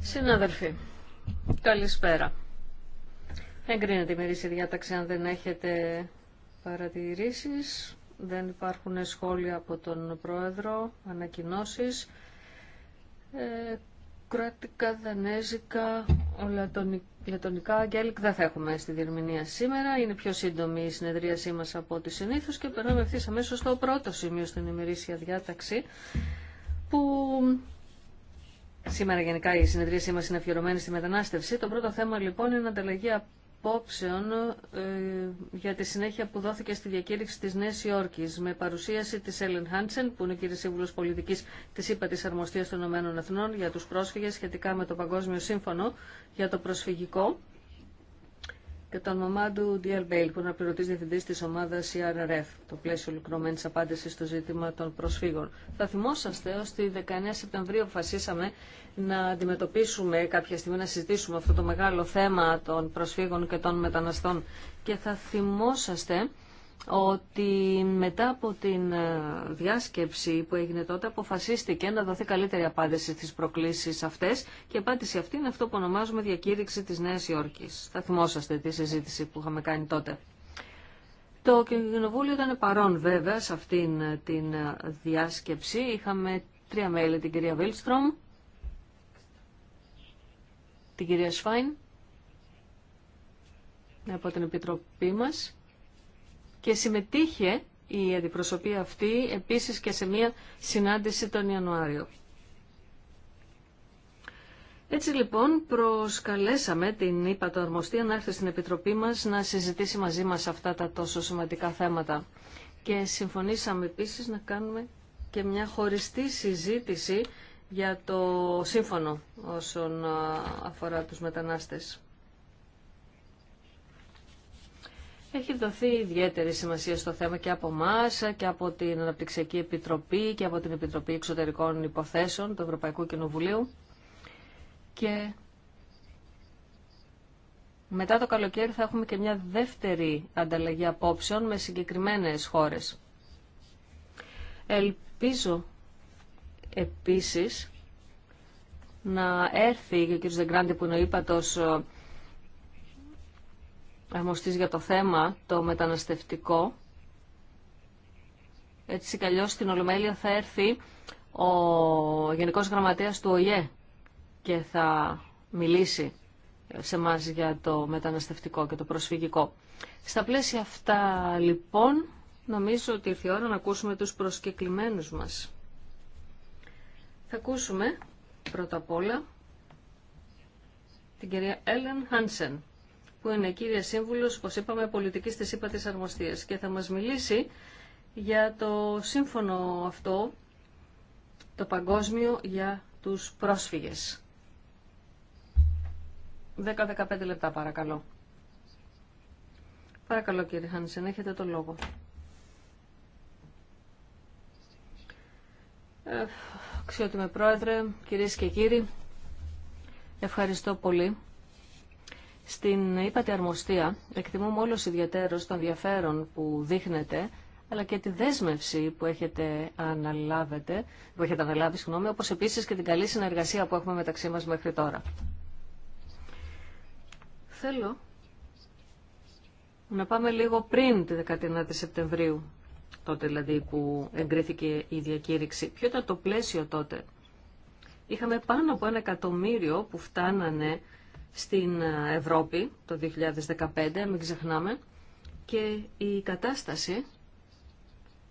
Συνάδελφοι, καλησπέρα. Εγκρίνεται η μερίσια διάταξη αν δεν έχετε παρατηρήσεις. Δεν υπάρχουν σχόλια από τον Πρόεδρο, ανακοινώσεις. Ε, κροατικά, δανέζικα, λετωνικά, αγγέλικ δεν θα έχουμε στη διερμηνία σήμερα. Είναι πιο σύντομη η συνεδρίασή μας από ό,τι συνήθως και περνάμε ευθύ αμέσως στο πρώτο σημείο στην ημερήσια διάταξη που σήμερα γενικά η συνεδρίασή μας είναι αφιερωμένη στη μετανάστευση. Το πρώτο θέμα λοιπόν είναι ανταλλαγή απόψεων ε, για τη συνέχεια που δόθηκε στη διακήρυξη της Νέας Υόρκης με παρουσίαση της Έλεν Χάντσεν που είναι κύριε Σύμβουλος Πολιτικής της ΥΠΑ της Αρμοστίας των ΗΠΑ Εθνών για τους πρόσφυγες σχετικά με το Παγκόσμιο Σύμφωνο για το προσφυγικό και τον Μαμάντου Μπέιλ, που είναι πληρωτή διευθυντή τη ομάδα CRRF, e το πλαίσιο ολοκληρωμένη απάντηση στο ζήτημα των προσφύγων. Θα θυμόσαστε ότι τη 19 Σεπτεμβρίου αποφασίσαμε να αντιμετωπίσουμε κάποια στιγμή, να συζητήσουμε αυτό το μεγάλο θέμα των προσφύγων και των μεταναστών. Και θα θυμόσαστε ότι μετά από την ε, διάσκεψη που έγινε τότε αποφασίστηκε να δοθεί καλύτερη απάντηση στις προκλήσεις αυτές και η απάντηση αυτή είναι αυτό που ονομάζουμε διακήρυξη της Νέας Υόρκης. Θα θυμόσαστε τη συζήτηση που είχαμε κάνει τότε. Το Κοινοβούλιο ήταν παρόν βέβαια σε αυτήν την ε, διάσκεψη. Είχαμε τρία μέλη, την κυρία Βίλστρομ, την κυρία Σφάιν από την Επιτροπή μας και συμμετείχε η αντιπροσωπεία αυτή επίσης και σε μια συνάντηση τον Ιανουάριο. Έτσι λοιπόν προσκαλέσαμε την Αρμοστία να έρθει στην Επιτροπή μας να συζητήσει μαζί μας αυτά τα τόσο σημαντικά θέματα. Και συμφωνήσαμε επίσης να κάνουμε και μια χωριστή συζήτηση για το σύμφωνο όσον αφορά τους μετανάστες. Έχει δοθεί ιδιαίτερη σημασία στο θέμα και από εμά και από την Αναπτυξιακή Επιτροπή και από την Επιτροπή Εξωτερικών Υποθέσεων του Ευρωπαϊκού Κοινοβουλίου. Και μετά το καλοκαίρι θα έχουμε και μια δεύτερη ανταλλαγή απόψεων με συγκεκριμένες χώρες. Ελπίζω επίσης να έρθει και ο κ. Δεγκράντη που είναι ο ύπατος αρμοστής για το θέμα, το μεταναστευτικό. Έτσι καλώ στην Ολομέλεια θα έρθει ο Γενικός Γραμματέας του ΟΗΕ και θα μιλήσει σε εμά για το μεταναστευτικό και το προσφυγικό. Στα πλαίσια αυτά λοιπόν νομίζω ότι ήρθε η ώρα να ακούσουμε τους προσκεκλημένους μας. Θα ακούσουμε πρώτα απ' όλα την κυρία Έλεν Χάνσεν που είναι κύρια σύμβουλος, όπως είπαμε, πολιτικής της ΥΠΑ Αρμοστίας και θα μας μιλήσει για το σύμφωνο αυτό, το παγκόσμιο για τους πρόσφυγες. 10-15 λεπτά παρακαλώ. Παρακαλώ κύριε Χάνισεν, έχετε το λόγο. Ε, Ξιότιμε Πρόεδρε, κυρίες και κύριοι, ευχαριστώ πολύ στην είπατε αρμοστία εκτιμούμε όλος ιδιαίτερος το ενδιαφέρον που δείχνετε αλλά και τη δέσμευση που έχετε, αναλάβετε, που έχετε αναλάβει, συγγνώμη, όπως επίσης και την καλή συνεργασία που έχουμε μεταξύ μας μέχρι τώρα. Θέλω να πάμε λίγο πριν τη 19η Σεπτεμβρίου, τότε δηλαδή που εγκρίθηκε η διακήρυξη. Ποιο ήταν το πλαίσιο τότε. Είχαμε πάνω από ένα εκατομμύριο που φτάνανε στην ε, Ευρώπη το 2015, μην ξεχνάμε, και η κατάσταση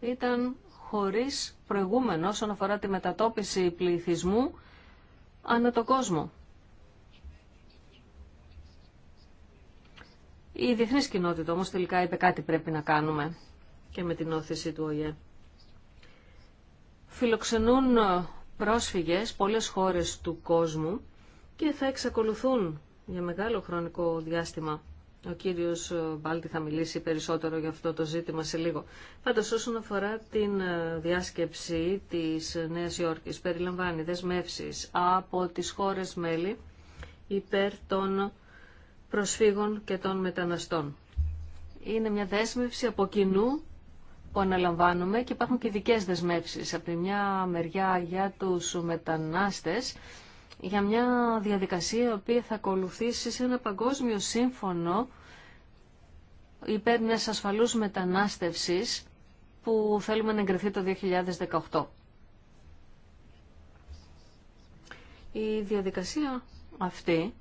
ήταν χωρίς προηγούμενο όσον αφορά τη μετατόπιση πληθυσμού ανά το κόσμο. Η διεθνή κοινότητα όμως τελικά είπε κάτι πρέπει να κάνουμε και με την όθηση του ΟΙΕ. Φιλοξενούν ε, πρόσφυγες πολλές χώρες του κόσμου και θα εξακολουθούν για μεγάλο χρονικό διάστημα. Ο κύριος ε, Μπάλτη θα μιλήσει περισσότερο για αυτό το ζήτημα σε λίγο. Πάντως όσον αφορά την ε, διάσκεψη της Νέας Υόρκης, περιλαμβάνει δεσμεύσεις από τις χώρες μέλη υπέρ των προσφύγων και των μεταναστών. Είναι μια δέσμευση από κοινού που αναλαμβάνουμε και υπάρχουν και ειδικέ δεσμεύσεις. Από τη μια μεριά για τους μετανάστες για μια διαδικασία η οποία θα ακολουθήσει σε ένα παγκόσμιο σύμφωνο υπέρ μιας ασφαλούς μετανάστευσης που θέλουμε να εγκριθεί το 2018. Η διαδικασία αυτή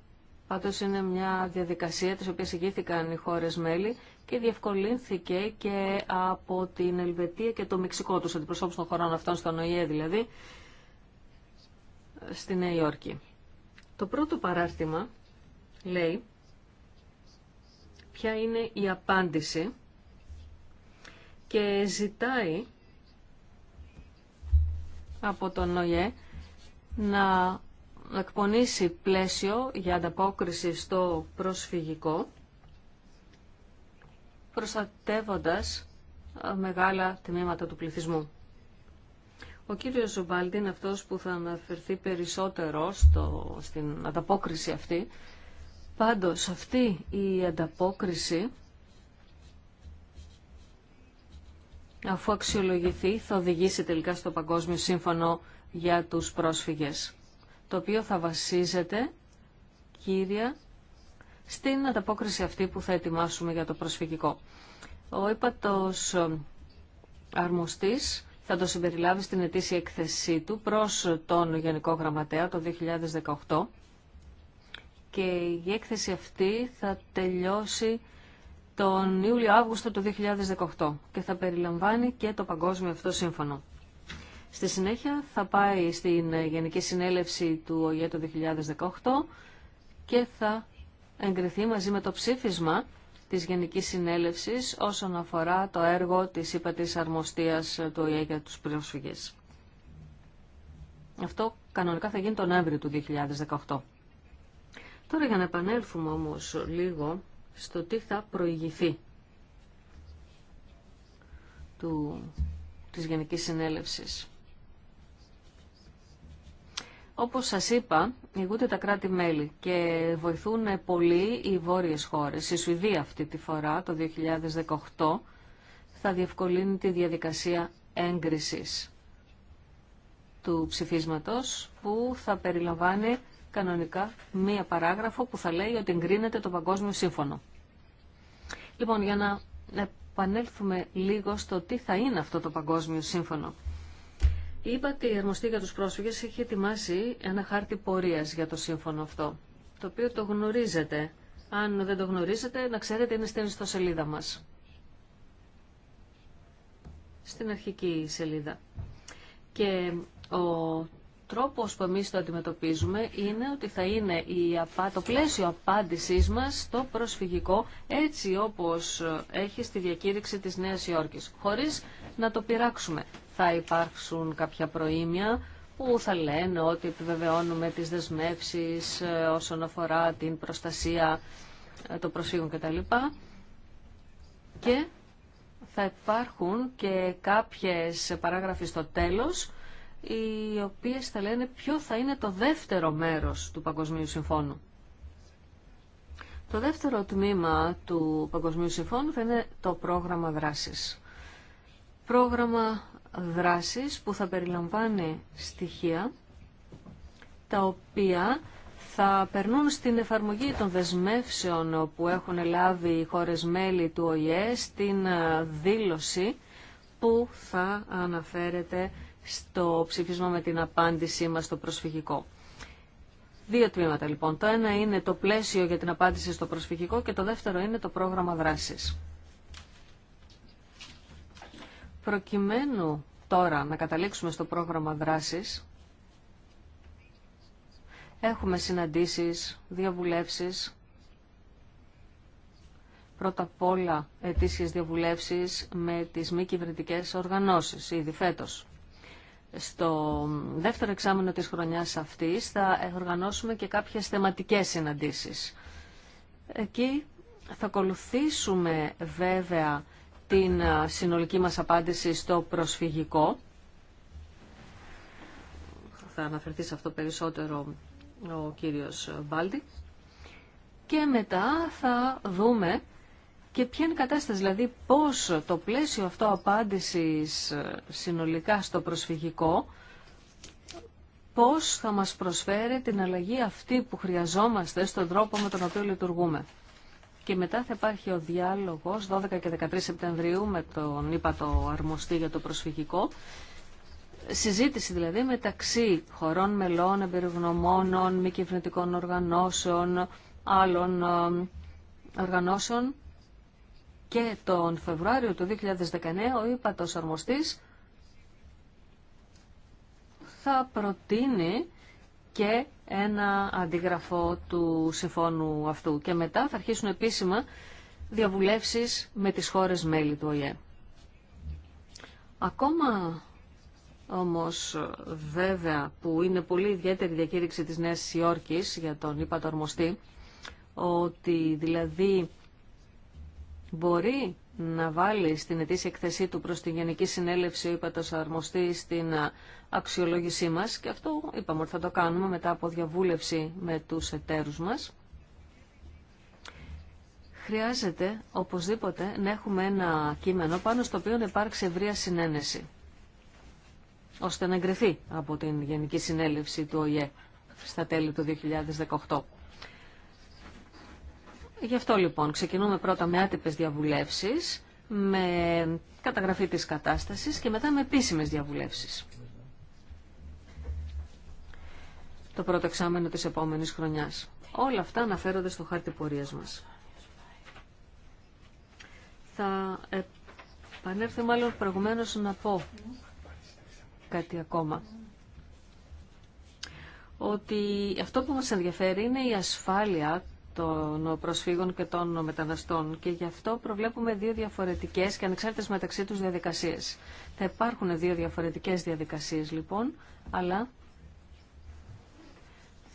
πάντως είναι μια διαδικασία της οποίας ηγήθηκαν οι χώρες μέλη και διευκολύνθηκε και από την Ελβετία και το Μεξικό τους αντιπροσώπους των χωρών αυτών στον ΟΗΕ δηλαδή στη Νέα Υόρκη. Το πρώτο παράστημα λέει ποια είναι η απάντηση και ζητάει από τον Νόιε να εκπονήσει πλαίσιο για ανταπόκριση στο προσφυγικό προστατεύοντας μεγάλα τμήματα του πληθυσμού. Ο κύριος Ζουμπάλτη είναι αυτός που θα αναφερθεί περισσότερο στο, στην ανταπόκριση αυτή. Πάντως αυτή η ανταπόκριση αφού αξιολογηθεί θα οδηγήσει τελικά στο Παγκόσμιο Σύμφωνο για τους πρόσφυγες το οποίο θα βασίζεται κύρια στην ανταπόκριση αυτή που θα ετοιμάσουμε για το προσφυγικό. Ο ύπατος ε, αρμοστής θα το συμπεριλάβει στην ετήσια εκθεσή του προς τον Γενικό Γραμματέα το 2018 και η έκθεση αυτή θα τελειώσει τον Ιούλιο-Αύγουστο του 2018 και θα περιλαμβάνει και το Παγκόσμιο Αυτό Σύμφωνο. Στη συνέχεια θα πάει στην Γενική Συνέλευση του ΟΓΕ το 2018 και θα εγκριθεί μαζί με το ψήφισμα της Γενικής Συνέλευσης όσον αφορά το έργο της ύπατης αρμοστίας του ΟΗΕ για τους πρόσφυγες. Αυτό κανονικά θα γίνει τον Νοέμβριο του 2018. Τώρα για να επανέλθουμε όμως λίγο στο τι θα προηγηθεί του, της Γενικής Συνέλευσης. Όπως σας είπα, ηγούνται τα κράτη-μέλη και βοηθούν πολύ οι βόρειες χώρες. Η Σουηδία αυτή τη φορά, το 2018, θα διευκολύνει τη διαδικασία έγκρισης του ψηφίσματος που θα περιλαμβάνει κανονικά μία παράγραφο που θα λέει ότι εγκρίνεται το Παγκόσμιο Σύμφωνο. Λοιπόν, για να επανέλθουμε λίγο στο τι θα είναι αυτό το Παγκόσμιο Σύμφωνο. Είπα ότι η Ερμοστή για τους πρόσφυγες έχει ετοιμάσει ένα χάρτη πορείας για το σύμφωνο αυτό, το οποίο το γνωρίζετε. Αν δεν το γνωρίζετε, να ξέρετε είναι στην ιστοσελίδα μας. Στην αρχική σελίδα. Και ο τρόπος που εμείς το αντιμετωπίζουμε είναι ότι θα είναι η απα... το πλαίσιο απάντησής μας στο προσφυγικό έτσι όπως έχει στη διακήρυξη της Νέας Υόρκης, χωρίς να το πειράξουμε, θα υπάρξουν κάποια προήμια που θα λένε ότι επιβεβαιώνουμε τις δεσμεύσεις ε, όσον αφορά την προστασία ε, των προσφύγων κτλ. Και θα υπάρχουν και κάποιες παράγραφοι στο τέλος οι οποίες θα λένε ποιο θα είναι το δεύτερο μέρος του Παγκοσμίου Συμφώνου. Το δεύτερο τμήμα του Παγκοσμίου Συμφώνου θα είναι το πρόγραμμα δράσης. Πρόγραμμα δράσεις που θα περιλαμβάνει στοιχεία τα οποία θα περνούν στην εφαρμογή των δεσμεύσεων που έχουν λάβει οι χώρες μέλη του ΟΗΕ στην ε, δήλωση που θα αναφέρεται στο ψηφίσμα με την απάντησή μας στο προσφυγικό. Δύο τμήματα λοιπόν. Το ένα είναι το πλαίσιο για την απάντηση στο προσφυγικό και το δεύτερο είναι το πρόγραμμα δράσης. Προκειμένου τώρα να καταλήξουμε στο πρόγραμμα δράσης, έχουμε συναντήσεις, διαβουλεύσεις, πρώτα απ' όλα ετήσιες διαβουλεύσεις με τις μη κυβερνητικέ οργανώσεις ήδη φέτος. Στο δεύτερο εξάμεινο της χρονιάς αυτής θα οργανώσουμε και κάποιες θεματικές συναντήσεις. Εκεί θα ακολουθήσουμε βέβαια την συνολική μας απάντηση στο προσφυγικό. Θα αναφερθεί σε αυτό περισσότερο ο κύριος Μπάλτη. Και μετά θα δούμε και ποια είναι η κατάσταση, δηλαδή πώς το πλαίσιο αυτό απάντησης συνολικά στο προσφυγικό, πώς θα μας προσφέρει την αλλαγή αυτή που χρειαζόμαστε στον τρόπο με τον οποίο λειτουργούμε και μετά θα υπάρχει ο διάλογος 12 και 13 Σεπτεμβρίου με τον ύπατο αρμοστή για το προσφυγικό. Συζήτηση δηλαδή μεταξύ χωρών μελών, εμπειρογνωμόνων, μη κυβερνητικών οργανώσεων, άλλων ε, οργανώσεων και τον Φεβρουάριο του 2019 ο Ήπατος αρμοστής θα προτείνει και ένα αντίγραφο του συμφώνου αυτού. Και μετά θα αρχίσουν επίσημα διαβουλεύσεις με τις χώρες μέλη του ΟΗΕ. Ακόμα όμως βέβαια που είναι πολύ ιδιαίτερη η διακήρυξη της Νέας Υόρκης για τον Υπατορμοστή, ότι δηλαδή μπορεί να βάλει στην ετήσια εκθεσή του προς τη Γενική Συνέλευση ο Ήπατος στην αξιολόγησή μας και αυτό είπαμε ότι θα το κάνουμε μετά από διαβούλευση με τους εταίρους μας. Χρειάζεται οπωσδήποτε να έχουμε ένα κείμενο πάνω στο οποίο να υπάρξει ευρεία συνένεση ώστε να εγκριθεί από την Γενική Συνέλευση του ΟΗΕ στα τέλη του 2018. Γι' αυτό λοιπόν ξεκινούμε πρώτα με άτυπες διαβουλεύσεις, με καταγραφή της κατάστασης και μετά με επίσημες διαβουλεύσεις. Το πρώτο εξάμενο της επόμενης χρονιάς. Όλα αυτά αναφέρονται στο χάρτη πορείας μας. Θα επανέλθω μάλλον προηγουμένως να πω κάτι ακόμα. Ότι αυτό που μας ενδιαφέρει είναι η ασφάλεια των προσφύγων και των μεταναστών και γι' αυτό προβλέπουμε δύο διαφορετικές και ανεξάρτητες μεταξύ τους διαδικασίες. Θα υπάρχουν δύο διαφορετικές διαδικασίες λοιπόν, αλλά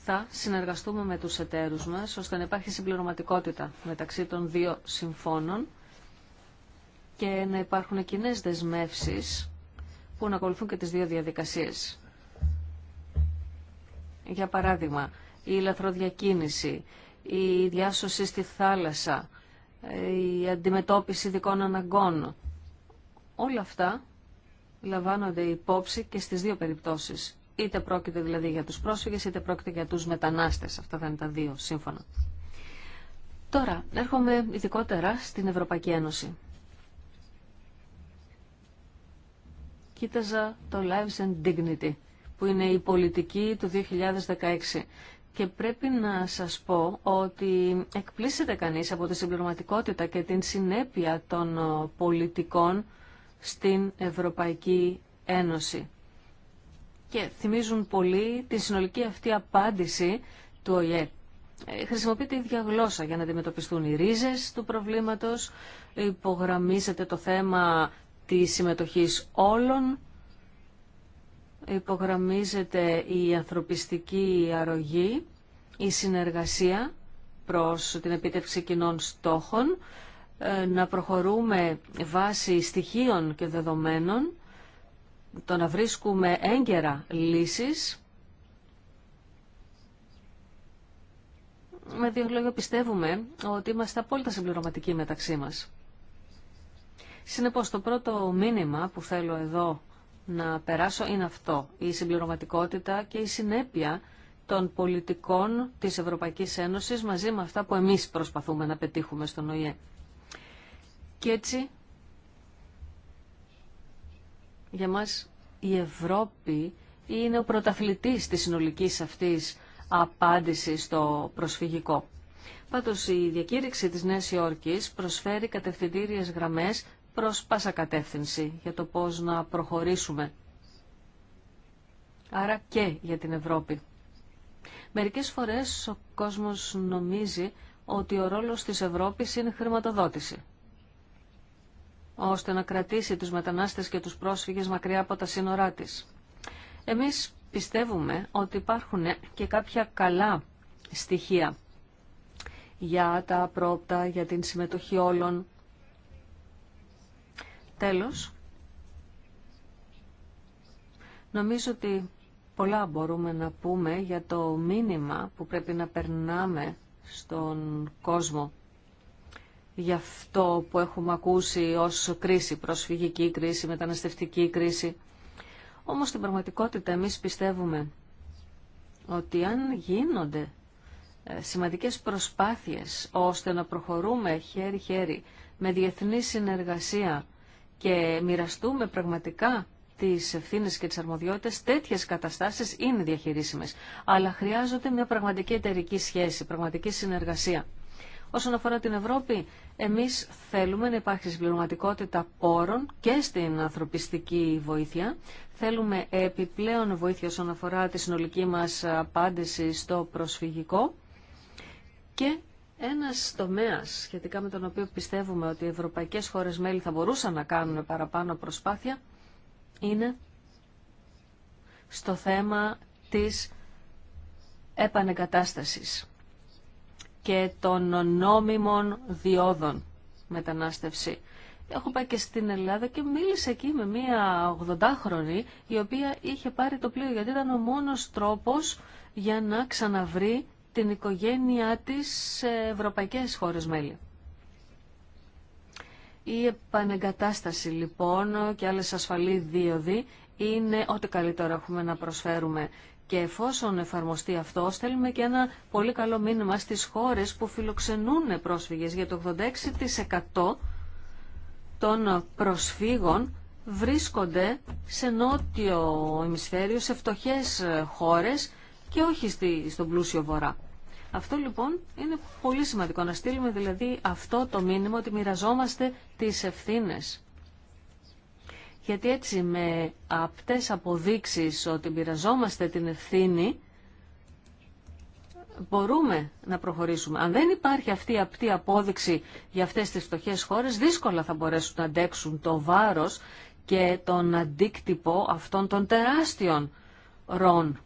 θα συνεργαστούμε με τους εταίρους μας ώστε να υπάρχει συμπληρωματικότητα μεταξύ των δύο συμφώνων και να υπάρχουν κοινέ δεσμεύσει που να ακολουθούν και τις δύο διαδικασίες. Για παράδειγμα, η λαθροδιακίνηση, η διάσωση στη θάλασσα, η αντιμετώπιση ειδικών αναγκών. Όλα αυτά λαμβάνονται υπόψη και στις δύο περιπτώσεις. Είτε πρόκειται δηλαδή για τους πρόσφυγες, είτε πρόκειται για τους μετανάστες. Αυτά θα είναι τα δύο σύμφωνα. Τώρα, έρχομαι ειδικότερα στην Ευρωπαϊκή Ένωση. Κοίταζα το Lives and Dignity, που είναι η πολιτική του 2016 και πρέπει να σας πω ότι εκπλήσεται κανείς από τη συμπληρωματικότητα και την συνέπεια των ε, πολιτικών στην Ευρωπαϊκή Ένωση. Και θυμίζουν πολύ τη συνολική αυτή απάντηση του ΟΙΕ. Ε, χρησιμοποιείται η ίδια γλώσσα για να αντιμετωπιστούν οι ρίζες του προβλήματος, υπογραμμίζεται το θέμα της συμμετοχής όλων υπογραμμίζεται η ανθρωπιστική αρρωγή, η συνεργασία προς την επίτευξη κοινών στόχων, ε, να προχωρούμε βάσει στοιχείων και δεδομένων, το να βρίσκουμε έγκαιρα λύσεις. Με δύο λόγια πιστεύουμε ότι είμαστε απόλυτα συμπληρωματικοί μεταξύ μας. Συνεπώς το πρώτο μήνυμα που θέλω εδώ να περάσω είναι αυτό. Η συμπληρωματικότητα και η συνέπεια των πολιτικών της Ευρωπαϊκής Ένωσης μαζί με αυτά που εμείς προσπαθούμε να πετύχουμε στον ΟΗΕ. Και έτσι, για μας η Ευρώπη είναι ο πρωταθλητής της συνολικής αυτής απάντησης στο προσφυγικό. Πάντως η διακήρυξη της Νέας Υόρκης προσφέρει κατευθυντήριες γραμμές προς πάσα κατεύθυνση για το πώς να προχωρήσουμε. Άρα και για την Ευρώπη. Μερικές φορές ο κόσμος νομίζει ότι ο ρόλος της Ευρώπης είναι χρηματοδότηση ώστε να κρατήσει τους μετανάστες και τους πρόσφυγες μακριά από τα σύνορά της. Εμείς πιστεύουμε ότι υπάρχουν και κάποια καλά στοιχεία για τα πρόπτα, για την συμμετοχή όλων, Τέλος, νομίζω ότι πολλά μπορούμε να πούμε για το μήνυμα που πρέπει να περνάμε στον κόσμο για αυτό που έχουμε ακούσει ως κρίση, προσφυγική κρίση, μεταναστευτική κρίση. Όμως στην πραγματικότητα εμείς πιστεύουμε ότι αν γίνονται ε, σημαντικές προσπάθειες ώστε να προχωρούμε χέρι-χέρι με διεθνή συνεργασία και μοιραστούμε πραγματικά τις ευθύνε και τις αρμοδιότητες, τέτοιες καταστάσεις είναι διαχειρίσιμες. Αλλά χρειάζονται μια πραγματική εταιρική σχέση, πραγματική συνεργασία. Όσον αφορά την Ευρώπη, εμείς θέλουμε να υπάρχει συμπληρωματικότητα πόρων και στην ανθρωπιστική βοήθεια. Θέλουμε επιπλέον βοήθεια όσον αφορά τη συνολική μας απάντηση στο προσφυγικό ένας τομέας σχετικά με τον οποίο πιστεύουμε ότι οι ευρωπαϊκές χώρες μέλη θα μπορούσαν να κάνουν παραπάνω προσπάθεια είναι στο θέμα της επανεκατάστασης και των νόμιμων διόδων μετανάστευση. Έχω πάει και στην Ελλάδα και μίλησα εκεί με μία 80χρονη η οποία είχε πάρει το πλοίο γιατί ήταν ο μόνος τρόπος για να ξαναβρει την οικογένειά της σε ευρωπαϊκές χώρες μέλη. Η επανεγκατάσταση λοιπόν και άλλες ασφαλή δίωδοι είναι ό,τι καλύτερο έχουμε να προσφέρουμε. Και εφόσον εφαρμοστεί αυτό, στέλνουμε και ένα πολύ καλό μήνυμα στις χώρες που φιλοξενούν πρόσφυγες. Για το 86% των προσφύγων βρίσκονται σε νότιο ημισφαίριο, σε φτωχές χώρες, και όχι στη, στον πλούσιο βορρά. Αυτό λοιπόν είναι πολύ σημαντικό, να στείλουμε δηλαδή αυτό το μήνυμα ότι μοιραζόμαστε τις ευθύνες. Γιατί έτσι με απτές αποδείξεις ότι μοιραζόμαστε την ευθύνη, μπορούμε να προχωρήσουμε. Αν δεν υπάρχει αυτή η απτή απόδειξη για αυτές τις φτωχές χώρες, δύσκολα θα μπορέσουν να αντέξουν το βάρος και τον αντίκτυπο αυτών των τεράστιων ροών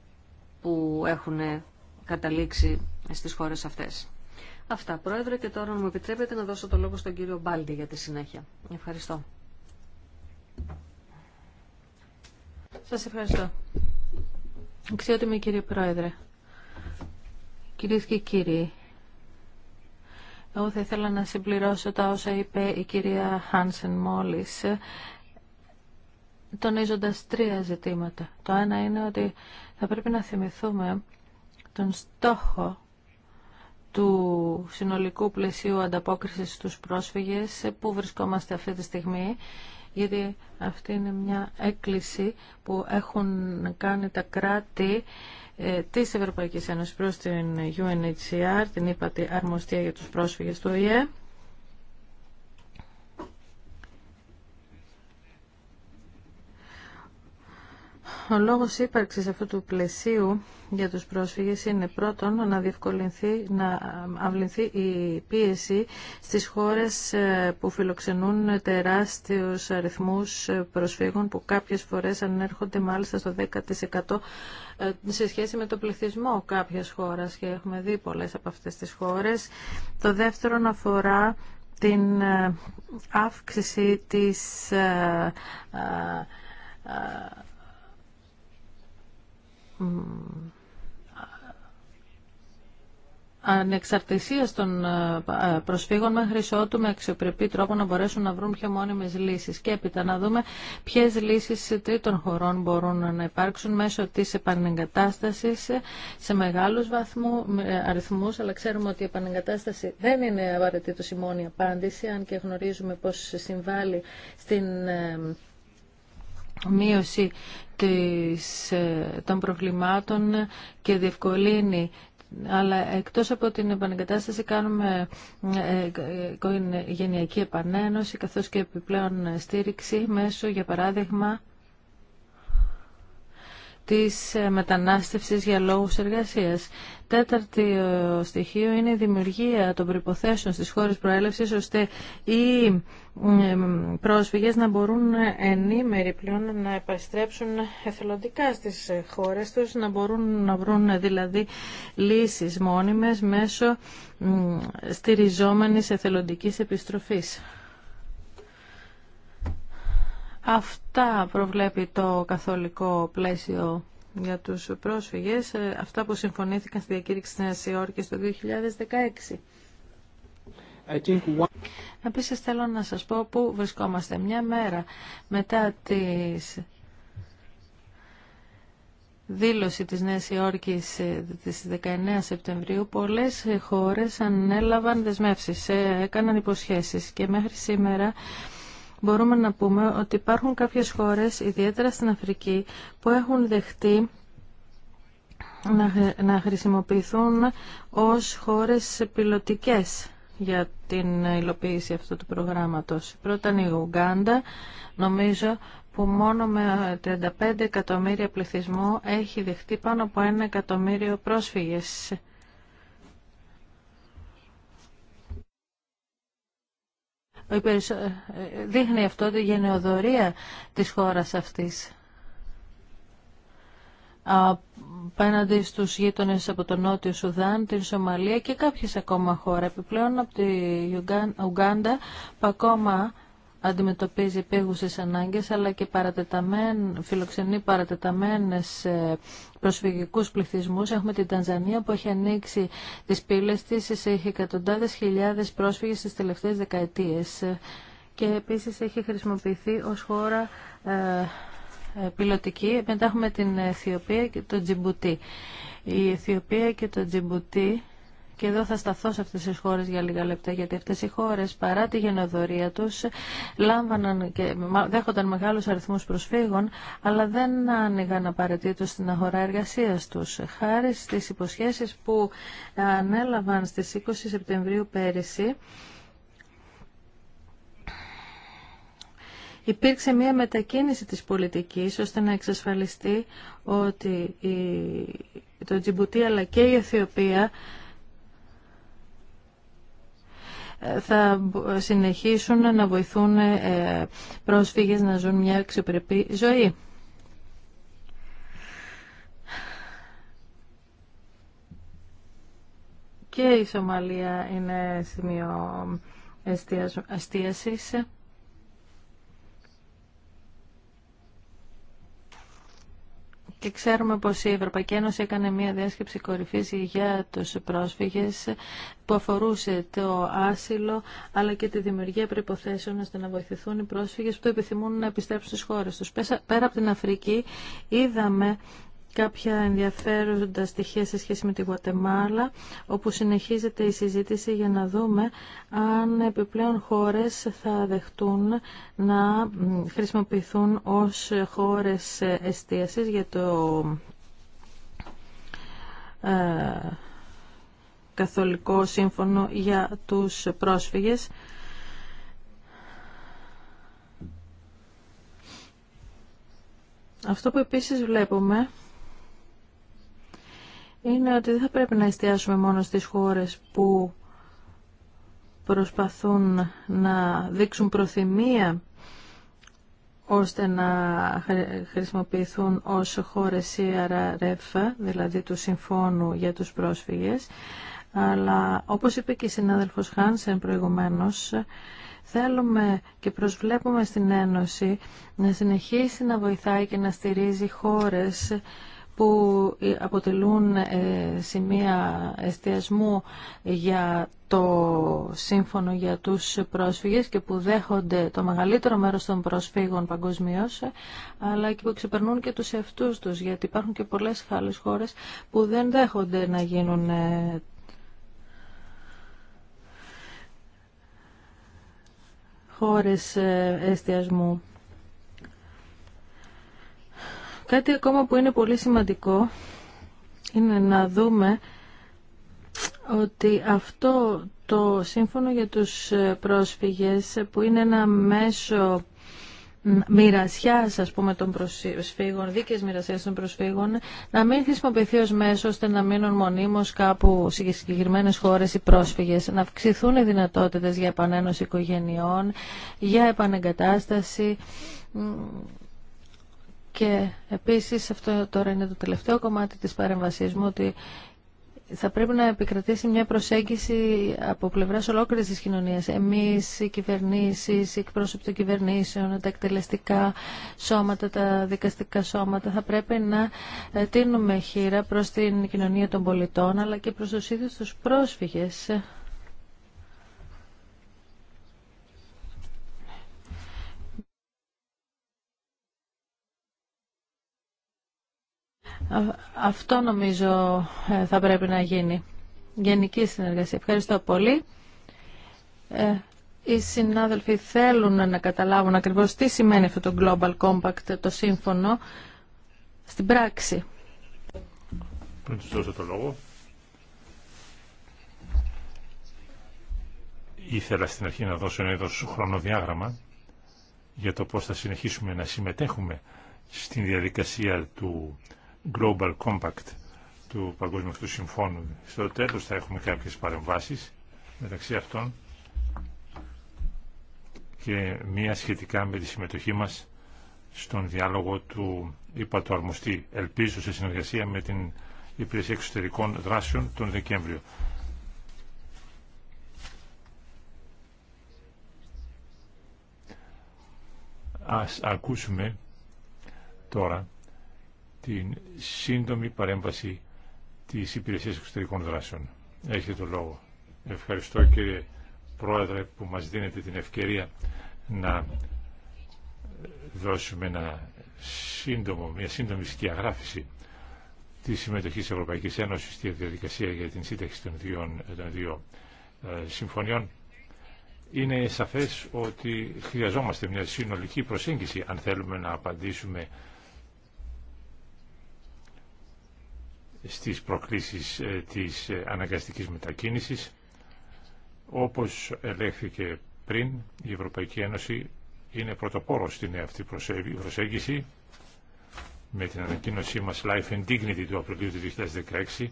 που έχουν καταλήξει στις χώρες αυτές. Αυτά, Πρόεδρε, και τώρα μου επιτρέπετε να δώσω το λόγο στον κύριο Μπάλτη για τη συνέχεια. Ευχαριστώ. Σας ευχαριστώ. Αξιότιμη κύριε Πρόεδρε, κυρίες και κύριοι, εγώ θα ήθελα να συμπληρώσω τα όσα είπε η κυρία Χάνσεν μόλις, τονίζοντας τρία ζητήματα. Το ένα είναι ότι θα πρέπει να θυμηθούμε τον στόχο του συνολικού πλαισίου ανταπόκρισης στους πρόσφυγες που βρισκόμαστε αυτή τη στιγμή γιατί αυτή είναι μια έκκληση που έχουν κάνει τα κράτη ε, της Ευρωπαϊκής Ένωσης προς την UNHCR, την είπατε αρμοστία για τους πρόσφυγες του ΟΗΕ Ο λόγος ύπαρξης αυτού του πλαισίου για τους πρόσφυγες είναι πρώτον να διευκολυνθεί, να αυλυνθεί η πίεση στις χώρες ε, που φιλοξενούν τεράστιους αριθμούς προσφύγων που κάποιες φορές ανέρχονται μάλιστα στο 10% ε, σε σχέση με το πληθυσμό κάποιας χώρας και έχουμε δει πολλές από αυτές τις χώρες. Το δεύτερο αφορά την ε, αύξηση της ανεξαρτησίας των ε, προσφύγων μέχρι ότου με αξιοπρεπή τρόπο να μπορέσουν να βρουν πιο μόνιμες λύσεις και έπειτα να δούμε ποιες λύσεις τρίτων χωρών μπορούν να υπάρξουν μέσω της επανεγκατάστασης σε μεγάλους βαθμού, αριθμούς αλλά ξέρουμε ότι η επανεγκατάσταση δεν είναι απαραίτητο η μόνη απάντηση αν και γνωρίζουμε πως συμβάλλει στην ε, μείωση ε, των προβλημάτων και διευκολύνει αλλά εκτός από την επανεγκατάσταση κάνουμε ε, ε, γενιακή επανένωση καθώς και επιπλέον στήριξη μέσω, για παράδειγμα, της ε, μετανάστευσης για λόγους εργασίας. Τέταρτο στοιχείο είναι η δημιουργία των προϋποθέσεων στις χώρες προέλευσης ώστε οι ε, πρόσφυγες να μπορούν ενήμεροι πλέον να επαστρέψουν εθελοντικά στις χώρες τους, να μπορούν να βρουν δηλαδή λύσεις μόνιμες μέσω στηριζόμενης εθελοντικής επιστροφής. Αυτά προβλέπει το καθολικό πλαίσιο για τους πρόσφυγες, ε, αυτά που συμφωνήθηκαν στη διακήρυξη της Νέας Υόρκης το 2016. Think... θέλω να σας πω που βρισκόμαστε μια μέρα μετά τη δήλωση της Νέας Υόρκης ε, της 19 Σεπτεμβρίου πολλές χώρες ανέλαβαν δεσμεύσεις, ε, έκαναν υποσχέσεις και μέχρι σήμερα μπορούμε να πούμε ότι υπάρχουν κάποιες χώρες, ιδιαίτερα στην Αφρική, που έχουν δεχτεί να χρησιμοποιηθούν ως χώρες πιλωτικές για την υλοποίηση αυτού του προγράμματος. Πρώτα είναι η Ουγγάντα, νομίζω που μόνο με 35 εκατομμύρια πληθυσμό έχει δεχτεί πάνω από ένα εκατομμύριο πρόσφυγες. Ε, ε, δείχνει αυτό τη γενεοδορία της χώρας αυτής απέναντι στους γείτονες από τον Νότιο Σουδάν, την Σομαλία και κάποιες ακόμα χώρα. Επιπλέον από τη Ουγγάντα που ακόμα αντιμετωπίζει επίγουσες ανάγκες αλλά και παρατεταμέν, φιλοξενεί παρατεταμένες ε, προσφυγικούς πληθυσμούς. Έχουμε την Τανζανία που έχει ανοίξει τις πύλες της σε εκατοντάδες χιλιάδες πρόσφυγες στις τελευταίες δεκαετίες και επίσης έχει χρησιμοποιηθεί ως χώρα ε, ε, πιλωτική. Μετά έχουμε την Αιθιοπία και το Τζιμπουτί. Η Αιθιοπία και το Τζιμπουτί και εδώ θα σταθώ σε αυτές τις χώρες για λίγα λεπτά, γιατί αυτές οι χώρες παρά τη γενοδορία τους λάμβαναν και δέχονταν μεγάλους αριθμούς προσφύγων, αλλά δεν άνοιγαν απαραίτητο στην αγορά εργασίας τους. Χάρη στις υποσχέσεις που ανέλαβαν στις 20 Σεπτεμβρίου πέρυσι, Υπήρξε μια μετακίνηση της πολιτικής ώστε να εξασφαλιστεί ότι το Τζιμπουτί αλλά και η Αιθιοπία θα συνεχίσουν να βοηθούν ε, πρόσφυγες να ζουν μια αξιοπρεπή ζωή. Και η Σομαλία είναι σημείο εστίασης. Και ξέρουμε πως η Ευρωπαϊκή Ένωση έκανε μια διάσκεψη κορυφής για τους πρόσφυγες που αφορούσε το άσυλο αλλά και τη δημιουργία προϋποθέσεων ώστε να βοηθηθούν οι πρόσφυγες που επιθυμούν να επιστρέψουν στις χώρες τους. Πέρα από την Αφρική είδαμε κάποια ενδιαφέροντα στοιχεία σε σχέση με τη Γουατεμάλα, όπου συνεχίζεται η συζήτηση για να δούμε αν επιπλέον χώρες θα δεχτούν να χρησιμοποιηθούν ως χώρες εστίασης για το ε, καθολικό σύμφωνο για τους πρόσφυγες. Αυτό που επίσης βλέπουμε είναι ότι δεν θα πρέπει να εστιάσουμε μόνο στις χώρες που προσπαθούν να δείξουν προθυμία ώστε να χρησιμοποιηθούν ως χώρες CRRF, δηλαδή του Συμφώνου για τους πρόσφυγες. Αλλά όπως είπε και η συνάδελφος Χάνσεν προηγουμένως, θέλουμε και προσβλέπουμε στην Ένωση να συνεχίσει να βοηθάει και να στηρίζει χώρες που αποτελούν ε, σημεία εστιασμού για το σύμφωνο για τους πρόσφυγες και που δέχονται το μεγαλύτερο μέρος των προσφύγων παγκοσμίως ε, αλλά και που ξεπερνούν και τους εαυτούς τους, γιατί υπάρχουν και πολλές άλλες χώρες που δεν δέχονται να γίνουν ε, χώρες εστιασμού. Κάτι ακόμα που είναι πολύ σημαντικό είναι να δούμε ότι αυτό το σύμφωνο για τους ε, πρόσφυγες ε, που είναι ένα μέσο μοιρασιά, ας πούμε, των προσφύγων, δίκαιες μοιρασιάς των προσφύγων, να μην χρησιμοποιηθεί ως μέσο ώστε να μείνουν μονίμως κάπου σε συγκεκριμένε χώρε οι πρόσφυγες Να αυξηθούν οι δυνατότητε για επανένωση οικογενειών, για επανεγκατάσταση και επίσης αυτό τώρα είναι το τελευταίο κομμάτι της παρέμβασής μου ότι θα πρέπει να επικρατήσει μια προσέγγιση από πλευρά ολόκληρη τη κοινωνία. Εμεί, οι κυβερνήσει, οι εκπρόσωποι των κυβερνήσεων, τα εκτελεστικά σώματα, τα δικαστικά σώματα, θα πρέπει να ε, τίνουμε χείρα προ την κοινωνία των πολιτών αλλά και προ του ίδιου του πρόσφυγε Αυτό νομίζω ε, θα πρέπει να γίνει. Γενική συνεργασία. Ευχαριστώ πολύ. Ε, οι συνάδελφοι θέλουν να καταλάβουν ακριβώς τι σημαίνει αυτό το Global Compact, το σύμφωνο, στην πράξη. Πριν τους δώσω το λόγο, ήθελα στην αρχή να δώσω ένα είδος χρονοδιάγραμμα για το πώς θα συνεχίσουμε να συμμετέχουμε στην διαδικασία του Global Compact του Παγκόσμιου Αυτού Συμφώνου. Στο τέλος θα έχουμε κάποιες παρεμβάσεις μεταξύ αυτών και μία σχετικά με τη συμμετοχή μας στον διάλογο του είπα Ελπίζω σε συνεργασία με την Υπηρεσία Εξωτερικών Δράσεων τον Δεκέμβριο. Ας ακούσουμε τώρα την σύντομη παρέμβαση της Υπηρεσίας Εξωτερικών Δράσεων. Έχετε το λόγο. Ευχαριστώ κύριε Πρόεδρε που μας δίνετε την ευκαιρία να δώσουμε ένα σύντομο, μια σύντομη σκιαγράφηση τη συμμετοχή της Ευρωπαϊκή Ένωση στη διαδικασία για την σύνταξη των δύο, ε, συμφωνιών. Είναι σαφές ότι χρειαζόμαστε μια συνολική προσέγγιση αν θέλουμε να απαντήσουμε στις προκλήσεις ε, της ε, αναγκαστικής μετακίνησης. Όπως ελέγχθηκε πριν, η Ευρωπαϊκή Ένωση είναι πρωτοπόρος στην αυτή προσέγγιση με την ανακοίνωσή μας Life and Dignity του Απριλίου του 2016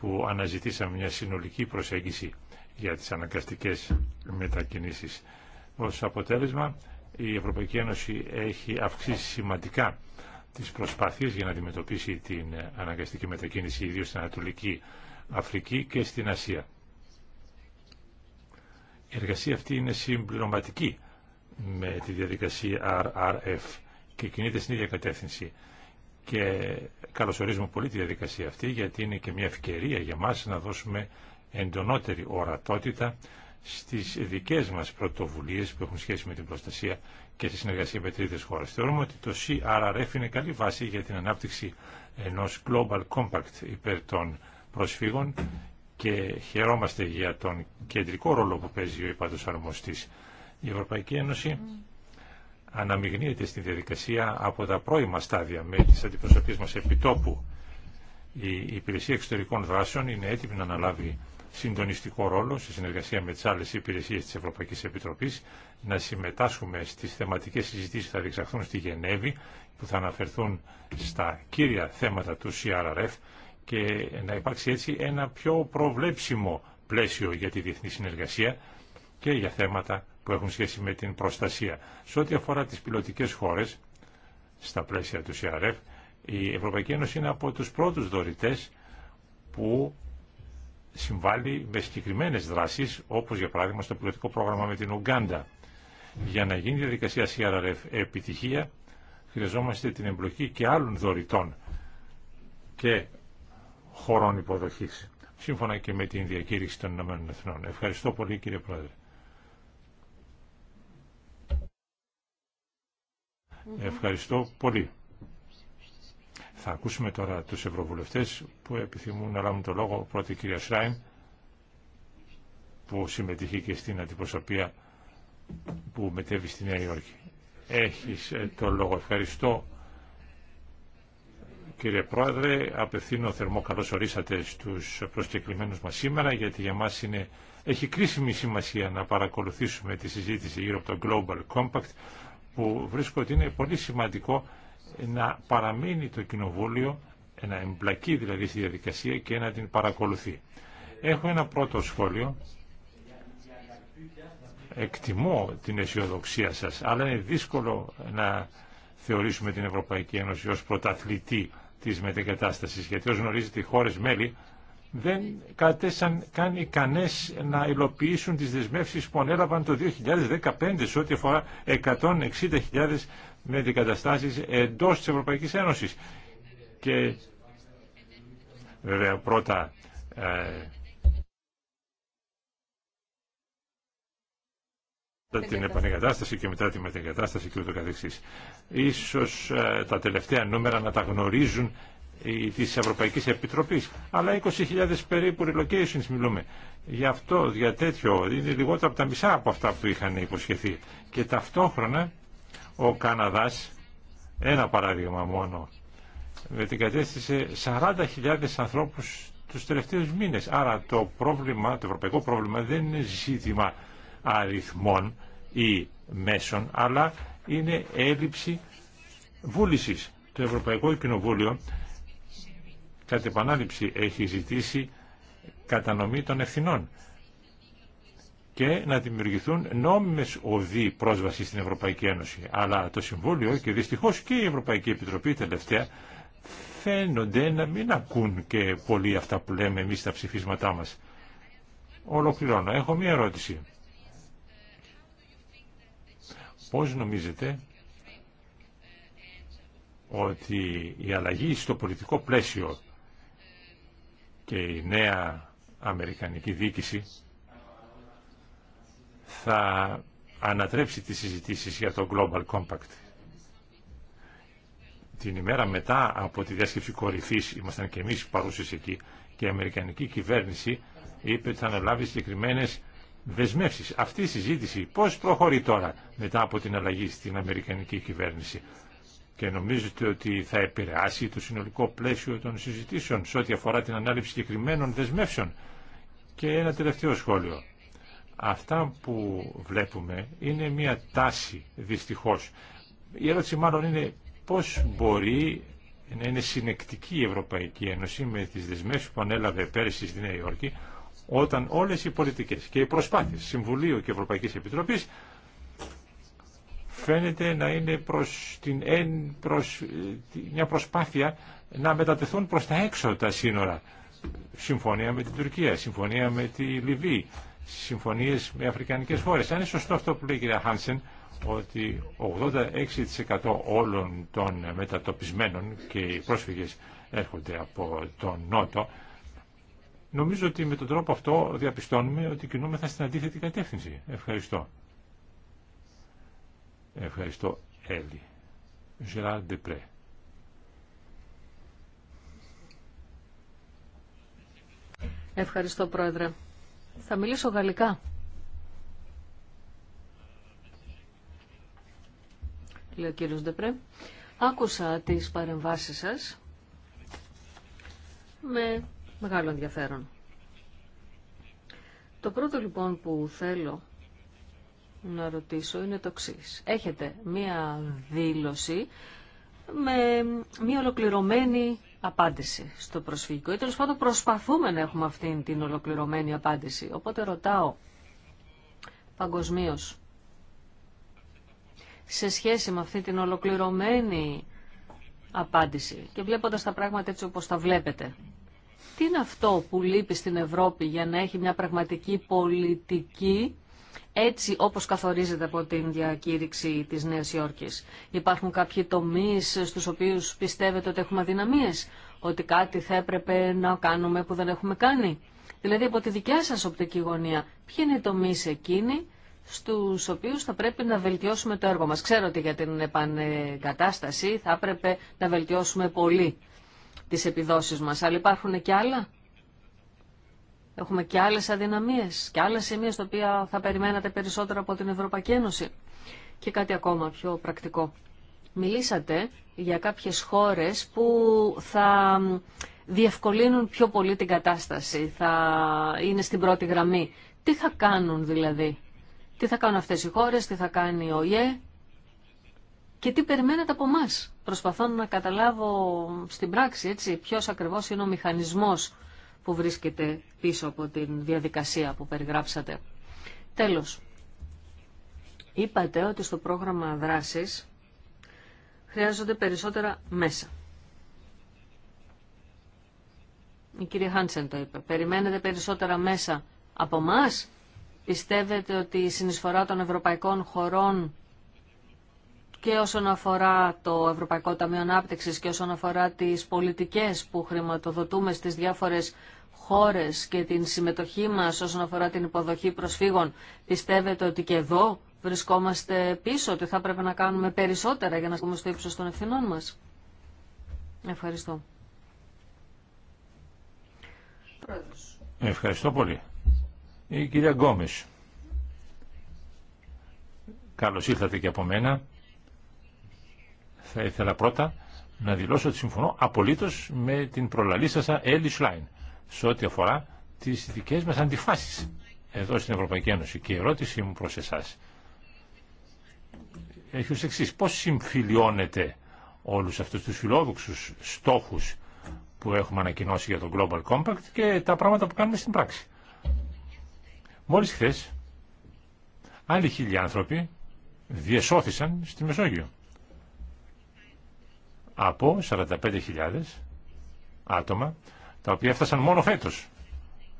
που αναζητήσαμε μια συνολική προσέγγιση για τις αναγκαστικές μετακινήσεις. Ως αποτέλεσμα, η Ευρωπαϊκή Ένωση έχει αυξήσει σημαντικά τις προσπάθειες για να αντιμετωπίσει την αναγκαστική μετακίνηση ιδίως στην Ανατολική Αφρική και στην Ασία. Η εργασία αυτή είναι συμπληρωματική με τη διαδικασία RRF και κινείται στην ίδια κατεύθυνση. Και καλωσορίζουμε πολύ τη διαδικασία αυτή γιατί είναι και μια ευκαιρία για μας να δώσουμε εντονότερη ορατότητα στις δικές μας πρωτοβουλίες που έχουν σχέση με την προστασία και στη συνεργασία με τρίτες χώρες. Θεωρούμε ότι το CRRF είναι καλή βάση για την ανάπτυξη ενός Global Compact υπέρ των προσφύγων και χαιρόμαστε για τον κεντρικό ρόλο που παίζει ο υπάτος αρμοστής. Η Ευρωπαϊκή Ένωση mm. αναμειγνύεται στη διαδικασία από τα πρώιμα στάδια με τις αντιπροσωπείς μας επιτόπου. Η Υπηρεσία Εξωτερικών Δράσεων είναι έτοιμη να αναλάβει συντονιστικό ρόλο σε συνεργασία με τι άλλε υπηρεσίε τη Ευρωπαϊκή Επιτροπή, να συμμετάσχουμε στι θεματικέ συζητήσει που θα διεξαχθούν στη Γενέβη που θα αναφερθούν στα κύρια θέματα του CRRF και να υπάρξει έτσι ένα πιο προβλέψιμο πλαίσιο για τη διεθνή συνεργασία και για θέματα που έχουν σχέση με την προστασία. Σε ό,τι αφορά τις πιλωτικές χώρες, στα πλαίσια του CRF, η Ευρωπαϊκή Ένωση είναι από τους πρώτους δωρητέ που συμβάλλει με συγκεκριμένε δράσεις, όπως για παράδειγμα στο πολιτικό πρόγραμμα με την Ουγκάντα. Για να γίνει η διαδικασία CRRF επιτυχία, χρειαζόμαστε την εμπλοκή και άλλων δωρητών και χωρών υποδοχής, σύμφωνα και με την διακήρυξη των Ηνωμένων Ευχαριστώ πολύ κύριε Πρόεδρε. Ευχαριστώ πολύ. Θα ακούσουμε τώρα τους ευρωβουλευτές που επιθυμούν να λάβουν το λόγο. Πρώτη κυρία Σράιν που συμμετείχε και στην αντιπροσωπεία που μετέβη στη Νέα Υόρκη. Έχεις ε, το λόγο. Ευχαριστώ. Κύριε Πρόεδρε, απευθύνω θερμό καλώς ορίσατε στους προσκεκλημένους μας σήμερα, γιατί για μας είναι, έχει κρίσιμη σημασία να παρακολουθήσουμε τη συζήτηση γύρω από το Global Compact, που βρίσκω ότι είναι πολύ σημαντικό να παραμείνει το Κοινοβούλιο, να εμπλακεί δηλαδή στη διαδικασία και να την παρακολουθεί. Έχω ένα πρώτο σχόλιο. Εκτιμώ την αισιοδοξία σας, αλλά είναι δύσκολο να θεωρήσουμε την Ευρωπαϊκή Ένωση ως πρωταθλητή της μετεγκατάστασης, γιατί ως γνωρίζετε οι χώρες μέλη δεν κατέσαν καν ικανές να υλοποιήσουν τις δεσμεύσεις που ανέλαβαν το 2015 σε ό,τι αφορά 160.000 με αντικαταστάσεις εντός της Ευρωπαϊκής Ένωσης. Και βέβαια πρώτα ε, την επανεγκατάσταση και μετά την μετεγκατάσταση και ούτω καθεξής. Ίσως ε, τα τελευταία νούμερα να τα γνωρίζουν της Ευρωπαϊκής Επιτροπής, αλλά 20.000 περίπου relocations μιλούμε. Γι' αυτό, για τέτοιο, είναι λιγότερο από τα μισά από αυτά που είχαν υποσχεθεί. Και ταυτόχρονα ο Καναδάς, ένα παράδειγμα μόνο, κατέστησε 40.000 ανθρώπους τους τελευταίους μήνες. Άρα το πρόβλημα, το ευρωπαϊκό πρόβλημα δεν είναι ζήτημα αριθμών ή μέσων, αλλά είναι έλλειψη βούλησης. Το Ευρωπαϊκό Κοινοβούλιο κατ' επανάληψη έχει ζητήσει κατανομή των ευθυνών και να δημιουργηθούν νόμιμες οδοί πρόσβαση στην Ευρωπαϊκή Ένωση. Αλλά το Συμβούλιο και δυστυχώς και η Ευρωπαϊκή Επιτροπή τελευταία φαίνονται να μην ακούν και πολύ αυτά που λέμε εμείς στα ψηφίσματά μας. Ολοκληρώνω. Έχω μία ερώτηση. Πώς νομίζετε ότι η αλλαγή στο πολιτικό πλαίσιο και η νέα Αμερικανική διοίκηση θα ανατρέψει τις συζητήσεις για το Global Compact. Την ημέρα μετά από τη διάσκεψη κορυφής, ήμασταν και εμείς παρούσες εκεί, και η Αμερικανική κυβέρνηση είπε ότι θα αναλάβει συγκεκριμένε δεσμεύσεις. Αυτή η συζήτηση πώς προχωρεί τώρα μετά από την αλλαγή στην Αμερικανική κυβέρνηση και νομίζετε ότι θα επηρεάσει το συνολικό πλαίσιο των συζητήσεων σε ό,τι αφορά την ανάληψη συγκεκριμένων δεσμεύσεων. Και ένα τελευταίο σχόλιο. Αυτά που βλέπουμε είναι μια τάση δυστυχώς. Η ερώτηση μάλλον είναι πώς μπορεί να είναι συνεκτική η Ευρωπαϊκή Ένωση με τις δεσμεύσεις που ανέλαβε πέρυσι στη Νέα Υόρκη όταν όλες οι πολιτικές και οι προσπάθειες Συμβουλίου και Ευρωπαϊκής Επιτροπής φαίνεται να είναι προς την, προς, ε, μια προσπάθεια να μετατεθούν προς τα έξω τα σύνορα. Συμφωνία με την Τουρκία, συμφωνία με τη Λιβύη, συμφωνίες με αφρικανικές χώρες. Αν είναι σωστό αυτό που λέει η κυρία Χάνσεν, ότι 86% όλων των μετατοπισμένων και οι πρόσφυγες έρχονται από τον Νότο, νομίζω ότι με τον τρόπο αυτό διαπιστώνουμε ότι κινούμεθα στην αντίθετη κατεύθυνση. Ευχαριστώ. Ευχαριστώ, Έλλη. Γεράρ Ντεπρέ. Ευχαριστώ, Πρόεδρε. Θα μιλήσω γαλλικά. Λέει ο κύριος Ντεπρέ. Άκουσα τις παρεμβάσεις σας με μεγάλο ενδιαφέρον. Το πρώτο λοιπόν που θέλω να ρωτήσω είναι το εξή. Έχετε μία δήλωση με μία ολοκληρωμένη απάντηση στο προσφυγικό ή τέλο πάντων προσπαθούμε να έχουμε αυτήν την ολοκληρωμένη απάντηση. Οπότε ρωτάω παγκοσμίω σε σχέση με αυτή την ολοκληρωμένη απάντηση και βλέποντας τα πράγματα έτσι όπως τα βλέπετε. Τι είναι αυτό που λείπει στην Ευρώπη για να έχει μια πραγματική πολιτική έτσι όπως καθορίζεται από την διακήρυξη της Νέας Υόρκης. Υπάρχουν κάποιοι τομείς στους οποίους πιστεύετε ότι έχουμε αδυναμίες, ότι κάτι θα έπρεπε να κάνουμε που δεν έχουμε κάνει. Δηλαδή από τη δικιά σας οπτική γωνία, ποιοι είναι οι τομείς εκείνοι στους οποίους θα πρέπει να βελτιώσουμε το έργο μας. Ξέρω ότι για την επανεγκατάσταση θα έπρεπε να βελτιώσουμε πολύ τις επιδόσεις μας, αλλά υπάρχουν και άλλα Έχουμε και άλλες αδυναμίες και άλλες σημεία στα οποία θα περιμένατε περισσότερο από την Ευρωπαϊκή Ένωση. Και κάτι ακόμα πιο πρακτικό. Μιλήσατε για κάποιες χώρες που θα διευκολύνουν πιο πολύ την κατάσταση, θα είναι στην πρώτη γραμμή. Τι θα κάνουν δηλαδή, τι θα κάνουν αυτές οι χώρες, τι θα κάνει ο ΙΕ και τι περιμένετε από εμά. Προσπαθώ να καταλάβω στην πράξη έτσι, ποιος ακριβώς είναι ο μηχανισμός που βρίσκεται πίσω από την διαδικασία που περιγράψατε. Τέλος, είπατε ότι στο πρόγραμμα δράσης χρειάζονται περισσότερα μέσα. Η κυρία Χάντσεν το είπε. Περιμένετε περισσότερα μέσα από εμά. Πιστεύετε ότι η συνεισφορά των ευρωπαϊκών χωρών και όσον αφορά το Ευρωπαϊκό Ταμείο Ανάπτυξης και όσον αφορά τις πολιτικές που χρηματοδοτούμε στις διάφορες χώρες και την συμμετοχή μας όσον αφορά την υποδοχή προσφύγων, πιστεύετε ότι και εδώ βρισκόμαστε πίσω, ότι θα έπρεπε να κάνουμε περισσότερα για να σκούμε στο ύψος των ευθυνών μας. Ευχαριστώ. Ευχαριστώ πολύ. Η κυρία Γκόμε. Καλώς ήρθατε και από μένα. Θα ήθελα πρώτα να δηλώσω ότι συμφωνώ απολύτως με την προλαλή Έλλη Σλάιν σε ό,τι αφορά τις δικές μας αντιφάσεις εδώ στην Ευρωπαϊκή Ένωση. Και η ερώτησή μου προς εσάς έχει ως εξής. Πώς συμφιλιώνεται όλους αυτούς τους φιλόδοξους στόχους που έχουμε ανακοινώσει για το Global Compact και τα πράγματα που κάνουμε στην πράξη. Μόλις χθε, άλλοι χίλιοι άνθρωποι διεσώθησαν στη Μεσόγειο. Από 45.000 άτομα τα οποία έφτασαν μόνο φέτος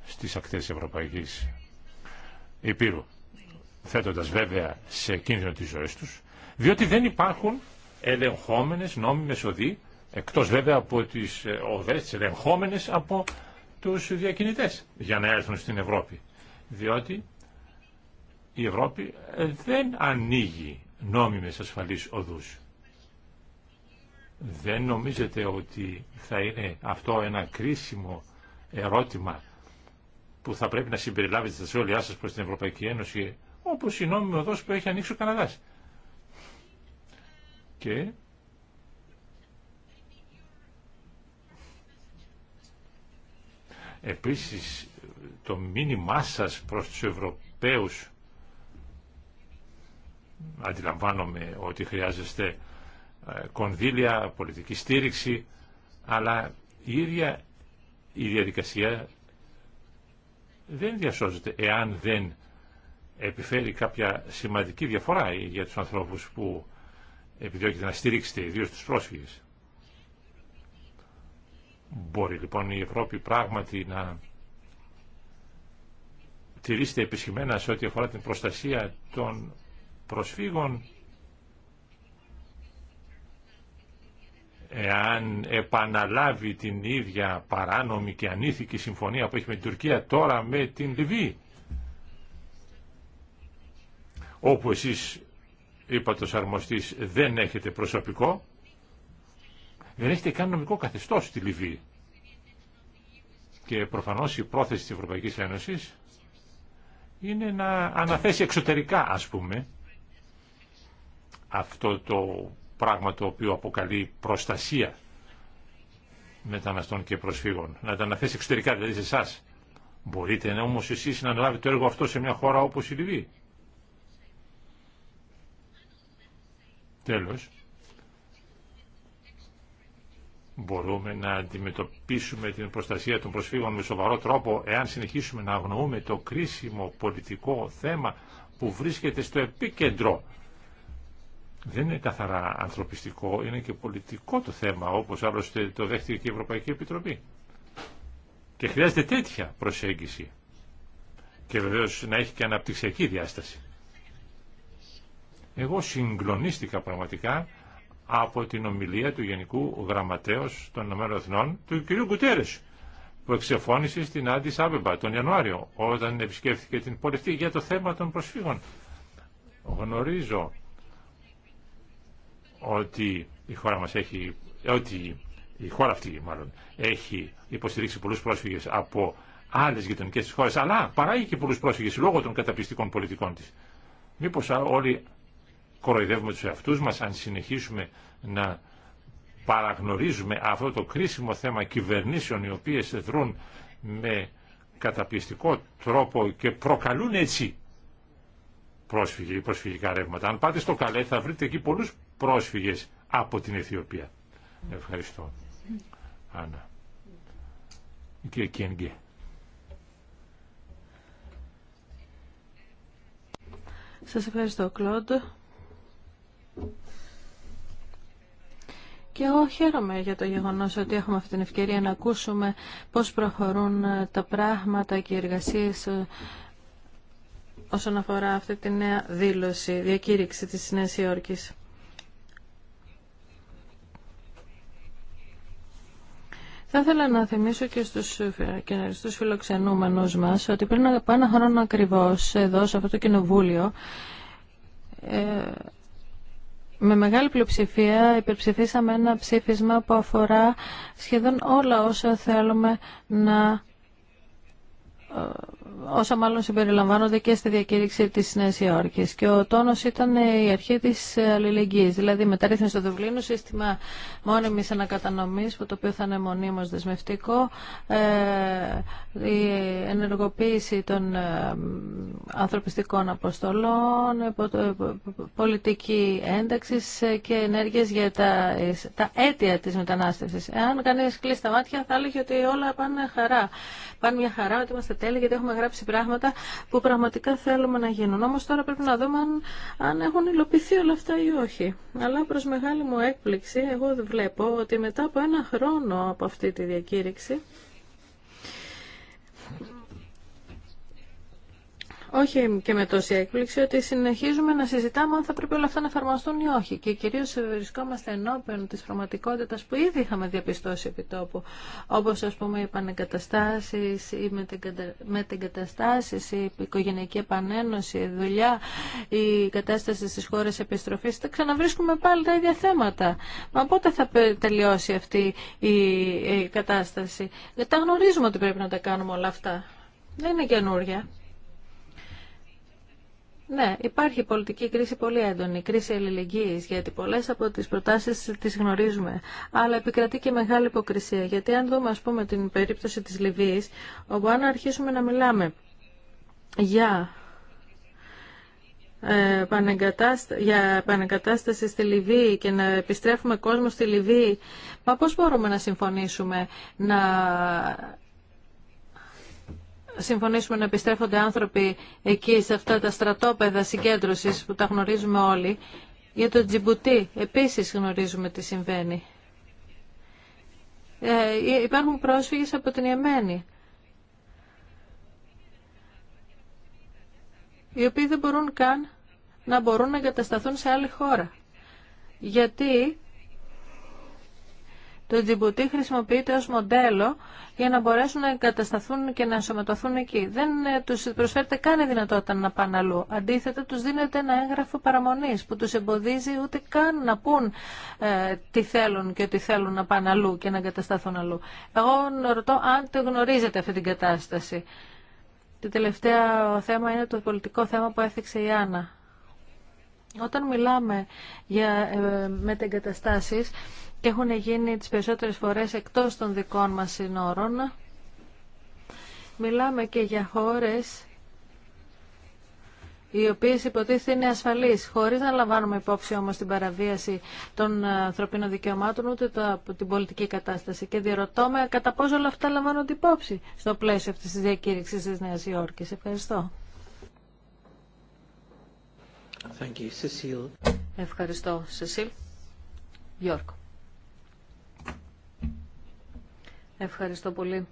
στις ακτές Ευρωπαϊκής Υπήρου, θέτοντας βέβαια σε κίνδυνο τις ζωές τους, διότι δεν υπάρχουν ελεγχόμενες νόμιμες οδοί, εκτός βέβαια από τις ε, οδές, τι ελεγχόμενες από τους διακινητές για να έρθουν στην Ευρώπη. Διότι η Ευρώπη ε, δεν ανοίγει νόμιμες ασφαλείς οδούς. Δεν νομίζετε ότι θα είναι αυτό ένα κρίσιμο ερώτημα που θα πρέπει να συμπεριλάβετε στα σχόλιά σας προς την Ευρωπαϊκή Ένωση όπως η νόμιμη οδός που έχει ανοίξει ο Καναδάς. Και επίσης το μήνυμά σας προς τους Ευρωπαίους αντιλαμβάνομαι ότι χρειάζεστε ε, κονδύλια, πολιτική στήριξη, αλλά η ίδια η διαδικασία δεν διασώζεται εάν δεν επιφέρει κάποια σημαντική διαφορά για τους ανθρώπους που επιδιώκεται να στηρίξετε, ιδίω τους πρόσφυγες. Μπορεί λοιπόν η Ευρώπη πράγματι να τηρήσετε επισημένα σε ό,τι αφορά την προστασία των προσφύγων εάν επαναλάβει την ίδια παράνομη και ανήθικη συμφωνία που έχει με την Τουρκία τώρα με την Λιβύη όπου εσείς ως αρμοστής δεν έχετε προσωπικό δεν έχετε καν νομικό καθεστώς στη Λιβύη και προφανώς η πρόθεση της Ευρωπαϊκής Ένωσης είναι να αναθέσει εξωτερικά ας πούμε αυτό το πράγμα το οποίο αποκαλεί προστασία μεταναστών και προσφύγων. Να τα αναθέσει εξωτερικά, δηλαδή σε εσά. Μπορείτε ναι, όμω εσεί να αναλάβετε το έργο αυτό σε μια χώρα όπω η Λιβύη. Τέλος, μπορούμε να αντιμετωπίσουμε την προστασία των προσφύγων με σοβαρό τρόπο εάν συνεχίσουμε να αγνοούμε το κρίσιμο πολιτικό θέμα που βρίσκεται στο επίκεντρο δεν είναι καθαρά ανθρωπιστικό, είναι και πολιτικό το θέμα, όπως άλλωστε το δέχτηκε και η Ευρωπαϊκή Επιτροπή. Και χρειάζεται τέτοια προσέγγιση. Και βεβαίως να έχει και αναπτυξιακή διάσταση. Εγώ συγκλονίστηκα πραγματικά από την ομιλία του Γενικού Γραμματέως των ΗΠΑ του κ. Κουτέρες, που εξεφώνησε στην Άντι Σάβεμπα τον Ιανουάριο, όταν επισκέφθηκε την πόλη για το θέμα των προσφύγων. Γνωρίζω ότι η χώρα μας έχει, ότι η χώρα αυτή μάλλον έχει υποστηρίξει πολλούς πρόσφυγες από άλλες γειτονικές της χώρες, αλλά παράγει και πολλούς πρόσφυγες λόγω των καταπιστικών πολιτικών της. Μήπως όλοι κοροϊδεύουμε τους εαυτούς μας αν συνεχίσουμε να παραγνωρίζουμε αυτό το κρίσιμο θέμα κυβερνήσεων οι οποίες δρούν με καταπιστικό τρόπο και προκαλούν έτσι πρόσφυγε ή προσφυγικά ρεύματα. Αν πάτε στο Καλέ θα βρείτε εκεί πολλούς πρόσφυγες από την Αιθιοπία. Ευχαριστώ. Άννα. Σας ευχαριστώ, Κλόντ. Και εγώ χαίρομαι για το γεγονός ότι έχουμε αυτή την ευκαιρία να ακούσουμε πώς προχωρούν τα πράγματα και οι εργασίες ε, όσον αφορά αυτή τη νέα δήλωση, διακήρυξη της Νέας Υόρκης. Θα ήθελα να θυμίσω και στους, και στους φιλοξενούμενους μας ότι πριν από ένα χρόνο ακριβώς εδώ σε αυτό το κοινοβούλιο ε, με μεγάλη πλειοψηφία υπερψηφίσαμε ένα ψήφισμα που αφορά σχεδόν όλα όσα θέλουμε να ε, όσα μάλλον συμπεριλαμβάνονται και στη διακήρυξη της Νέας Υόρκης. Και ο τόνος ήταν η αρχή της αλληλεγγύης, δηλαδή μεταρρύθμιση του Δουβλίνου, σύστημα μόνιμης ανακατανομής, που το οποίο θα είναι μονίμως δεσμευτικό, ε, η ενεργοποίηση των ε, ανθρωπιστικών αποστολών, πολιτική ένταξη και ενέργειες για τα, τα αίτια της μετανάστευσης. Εάν κανείς κλείσει τα μάτια θα έλεγε ότι όλα πάνε χαρά. Πάνε μια χαρά ότι είμαστε τέλεια, γιατί έχουμε γράψει πράγματα που πραγματικά θέλουμε να γίνουν. Όμω τώρα πρέπει να δούμε αν, αν έχουν υλοποιηθεί όλα αυτά ή όχι. Αλλά προ μεγάλη μου έκπληξη, εγώ βλέπω ότι μετά από ένα χρόνο από αυτή τη διακήρυξη, όχι και με τόση έκπληξη, ότι συνεχίζουμε να συζητάμε αν θα πρέπει όλα αυτά να εφαρμοστούν ή όχι. Και κυρίω βρισκόμαστε ενώπιον τη πραγματικότητα που ήδη είχαμε διαπιστώσει επί τόπου. Όπω, α πούμε, οι πανεγκαταστάσει, οι μετεγκαταστάσει, η οικογενειακή επανένωση, η δουλειά, η κατάσταση στι χώρε επιστροφή. Τα ξαναβρίσκουμε πάλι τα ίδια θέματα. Μα πότε θα τελειώσει αυτή η κατάσταση. Τα γνωρίζουμε ότι πρέπει να τα κάνουμε όλα αυτά. Δεν είναι καινούρια. Ναι, υπάρχει πολιτική κρίση πολύ έντονη, κρίση ελληνικής, γιατί πολλές από τις προτάσεις τις γνωρίζουμε. Αλλά επικρατεί και μεγάλη υποκρισία, γιατί αν δούμε ας πούμε την περίπτωση της Λιβύης, όπου αν αρχίσουμε να μιλάμε για ε, για επανεγκατάσταση στη Λιβύη και να επιστρέφουμε κόσμο στη Λιβύη, μα πώς μπορούμε να συμφωνήσουμε να συμφωνήσουμε να επιστρέφονται άνθρωποι εκεί σε αυτά τα στρατόπεδα συγκέντρωσης που τα γνωρίζουμε όλοι. Για το Τζιμπουτί επίσης γνωρίζουμε τι συμβαίνει. Ε, υπάρχουν πρόσφυγες από την Ιεμένη. οι οποίοι δεν μπορούν καν να μπορούν να εγκατασταθούν σε άλλη χώρα. Γιατί το Τζιμπουτί χρησιμοποιείται ως μοντέλο για να μπορέσουν να εγκατασταθούν και να ενσωματωθούν εκεί. Δεν ε, τους προσφέρεται καν η δυνατότητα να πάνε αλλού. Αντίθετα, τους δίνεται ένα έγγραφο παραμονής που τους εμποδίζει ούτε καν να πούν ε, τι θέλουν και ότι θέλουν να πάνε αλλού και να εγκατασταθούν αλλού. Εγώ ρωτώ αν το γνωρίζετε αυτή την κατάσταση. Το τελευταίο θέμα είναι το πολιτικό θέμα που έθιξε η Άννα. Όταν μιλάμε για ε, μετεγκαταστάσεις, και έχουν γίνει τις περισσότερες φορές εκτός των δικών μας συνόρων. Μιλάμε και για χώρες οι οποίες υποτίθεται είναι ασφαλείς, χωρίς να λαμβάνουμε υπόψη όμως την παραβίαση των ανθρωπίνων δικαιωμάτων, ούτε την πολιτική κατάσταση. Και διερωτώ κατά πόσο όλα αυτά λαμβάνονται υπόψη στο πλαίσιο αυτής της διακήρυξης της Νέας Υόρκης. Ευχαριστώ. Thank you, Ευχαριστώ, Σεσίλ. Γιώργο. Ευχαριστώ πολύ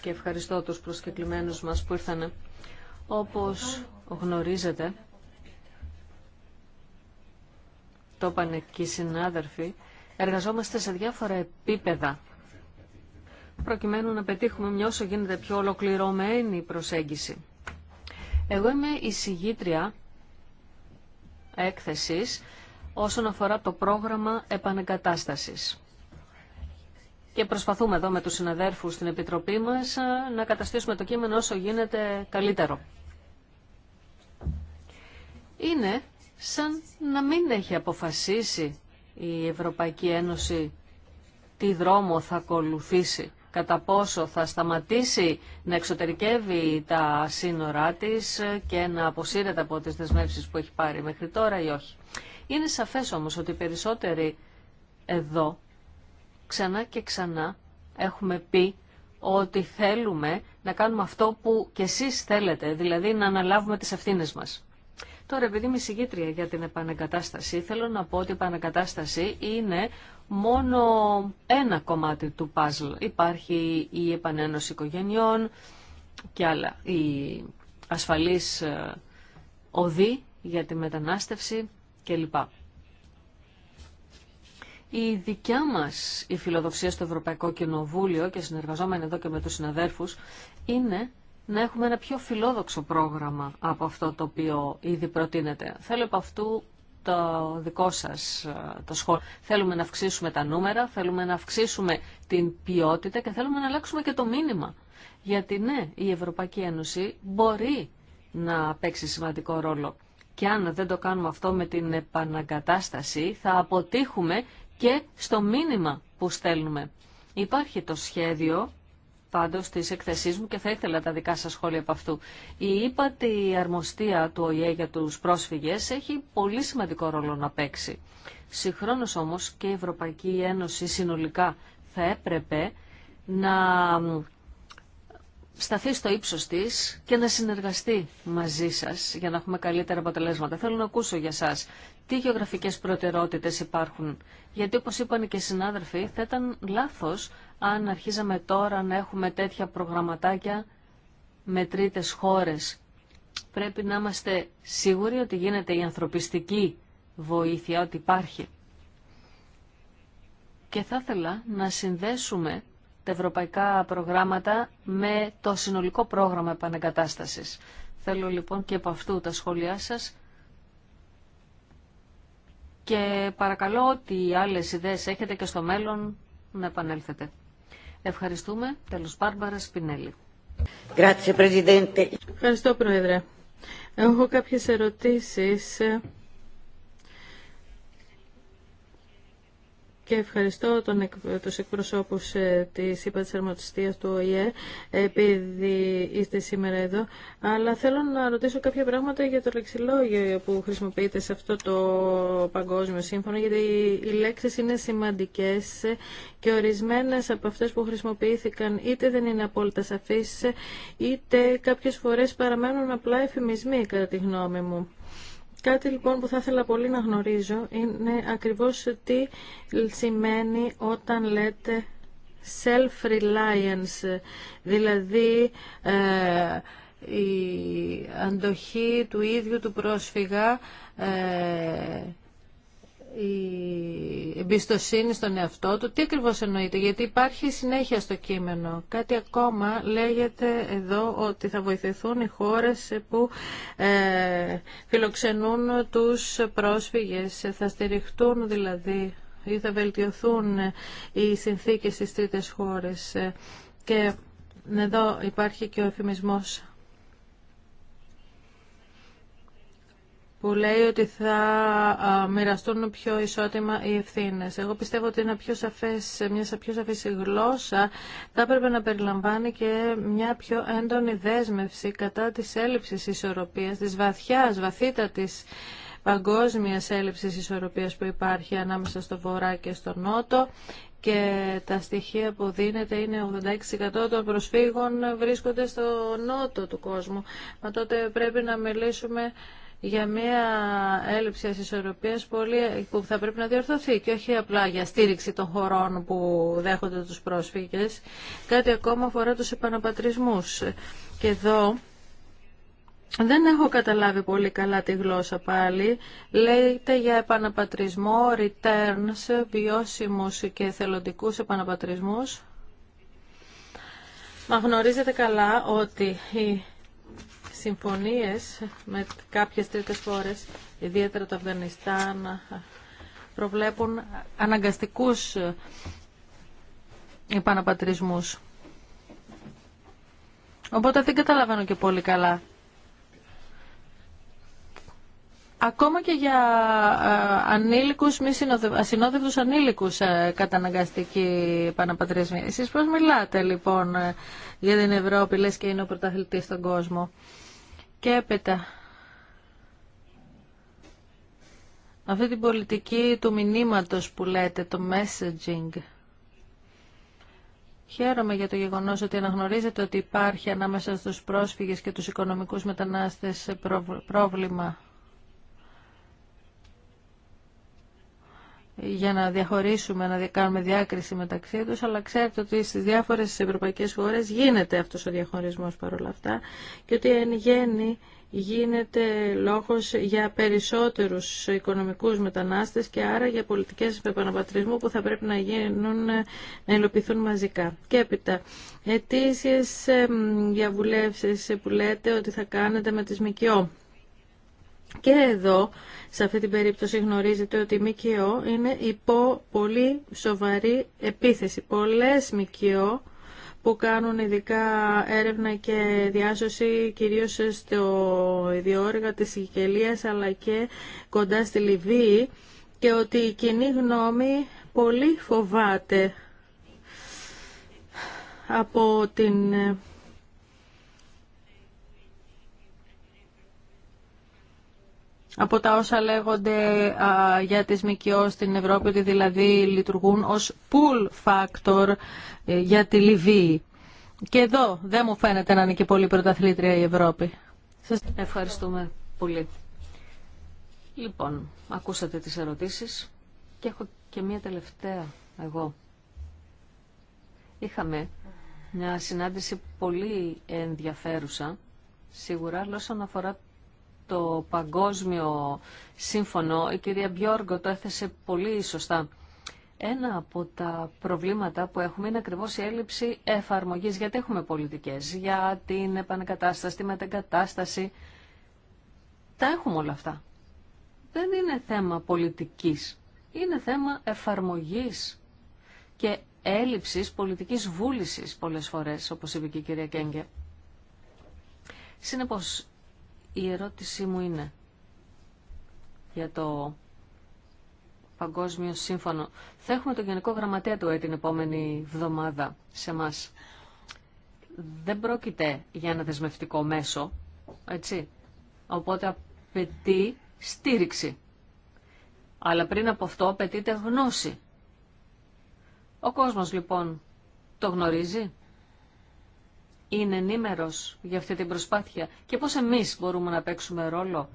και ευχαριστώ τους προσκεκλημένους μας που ήρθαν. Όπως γνωρίζετε, το είπαν και οι συνάδελφοι, εργαζόμαστε σε διάφορα επίπεδα προκειμένου να πετύχουμε μια όσο γίνεται πιο ολοκληρωμένη προσέγγιση. Εγώ είμαι η συγγήτρια έκθεσης όσον αφορά το πρόγραμμα επανεγκατάστασης και προσπαθούμε εδώ με τους συναδέρφους στην Επιτροπή μας ε, να καταστήσουμε το κείμενο όσο γίνεται καλύτερο. Είναι σαν να μην έχει αποφασίσει η Ευρωπαϊκή Ένωση τι δρόμο θα ακολουθήσει, κατά πόσο θα σταματήσει να εξωτερικεύει τα σύνορά της και να αποσύρεται από τις δεσμεύσεις που έχει πάρει μέχρι τώρα ή όχι. Είναι σαφές όμως ότι περισσότεροι εδώ ξανά και ξανά έχουμε πει ότι θέλουμε να κάνουμε αυτό που κι εσείς θέλετε, δηλαδή να αναλάβουμε τις ευθύνες μας. Τώρα, επειδή είμαι συγκήτρια για την επανεγκατάσταση, θέλω να πω ότι η επανεγκατάσταση είναι μόνο ένα κομμάτι του παζλ. Υπάρχει η επανένωση οικογενειών και άλλα. Η ασφαλής ε, οδή για τη μετανάστευση κλπ. Η δικιά μας η φιλοδοξία στο Ευρωπαϊκό Κοινοβούλιο και συνεργαζόμενοι εδώ και με τους συναδέρφους είναι να έχουμε ένα πιο φιλόδοξο πρόγραμμα από αυτό το οποίο ήδη προτείνεται. Θέλω από αυτού το δικό σας ε, το σχόλιο. Θέλουμε να αυξήσουμε τα νούμερα, θέλουμε να αυξήσουμε την ποιότητα και θέλουμε να αλλάξουμε και το μήνυμα. Γιατί ναι, η Ευρωπαϊκή Ένωση μπορεί να παίξει σημαντικό ρόλο. Και αν δεν το κάνουμε αυτό με την επαναγκατάσταση, θα αποτύχουμε και στο μήνυμα που στέλνουμε. Υπάρχει το σχέδιο πάντως της εκθεσής μου και θα ήθελα τα δικά σας σχόλια από αυτού. Η ύπατη αρμοστία του ΟΗΕ για τους πρόσφυγες έχει πολύ σημαντικό ρόλο να παίξει. Συγχρόνως όμως και η Ευρωπαϊκή Ένωση συνολικά θα έπρεπε να σταθεί στο ύψο τη και να συνεργαστεί μαζί σας για να έχουμε καλύτερα αποτελέσματα. Θέλω να ακούσω για εσά τι γεωγραφικές προτεραιότητες υπάρχουν. Γιατί όπως είπαν και οι συνάδελφοι θα ήταν λάθος αν αρχίζαμε τώρα να έχουμε τέτοια προγραμματάκια με τρίτες χώρες. Πρέπει να είμαστε σίγουροι ότι γίνεται η ανθρωπιστική βοήθεια, ότι υπάρχει. Και θα ήθελα να συνδέσουμε τα ευρωπαϊκά προγράμματα με το συνολικό πρόγραμμα επανεγκατάστασης. Θέλω λοιπόν και από αυτού τα σχόλιά σας και παρακαλώ ότι άλλες ιδέες έχετε και στο μέλλον να επανέλθετε. Ευχαριστούμε. Τέλος Μπάρμπαρα Σπινέλη. Ευχαριστώ Πρόεδρε. Έχω κάποιες ερωτήσεις και ευχαριστώ τον, τους εκπροσώπους ε, της ΥΠΑ του ΟΗΕ επειδή είστε σήμερα εδώ αλλά θέλω να ρωτήσω κάποια πράγματα για το λεξιλόγιο που χρησιμοποιείτε σε αυτό το παγκόσμιο σύμφωνο γιατί οι λέξεις είναι σημαντικές και ορισμένες από αυτές που χρησιμοποιήθηκαν είτε δεν είναι απόλυτα σαφείς είτε κάποιες φορές παραμένουν απλά εφημισμοί κατά τη γνώμη μου. Κάτι λοιπόν που θα ήθελα πολύ να γνωρίζω είναι ακριβώς τι σημαίνει όταν λέτε self-reliance, δηλαδή ε, η αντοχή του ίδιου του πρόσφυγα ε, η εμπιστοσύνη στον εαυτό του. Τι ακριβώς εννοείται, γιατί υπάρχει συνέχεια στο κείμενο. Κάτι ακόμα λέγεται εδώ ότι θα βοηθηθούν οι χώρες που ε, φιλοξενούν τους πρόσφυγες. Θα στηριχτούν δηλαδή ή θα βελτιωθούν οι συνθήκες στις τρίτες χώρες. Και εδώ υπάρχει και ο εφημισμός που λέει ότι θα μοιραστούν πιο ισότιμα οι ευθύνε. Εγώ πιστεύω ότι ένα πιο σαφές, μια πιο σαφή γλώσσα θα έπρεπε να περιλαμβάνει και μια πιο έντονη δέσμευση κατά της έλλειψης ισορροπίας, της βαθιάς, βαθύτατης παγκόσμια έλλειψη ισορροπίας που υπάρχει ανάμεσα στο βορρά και στο νότο και τα στοιχεία που δίνεται είναι 86% των προσφύγων βρίσκονται στο νότο του κόσμου. Μα τότε πρέπει να μιλήσουμε για μια έλλειψη ασυσορροπίας που θα πρέπει να διορθωθεί και όχι απλά για στήριξη των χωρών που δέχονται τους πρόσφυγες. Κάτι ακόμα αφορά τους επαναπατρισμούς. Και εδώ δεν έχω καταλάβει πολύ καλά τη γλώσσα πάλι. Λέγεται για επαναπατρισμό, returns, βιώσιμους και θελοντικούς επαναπατρισμούς. Μα γνωρίζετε καλά ότι συμφωνίες με κάποιες τρίτες χώρες, ιδιαίτερα το Αφγανιστάν, προβλέπουν αναγκαστικούς επαναπατρισμούς. Οπότε δεν καταλαβαίνω και πολύ καλά. Ακόμα και για ε, ανήλικους, μη ασυνόδευτους ανήλικους ε, καταναγκαστικοί επαναπατρισμοί. Εσείς πώς μιλάτε λοιπόν ε, για την Ευρώπη, λες και είναι ο πρωταθλητής στον κόσμο και έπειτα αυτή την πολιτική του μηνύματος που λέτε, το messaging. Χαίρομαι για το γεγονός ότι αναγνωρίζετε ότι υπάρχει ανάμεσα στους πρόσφυγες και τους οικονομικούς μετανάστες πρόβλημα. για να διαχωρίσουμε, να κάνουμε διάκριση μεταξύ τους, αλλά ξέρετε ότι στις διάφορες ευρωπαϊκές χώρες γίνεται αυτός ο διαχωρισμός παρόλα αυτά και ότι εν γέννη γίνεται λόγος για περισσότερους οικονομικούς μετανάστες και άρα για πολιτικές επαναπατρισμού που θα πρέπει να γίνουν, να υλοποιηθούν μαζικά. Και έπειτα, ετήσιες διαβουλεύσεις που λέτε ότι θα κάνετε με τις ΜΚΟ. Και εδώ, σε αυτή την περίπτωση, γνωρίζετε ότι η ΜΚΟ είναι υπό πολύ σοβαρή επίθεση. Πολλές ΜΚΟ που κάνουν ειδικά έρευνα και διάσωση κυρίως στο ιδιόργα της Σικελίας αλλά και κοντά στη Λιβύη και ότι η κοινή γνώμη πολύ φοβάται από την από τα όσα λέγονται για τις ΜΚΟ στην Ευρώπη, ότι δηλαδή λειτουργούν ως pull factor ε, για τη Λιβύη. Και εδώ δεν μου φαίνεται να είναι και πολύ πρωταθλήτρια η Ευρώπη. Σας ευχαριστούμε πολύ. Λοιπόν, ακούσατε τις ερωτήσεις και έχω και μία τελευταία εγώ. Είχαμε μια συνάντηση πολύ ενδιαφέρουσα, σίγουρα, αλλά οσον αφορά το Παγκόσμιο Σύμφωνο, η κυρία Μπιόργκο το έθεσε πολύ σωστά. Ένα από τα προβλήματα που έχουμε είναι ακριβώς η έλλειψη εφαρμογής, γιατί έχουμε πολιτικές, για την επανακατάσταση, τη μετεγκατάσταση. Τα έχουμε όλα αυτά. Δεν είναι θέμα πολιτικής, είναι θέμα εφαρμογής και έλλειψης πολιτικής βούλησης πολλές φορές, όπως είπε και η κυρία Κέγκε. Συνεπώς, η ερώτησή μου είναι για το Παγκόσμιο Σύμφωνο. Θα έχουμε τον Γενικό Γραμματέα του ΕΕ την επόμενη εβδομάδα σε μας. Δεν πρόκειται για ένα δεσμευτικό μέσο, έτσι. Οπότε απαιτεί στήριξη. Αλλά πριν από αυτό απαιτείται γνώση. Ο κόσμος λοιπόν το γνωρίζει είναι ενήμερος για αυτή την προσπάθεια και πώς εμείς μπορούμε να παίξουμε ρόλο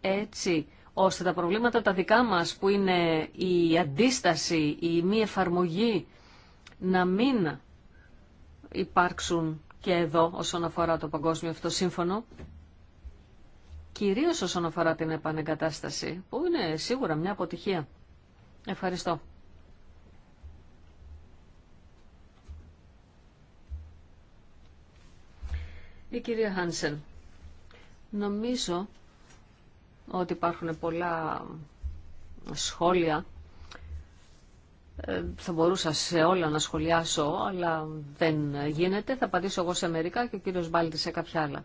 έτσι ώστε τα προβλήματα τα δικά μας που είναι η αντίσταση, η μη εφαρμογή να μην υπάρξουν και εδώ όσον αφορά το παγκόσμιο αυτό σύμφωνο κυρίως όσον αφορά την επανεγκατάσταση που είναι σίγουρα μια αποτυχία. Ευχαριστώ. Η κυρία Χάνσεν, νομίζω ότι υπάρχουν πολλά σχόλια. Ε, θα μπορούσα σε όλα να σχολιάσω, αλλά δεν γίνεται. Θα απαντήσω εγώ σε μερικά και ο κύριος Μπάλτη σε κάποια άλλα.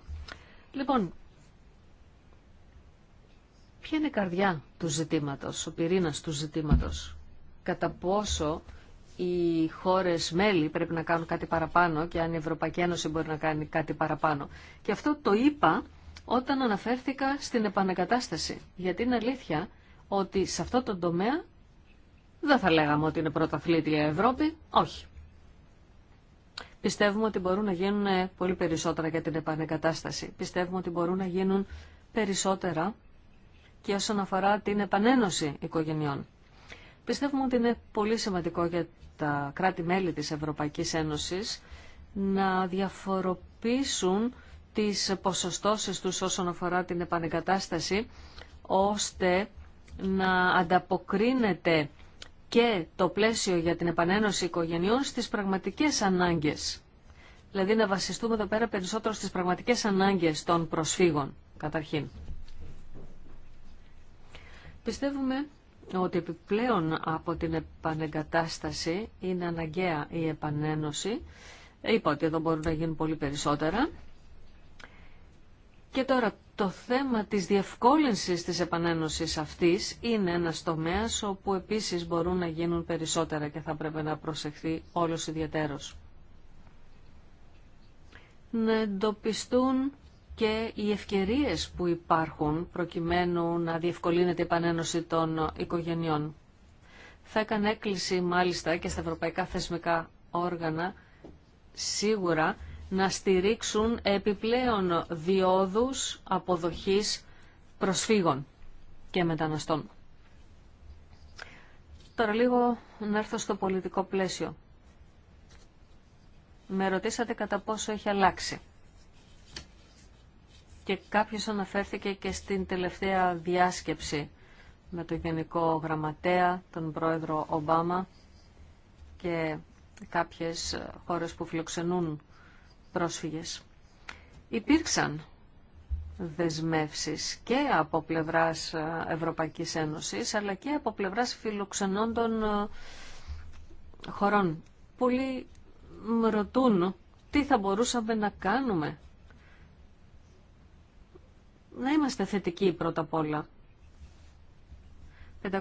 Λοιπόν, ποια είναι η καρδιά του ζητήματος, ο πυρήνας του ζητήματος. Κατά πόσο οι χώρες μέλη πρέπει να κάνουν κάτι παραπάνω και αν η Ευρωπαϊκή Ένωση μπορεί να κάνει κάτι παραπάνω. Και αυτό το είπα όταν αναφέρθηκα στην επανακατάσταση. Γιατί είναι αλήθεια ότι σε αυτό το τομέα δεν θα λέγαμε ότι είναι η Ευρώπη. Όχι. Πιστεύουμε ότι μπορούν να γίνουν πολύ περισσότερα για την επανεκατάσταση. Πιστεύουμε ότι μπορούν να γίνουν περισσότερα και όσον αφορά την επανένωση οικογενειών. Πιστεύουμε ότι είναι πολύ σημαντικό για τα κράτη-μέλη της Ευρωπαϊκής Ένωσης να διαφοροποιήσουν τις ποσοστώσεις τους όσον αφορά την επανεγκατάσταση, ώστε να ανταποκρίνεται και το πλαίσιο για την επανένωση οικογενειών στις πραγματικές ανάγκες. Δηλαδή να βασιστούμε εδώ πέρα περισσότερο στις πραγματικές ανάγκες των προσφύγων, καταρχήν. Πιστεύουμε ότι επιπλέον από την επανεγκατάσταση είναι αναγκαία η επανένωση. Είπα ότι εδώ μπορούν να γίνουν πολύ περισσότερα. Και τώρα το θέμα της διευκόλυνσης της επανένωσης αυτής είναι ένας τομέας όπου επίσης μπορούν να γίνουν περισσότερα και θα πρέπει να προσεχθεί όλος ιδιαίτερος. Να εντοπιστούν και οι ευκαιρίες που υπάρχουν προκειμένου να διευκολύνεται η επανένωση των οικογενειών. Θα έκανε έκκληση μάλιστα και στα ευρωπαϊκά θεσμικά όργανα σίγουρα να στηρίξουν επιπλέον διόδους αποδοχής προσφύγων και μεταναστών. Τώρα λίγο να έρθω στο πολιτικό πλαίσιο. Με ρωτήσατε κατά πόσο έχει αλλάξει και κάποιος αναφέρθηκε και στην τελευταία διάσκεψη με τον Γενικό Γραμματέα, τον Πρόεδρο Ομπάμα και κάποιες χώρες που φιλοξενούν πρόσφυγες. Υπήρξαν δεσμεύσεις και από πλευράς Ευρωπαϊκής Ένωσης αλλά και από πλευράς των ε, χωρών. Πολλοί ρωτούν τι θα μπορούσαμε να κάνουμε να είμαστε θετικοί πρώτα απ' όλα. 500.000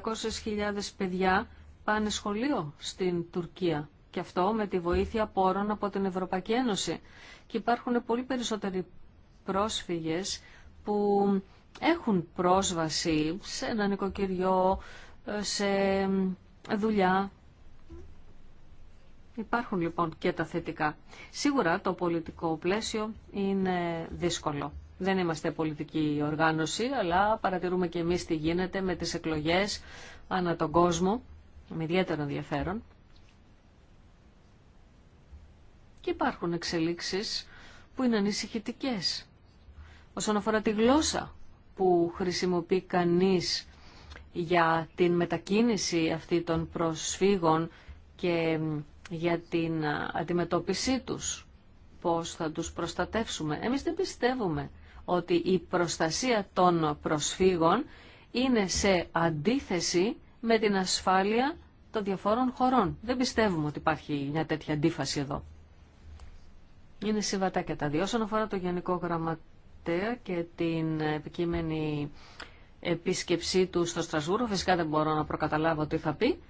παιδιά πάνε σχολείο στην Τουρκία και αυτό με τη βοήθεια πόρων από την Ευρωπαϊκή Ένωση. Και υπάρχουν πολύ περισσότεροι πρόσφυγες που έχουν πρόσβαση σε ένα νοικοκυριό, σε δουλειά. Υπάρχουν λοιπόν και τα θετικά. Σίγουρα το πολιτικό πλαίσιο είναι δύσκολο. Δεν είμαστε πολιτική οργάνωση, αλλά παρατηρούμε και εμείς τι γίνεται με τις εκλογές ανά τον κόσμο, με ιδιαίτερο ενδιαφέρον. Και υπάρχουν εξελίξεις που είναι ανησυχητικέ. Όσον αφορά τη γλώσσα που χρησιμοποιεί κανείς για την μετακίνηση αυτή των προσφύγων και για την αντιμετώπιση τους, πώς θα τους προστατεύσουμε. Εμείς δεν πιστεύουμε ότι η προστασία των προσφύγων είναι σε αντίθεση με την ασφάλεια των διαφόρων χωρών. Δεν πιστεύουμε ότι υπάρχει μια τέτοια αντίφαση εδώ. Είναι συμβατά και τα δύο. Όσον αφορά το Γενικό Γραμματέα και την επικείμενη επίσκεψή του στο Στρασβούρο, φυσικά δεν μπορώ να προκαταλάβω τι θα πει,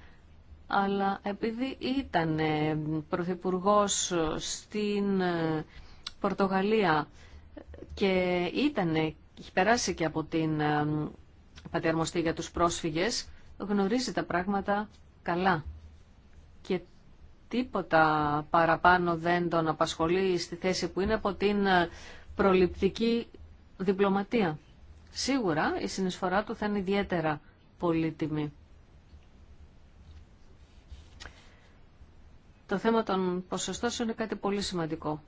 αλλά επειδή ήταν ε, πρωθυπουργός στην ε, Πορτογαλία και ήταν, έχει περάσει και από την ε, πατερμοστή για τους πρόσφυγες, γνωρίζει τα πράγματα καλά και τίποτα παραπάνω δεν τον απασχολεί στη θέση που είναι από την ε, προληπτική διπλωματία. Σίγουρα η συνεισφορά του θα είναι ιδιαίτερα πολύτιμη. Το θέμα των ποσοστών είναι κάτι πολύ σημαντικό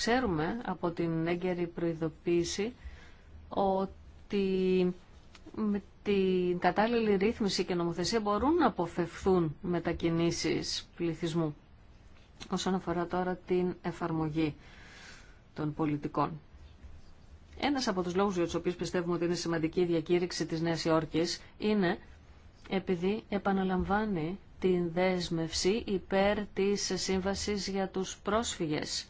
ξέρουμε από την έγκαιρη προειδοποίηση ότι με την κατάλληλη ρύθμιση και νομοθεσία μπορούν να αποφευθούν μετακινήσεις πληθυσμού όσον αφορά τώρα την εφαρμογή των πολιτικών. Ένας από τους λόγους για τους οποίους πιστεύουμε ότι είναι σημαντική η διακήρυξη της Νέας Υόρκης είναι επειδή επαναλαμβάνει την δέσμευση υπέρ της σύμβασης για τους πρόσφυγες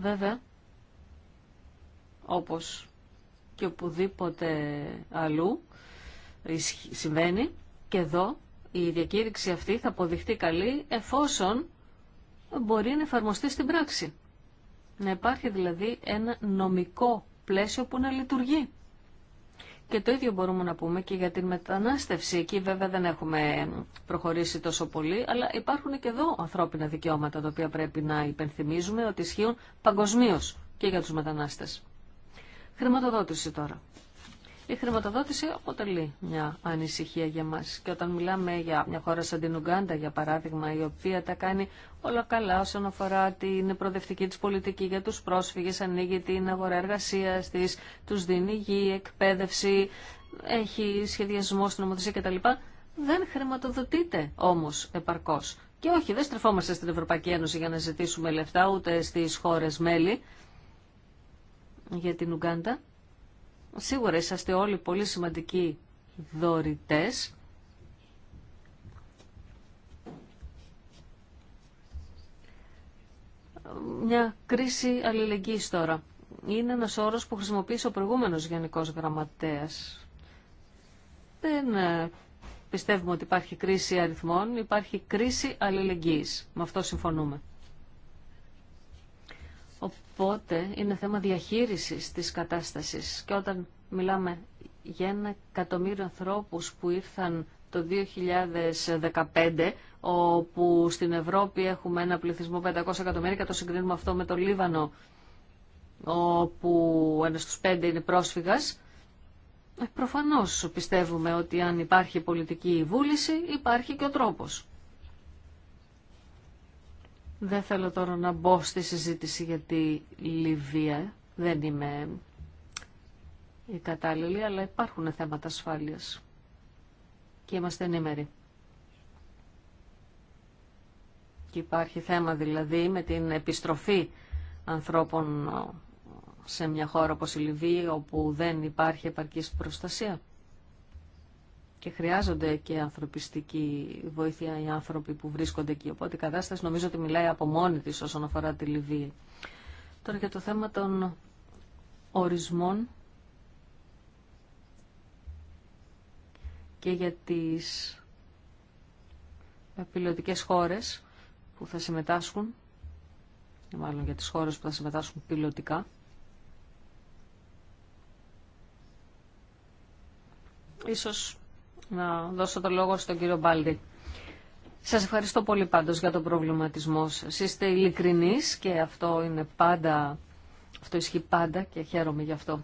Βέβαια, όπως και οπουδήποτε αλλού συμβαίνει και εδώ η διακήρυξη αυτή θα αποδειχτεί καλή εφόσον μπορεί να εφαρμοστεί στην πράξη. Να υπάρχει δηλαδή ένα νομικό πλαίσιο που να λειτουργεί. Και το ίδιο μπορούμε να πούμε και για την μετανάστευση. Εκεί βέβαια δεν έχουμε προχωρήσει τόσο πολύ, αλλά υπάρχουν και εδώ ανθρώπινα δικαιώματα, τα οποία πρέπει να υπενθυμίζουμε ότι ισχύουν παγκοσμίω και για τους μετανάστες. Χρηματοδότηση τώρα. Η χρηματοδότηση αποτελεί μια ανησυχία για μα. Και όταν μιλάμε για μια χώρα σαν την Ουγγάντα, για παράδειγμα, η οποία τα κάνει όλα καλά όσον αφορά την προοδευτική τη πολιτική για του πρόσφυγε, ανοίγει την αγορά εργασία, τη του δίνει γη, εκπαίδευση, έχει σχεδιασμό στην ομοθεσία κτλ. Δεν χρηματοδοτείται όμω επαρκώ. Και όχι, δεν στρεφόμαστε στην Ευρωπαϊκή Ένωση για να ζητήσουμε λεφτά, ούτε στι χώρε μέλη για την Ουγγάντα. Σίγουρα είσαστε όλοι πολύ σημαντικοί δωρητές. Μια κρίση αλληλεγγύης τώρα. Είναι ένας όρος που χρησιμοποίησε ο προηγούμενος Γενικός Γραμματέας. Δεν ε, πιστεύουμε ότι υπάρχει κρίση αριθμών, υπάρχει κρίση αλληλεγγύης. Με αυτό συμφωνούμε. Οπότε είναι θέμα διαχείρισης της κατάστασης και όταν μιλάμε για ένα εκατομμύριο ανθρώπους που ήρθαν το 2015, όπου στην Ευρώπη έχουμε ένα πληθυσμό 500 εκατομμύρια και το συγκρίνουμε αυτό με το Λίβανο, όπου ένα στους πέντε είναι πρόσφυγας, ε, προφανώς πιστεύουμε ότι αν υπάρχει πολιτική βούληση υπάρχει και ο τρόπος. Δεν θέλω τώρα να μπω στη συζήτηση για τη Λιβύα. Δεν είμαι η κατάλληλη, αλλά υπάρχουν θέματα ασφάλειας. Και είμαστε ενήμεροι. Και υπάρχει θέμα δηλαδή με την επιστροφή ανθρώπων σε μια χώρα όπως η Λιβύη, όπου δεν υπάρχει επαρκής προστασία και χρειάζονται και ανθρωπιστική βοήθεια οι άνθρωποι που βρίσκονται εκεί. Οπότε η κατάσταση νομίζω ότι μιλάει από μόνη της όσον αφορά τη Λιβύη. Τώρα για το θέμα των ορισμών και για τις πιλωτικές χώρες που θα συμμετάσχουν, μάλλον για τις χώρες που θα συμμετάσχουν πιλωτικά. Ίσως να δώσω το λόγο στον κύριο Μπάλτη. Σας ευχαριστώ πολύ πάντως για τον προβληματισμό σα. Είστε ειλικρινεί και αυτό είναι πάντα, αυτό ισχύει πάντα και χαίρομαι γι' αυτό.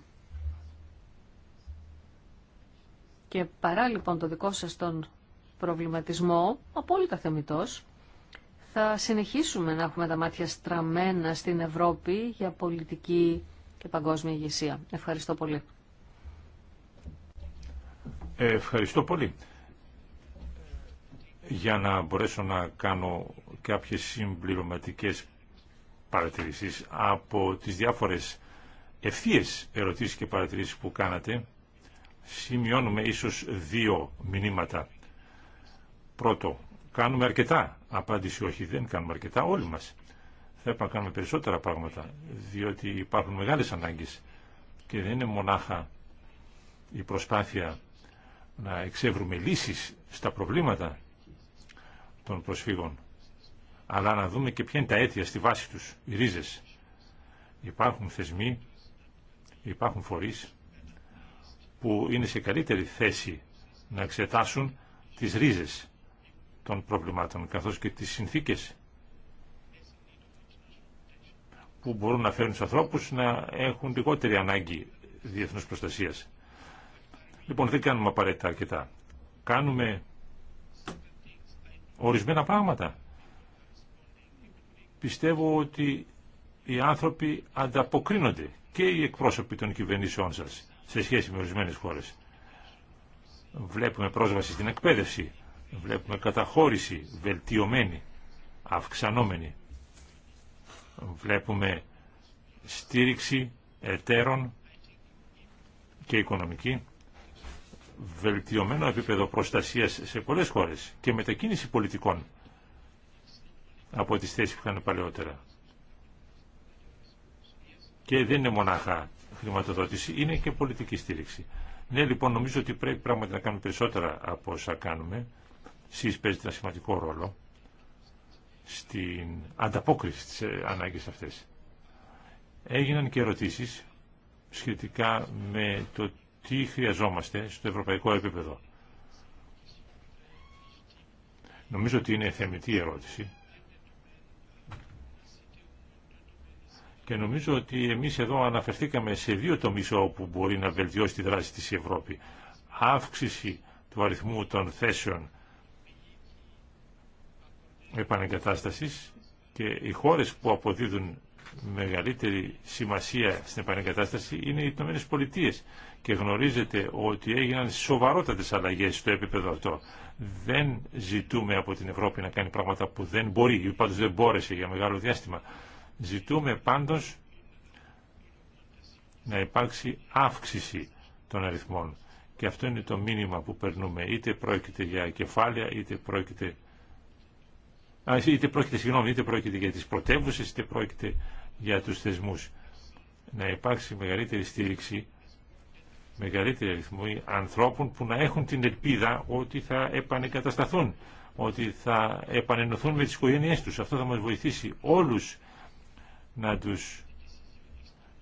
Και παρά λοιπόν το δικό σας τον προβληματισμό, απόλυτα θεμητός, θα συνεχίσουμε να έχουμε τα μάτια στραμμένα στην Ευρώπη για πολιτική και παγκόσμια ηγεσία. Ευχαριστώ πολύ. Ευχαριστώ πολύ. Για να μπορέσω να κάνω κάποιες συμπληρωματικές παρατηρήσεις από τις διάφορες ευθείες ερωτήσεις και παρατηρήσεις που κάνατε, σημειώνουμε ίσως δύο μηνύματα. Πρώτο, κάνουμε αρκετά. Απάντηση όχι, δεν κάνουμε αρκετά όλοι μας. Θα έπρεπε να κάνουμε περισσότερα πράγματα, διότι υπάρχουν μεγάλες ανάγκες και δεν είναι μονάχα η προσπάθεια να εξεύρουμε λύσεις στα προβλήματα των προσφύγων, αλλά να δούμε και ποια είναι τα αίτια στη βάση τους, οι ρίζες. Υπάρχουν θεσμοί, υπάρχουν φορείς που είναι σε καλύτερη θέση να εξετάσουν τις ρίζες των προβλημάτων, καθώς και τις συνθήκες που μπορούν να φέρουν στους ανθρώπους να έχουν λιγότερη ανάγκη διεθνούς προστασίας. Λοιπόν, δεν κάνουμε απαραίτητα αρκετά. Κάνουμε ορισμένα πράγματα. Πιστεύω ότι οι άνθρωποι ανταποκρίνονται και οι εκπρόσωποι των κυβερνήσεών σας σε σχέση με ορισμένες χώρες. Βλέπουμε πρόσβαση στην εκπαίδευση, βλέπουμε καταχώρηση βελτιωμένη, αυξανόμενη. Βλέπουμε στήριξη εταίρων και οικονομική βελτιωμένο επίπεδο προστασίας σε πολλές χώρες και μετακίνηση πολιτικών από τις θέσεις που είχαν παλαιότερα. Και δεν είναι μονάχα χρηματοδότηση, είναι και πολιτική στήριξη. Ναι, λοιπόν, νομίζω ότι πρέπει πράγματι να κάνουμε περισσότερα από όσα κάνουμε. Εσείς παίζετε ένα σημαντικό ρόλο στην ανταπόκριση της ε, ανάγκης αυτές. Έγιναν και ερωτήσεις σχετικά με το τι χρειαζόμαστε στο ευρωπαϊκό επίπεδο. Νομίζω ότι είναι θεμητή ερώτηση. Και νομίζω ότι εμείς εδώ αναφερθήκαμε σε δύο τομείς όπου μπορεί να βελτιώσει τη δράση της Ευρώπη. Αύξηση του αριθμού των θέσεων επανεγκατάστασης και οι χώρες που αποδίδουν μεγαλύτερη σημασία στην επανεγκατάσταση είναι οι Ηνωμένε Πολιτείε. Και γνωρίζετε ότι έγιναν σοβαρότατε αλλαγέ στο επίπεδο αυτό. Δεν ζητούμε από την Ευρώπη να κάνει πράγματα που δεν μπορεί ή πάντω δεν μπόρεσε για μεγάλο διάστημα. Ζητούμε πάντω να υπάρξει αύξηση των αριθμών. Και αυτό είναι το μήνυμα που περνούμε. Είτε πρόκειται για κεφάλαια, είτε πρόκειται είτε πρόκειται, συγγνώμη, είτε πρόκειται για τις πρωτεύουσε, είτε πρόκειται για τους θεσμούς. Να υπάρξει μεγαλύτερη στήριξη, μεγαλύτερη αριθμό ανθρώπων που να έχουν την ελπίδα ότι θα επανεκατασταθούν, ότι θα επανενωθούν με τις οικογένειές τους. Αυτό θα μας βοηθήσει όλους να τους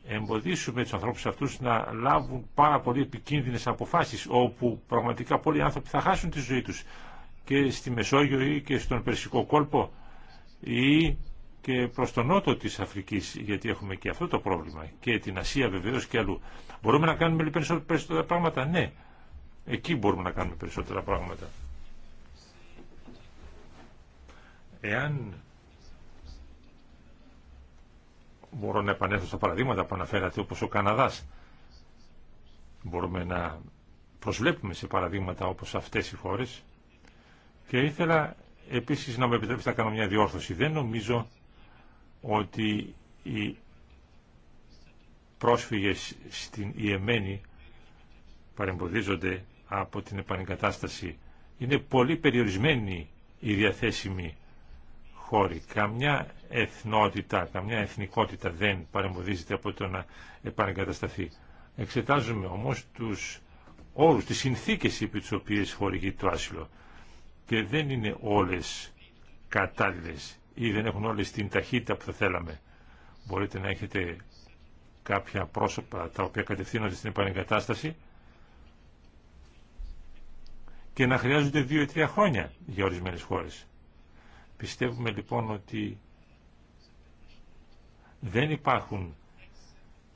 εμποδίσουμε τους ανθρώπους αυτούς να λάβουν πάρα πολύ επικίνδυνες αποφάσεις όπου πραγματικά πολλοί άνθρωποι θα χάσουν τη ζωή τους και στη Μεσόγειο ή και στον Περσικό κόλπο ή και προς τον νότο της Αφρικής, γιατί έχουμε και αυτό το πρόβλημα, και την Ασία βεβαίως και αλλού. Μπορούμε να κάνουμε λοιπόν περισσότερα πράγματα, ναι. Εκεί μπορούμε να κάνουμε περισσότερα πράγματα. Εάν μπορώ να επανέλθω στα παραδείγματα που αναφέρατε, όπως ο Καναδάς, μπορούμε να προσβλέπουμε σε παραδείγματα όπως αυτές οι χώρες και ήθελα επίσης να με επιτρέψετε να κάνω μια διόρθωση. Δεν νομίζω ότι οι πρόσφυγες στην Ιεμένη παρεμποδίζονται από την επανεγκατάσταση. Είναι πολύ περιορισμένη οι διαθεσιμή χώρη Καμιά εθνότητα, καμιά εθνικότητα δεν παρεμποδίζεται από το να επανεγκατασταθεί. Εξετάζουμε όμως τους όρους, τις συνθήκες υπό τις οποίες χορηγεί το άσυλο. Και δεν είναι όλες κατάλληλες ή δεν έχουν όλες την ταχύτητα που θα θέλαμε. Μπορείτε να έχετε κάποια πρόσωπα τα οποία κατευθύνονται στην επανεγκατάσταση και να χρειάζονται δύο ή τρία χρόνια για ορισμένες χώρες. Πιστεύουμε λοιπόν ότι δεν υπάρχουν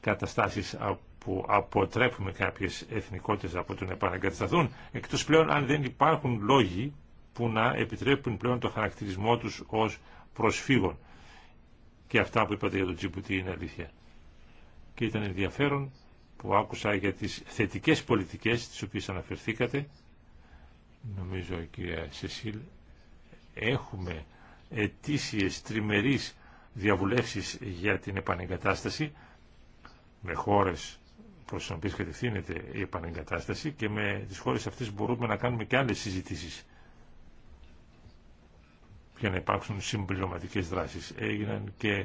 καταστάσεις που αποτρέπουμε κάποιες εθνικότητες από το να επαναγκατασταθούν, εκτός πλέον αν δεν υπάρχουν λόγοι που να επιτρέπουν πλέον το χαρακτηρισμό τους ως προσφύγων. Και αυτά που είπατε για τον Τζιμπουτή είναι αλήθεια. Και ήταν ενδιαφέρον που άκουσα για τις θετικές πολιτικές τις οποίες αναφερθήκατε. Νομίζω κυρία Σεσίλ έχουμε ετήσιες τριμερείς διαβουλεύσεις για την επανεγκατάσταση με χώρες προς τις οποίες κατευθύνεται η επανεγκατάσταση και με τις χώρες αυτές μπορούμε να κάνουμε και άλλες συζητήσεις για να υπάρξουν συμπληρωματικές δράσεις. Έγιναν και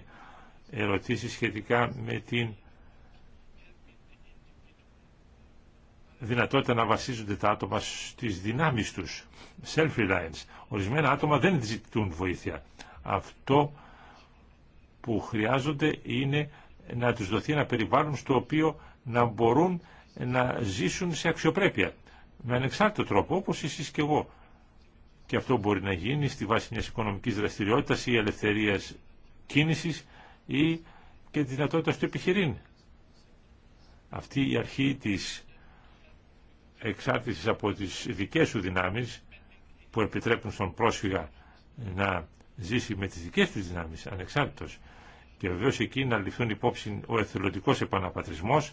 ερωτήσεις σχετικά με την δυνατότητα να βασίζονται τα άτομα στις δυνάμεις τους. Self-reliance. Ορισμένα άτομα δεν ζητούν βοήθεια. Αυτό που χρειάζονται είναι να τους δοθεί ένα περιβάλλον στο οποίο να μπορούν να ζήσουν σε αξιοπρέπεια. Με ανεξάρτητο τρόπο, όπως εσείς και εγώ και αυτό μπορεί να γίνει στη βάση μιας οικονομικής δραστηριότητας ή ελευθερίας κίνησης ή και τη δυνατότητα του επιχειρήν. Αυτή η αρχή της εξάρτησης από τις δικές σου δυνάμεις που επιτρέπουν στον πρόσφυγα να ζήσει με τις δικές του δυνάμεις ανεξάρτητος και βεβαίως εκεί να ληφθούν υπόψη ο εθελοντικός επαναπατρισμός,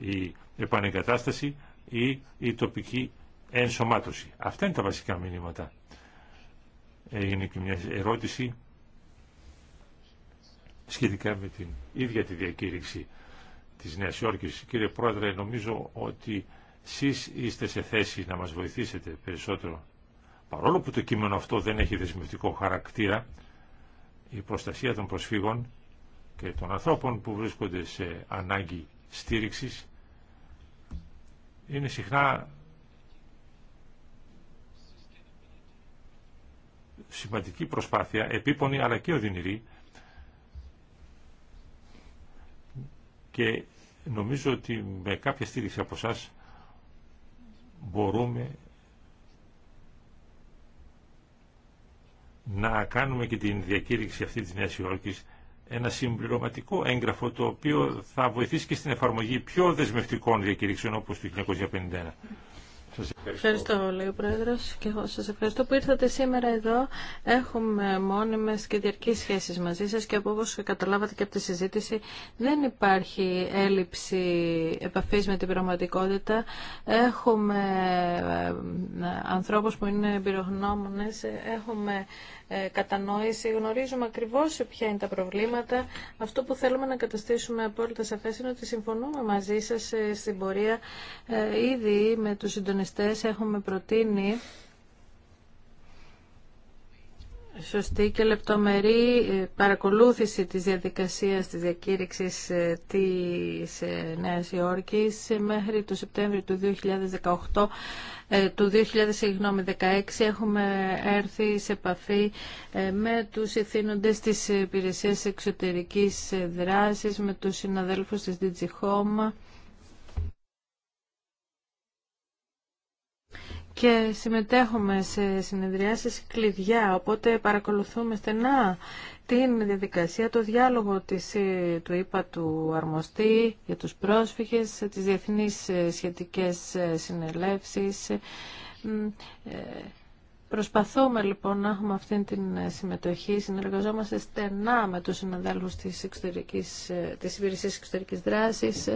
η επανεγκατάσταση ή η τοπική ενσωμάτωση. Αυτά είναι τα βασικά μηνύματα. Έγινε και μια ερώτηση σχετικά με την ίδια τη διακήρυξη της Νέας Υόρκης. Κύριε Πρόεδρε, νομίζω ότι εσείς είστε σε θέση να μας βοηθήσετε περισσότερο. Παρόλο που το κείμενο αυτό δεν έχει δεσμευτικό χαρακτήρα, η προστασία των προσφύγων και των ανθρώπων που βρίσκονται σε ανάγκη στήριξης είναι συχνά σημαντική προσπάθεια, επίπονη αλλά και οδυνηρή και νομίζω ότι με κάποια στήριξη από εσά μπορούμε να κάνουμε και την διακήρυξη αυτή της Νέας Υόρκης ένα συμπληρωματικό έγγραφο το οποίο θα βοηθήσει και στην εφαρμογή πιο δεσμευτικών διακήρυξεων όπως το 1951. Σας Ευχαριστώ, λέει ο Πρόεδρο, και εγώ σα ευχαριστώ που ήρθατε σήμερα εδώ. Έχουμε μόνιμε και διαρκεί σχέσει μαζί σα και όπω καταλάβατε και από τη συζήτηση, δεν υπάρχει έλλειψη επαφή με την πραγματικότητα. Έχουμε ε, ανθρώπου που είναι εμπειρογνώμονε, έχουμε ε, κατανόηση, γνωρίζουμε ακριβώ ποια είναι τα προβλήματα. Αυτό που θέλουμε να καταστήσουμε απόλυτα σαφέ είναι ότι συμφωνούμε μαζί σα ε, στην πορεία ήδη με του συντονιστέ έχουμε προτείνει σωστή και λεπτομερή ε, παρακολούθηση της διαδικασίας της διακήρυξης ε, της ε, Νέας Υόρκης μέχρι το Σεπτέμβριο του 2018 του 2016 έχουμε έρθει σε επαφή με τους ηθήνοντες της υπηρεσίας εξωτερικής δράσης, με τους συναδέλφους της DigiHome και συμμετέχουμε σε συνεδριάσεις κλειδιά, οπότε παρακολουθούμε στενά την διαδικασία, το διάλογο της, ε, του ΙΠΑ του αρμοστή για τους πρόσφυγες, ε, τις διεθνείς ε, σχετικές συνελεύσεις. Προσπαθούμε λοιπόν να έχουμε αυτή την συμμετοχή, συνεργαζόμαστε στενά με τους συναδέλφους της, εξωτερικής, της Υπηρεσίας Εξωτερικής Δράσης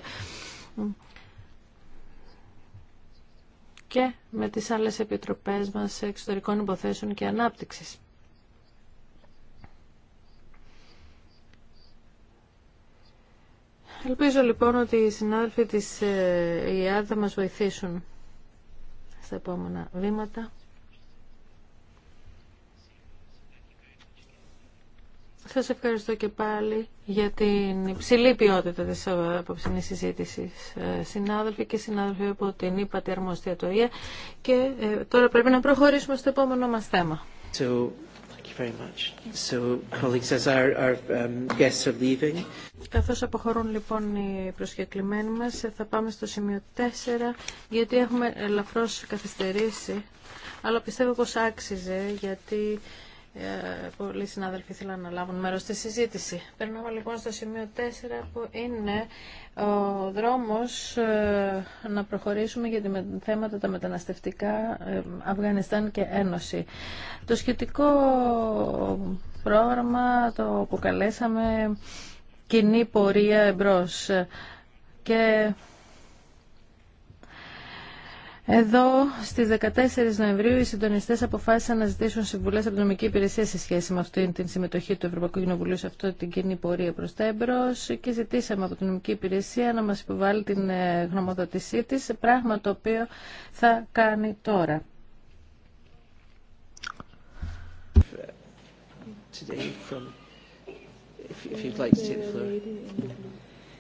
και με τις άλλες επιτροπές μας εξωτερικών υποθέσεων και ανάπτυξης. Ελπίζω λοιπόν ότι οι συνάδελφοι της ε, ΙΑΔ θα μας βοηθήσουν στα επόμενα βήματα. Σας ευχαριστώ και πάλι για την υψηλή ποιότητα της απόψινής συζήτησης. Ε, συνάδελφοι και συνάδελφοι από την ΥΠΑ τη Αρμοστία και ε, τώρα πρέπει να προχωρήσουμε στο επόμενο μας θέμα. Καθώ um, Καθώς αποχωρούν λοιπόν οι προσκεκλημένοι μας, ε, θα πάμε στο σημείο 4, γιατί έχουμε ελαφρώς καθυστερήσει, αλλά πιστεύω πως άξιζε, γιατί ε, πολλοί συνάδελφοι ήθελαν να λάβουν μέρος στη συζήτηση. Περνάμε λοιπόν στο σημείο 4 που είναι ο δρόμος ε, να προχωρήσουμε για τα θέματα τα μεταναστευτικά ε, Αφγανιστάν και Ένωση. Το σχετικό πρόγραμμα το αποκαλέσαμε κοινή πορεία εμπρός και εδώ στι 14 Νοεμβρίου οι συντονιστέ αποφάσισαν να ζητήσουν συμβουλέ από την νομική υπηρεσία σε σχέση με αυτήν την συμμετοχή του Ευρωπαϊκού Κοινοβουλίου σε αυτή την κοινή πορεία προς τα και ζητήσαμε από την νομική υπηρεσία να μας υποβάλει την ε, γνωμοδότησή τη, πράγμα το οποίο θα κάνει τώρα.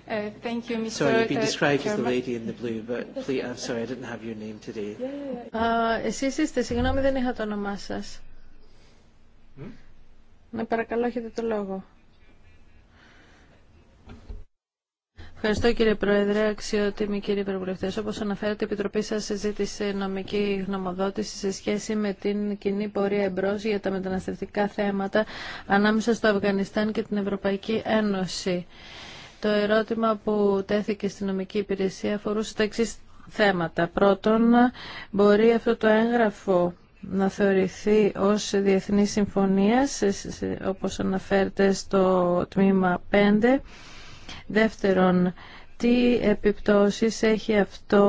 Uh, thank you, Mr. Sorry, you've been uh, described as the lady in the blue, but please, I'm sorry, I didn't have your name today. Uh, εσείς είστε, συγγνώμη, δεν είχα το όνομά σας. Hm? Να παρακαλώ, έχετε το λόγο. Ευχαριστώ κύριε Πρόεδρε, αξιότιμοι κύριε Ευρωβουλευτέ. Όπω αναφέρατε, η Επιτροπή σα συζήτησε νομική γνωμοδότηση σε σχέση με την κοινή πορεία εμπρό για τα μεταναστευτικά θέματα ανάμεσα στο Αφγανιστάν και την Ευρωπαϊκή Ένωση. Το ερώτημα που τέθηκε στην νομική υπηρεσία αφορούσε τα εξή θέματα. Πρώτον, μπορεί αυτό το έγγραφο να θεωρηθεί ως διεθνή συμφωνία, όπως αναφέρεται στο τμήμα 5. Δεύτερον, τι επιπτώσεις έχει αυτό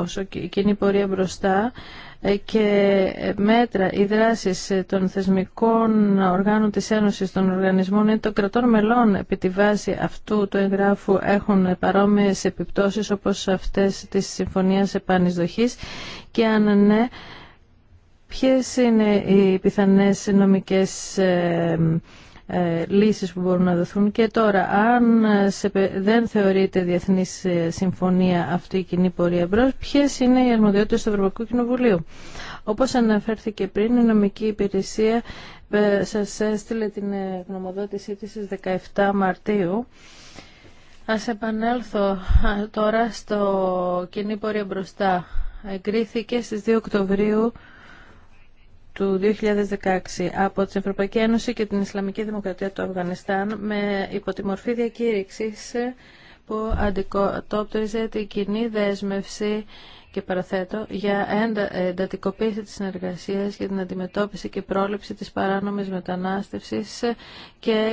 όσο κοινή πορεία μπροστά ε, και ε, μέτρα, οι δράσει ε, των θεσμικών οργάνων της Ένωση, των Οργανισμών ή των κρατών μελών επί τη βάση αυτού του εγγράφου έχουν παρόμοιε επιπτώσεις όπως αυτές της Συμφωνίας Επανεισδοχή και αν ναι, ποιες είναι οι πιθανές νομικές ε, λύσεις που μπορούν να δοθούν. Και τώρα, αν δεν θεωρείται διεθνή ε, συμφωνία αυτή η κοινή πορεία μπρος, ποιες είναι οι αρμοδιότητες του Ευρωπαϊκού Κοινοβουλίου. Όπως αναφέρθηκε πριν, η νομική υπηρεσία ε, σας έστειλε την γνωμοδότησή της στις 17 Μαρτίου. Ας επανέλθω τώρα στο κοινή πορεία μπροστά. Εγκρίθηκε στις 2 Οκτωβρίου του 2016 από την Ευρωπαϊκή Ένωση και την Ισλαμική Δημοκρατία του Αφγανιστάν με υποτιμορφή τη μορφή διακήρυξης που αντικοτόπτριζε την κοινή δέσμευση και παραθέτω για εντατικοποίηση της συνεργασίας για την αντιμετώπιση και πρόληψη της παράνομης μετανάστευσης και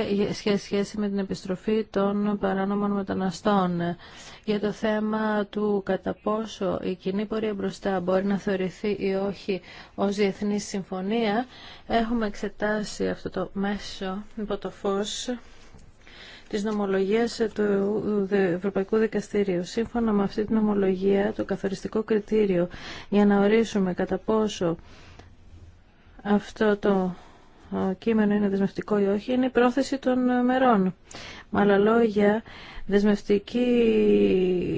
σχέση με την επιστροφή των παράνομων μεταναστών. Για το θέμα του κατά πόσο η κοινή πορεία μπροστά μπορεί να θεωρηθεί ή όχι ως διεθνή συμφωνία, έχουμε εξετάσει αυτό το μέσο υπό το φως της νομολογίας του Ευρωπαϊκού Δικαστηρίου. Σύμφωνα με αυτή την νομολογία, το καθοριστικό κριτήριο για να ορίσουμε κατά πόσο αυτό το κείμενο είναι δεσμευτικό ή όχι, είναι η πρόθεση των μερών. Με άλλα λόγια, δεσμευτική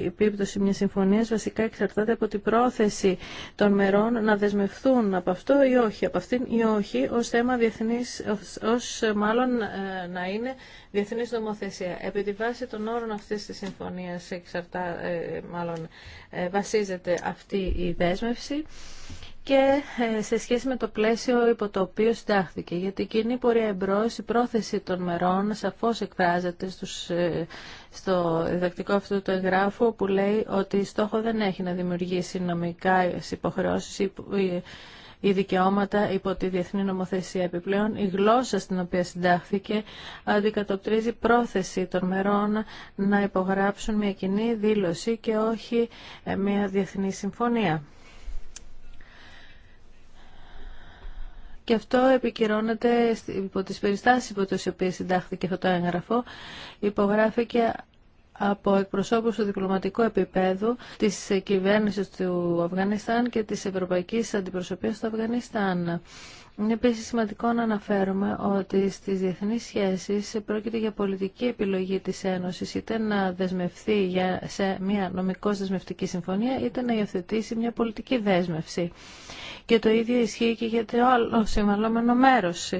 επίπτωση μιας συμφωνίας βασικά εξαρτάται από την πρόθεση των μερών να δεσμευθούν από αυτό ή όχι, από αυτήν ή όχι, ως θέμα διεθνής, ως, μάλλον ε, να είναι διεθνής νομοθεσία. Επί τη βάση των όρων αυτής της συμφωνίας εξαρτά, ε, μάλλον ε, βασίζεται αυτή η δέσμευση και ε, σε σχέση με το πλαίσιο υπό το οποίο συντάχθηκε. Γιατί η κοινή πορεία εμπρό, η πρόθεση των μερών σαφώ εκφράζεται στους, ε, στο διδακτικό αυτού του εγγράφου που λέει ότι στόχο δεν έχει να δημιουργήσει νομικά υποχρεώσεις ή οι δικαιώματα υπό υποχρεώσει ή δικαιώματα υπό τη διεθνή νομοθεσία επιπλέον η δικαιωματα υπο τη διεθνη νομοθεσια επιπλεον η γλωσσα στην οποία συντάχθηκε αντικατοπτρίζει πρόθεση των μερών να υπογράψουν μια κοινή δήλωση και όχι ε, μια διεθνή συμφωνία. και αυτό επικυρώνεται υπό τις περιστάσεις υπό τις οποίες συντάχθηκε αυτό το έγγραφο. Υπογράφηκε από εκπροσώπους του διπλωματικού επίπεδου της κυβέρνησης του Αφγανιστάν και της Ευρωπαϊκής Αντιπροσωπείας του Αφγανιστάν. Είναι επίσης σημαντικό να αναφέρουμε ότι στις διεθνείς σχέσεις πρόκειται για πολιτική επιλογή της Ένωσης είτε να δεσμευθεί για, σε μια νομικώς δεσμευτική συμφωνία είτε να υιοθετήσει μια πολιτική δέσμευση. Και το ίδιο ισχύει και για το άλλο συμβαλόμενο μέρος.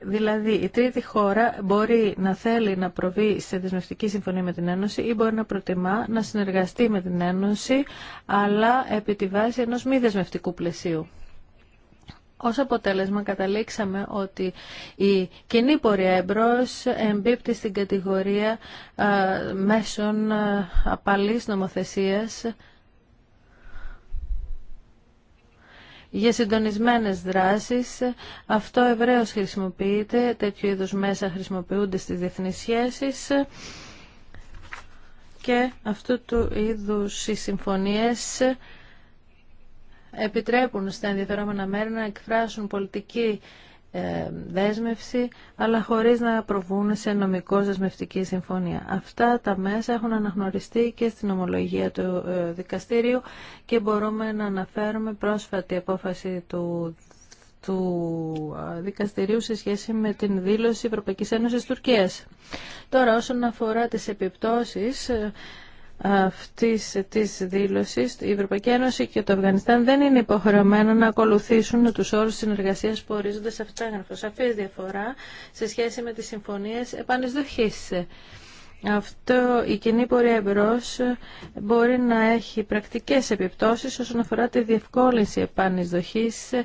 Δηλαδή, η τρίτη χώρα μπορεί να θέλει να προβεί σε δεσμευτική συμφωνία με την Ένωση ή μπορεί να προτιμά να συνεργαστεί με την Ένωση, αλλά επί τη βάση ενός μη δεσμευτικού πλαισίου. Ως αποτέλεσμα καταλήξαμε ότι η κοινή πορεία εμπρός εμπίπτει στην κατηγορία μέσων απαλής νομοθεσίας για συντονισμένες δράσεις. Αυτό ευρέως χρησιμοποιείται, τέτοιου είδους μέσα χρησιμοποιούνται στις διεθνείς σχέσεις και αυτού του είδους οι συμφωνίες επιτρέπουν στα ενδιαφερόμενα μέρη να εκφράσουν πολιτική ε, δέσμευση, αλλά χωρίς να προβούν σε νομικό δεσμευτική συμφωνία. Αυτά τα μέσα έχουν αναγνωριστεί και στην ομολογία του ε, δικαστήριου και μπορούμε να αναφέρουμε πρόσφατη απόφαση του του ε, δικαστηρίου σε σχέση με την δήλωση Ευρωπαϊκής Ένωσης Τουρκίας. Τώρα όσον αφορά τις επιπτώσεις αυτή τη δήλωση η Ευρωπαϊκή Ένωση και το Αφγανιστάν δεν είναι υποχρεωμένα να ακολουθήσουν τους όρου συνεργασία που ορίζονται σε αυτό έγγραφο. διαφορά σε σχέση με τις συμφωνίες επανεισδοχή. Αυτό, η κοινή πορεία εμπρό μπορεί να έχει πρακτικές επιπτώσεις όσον αφορά τη διευκόλυνση επανεισδοχής ε,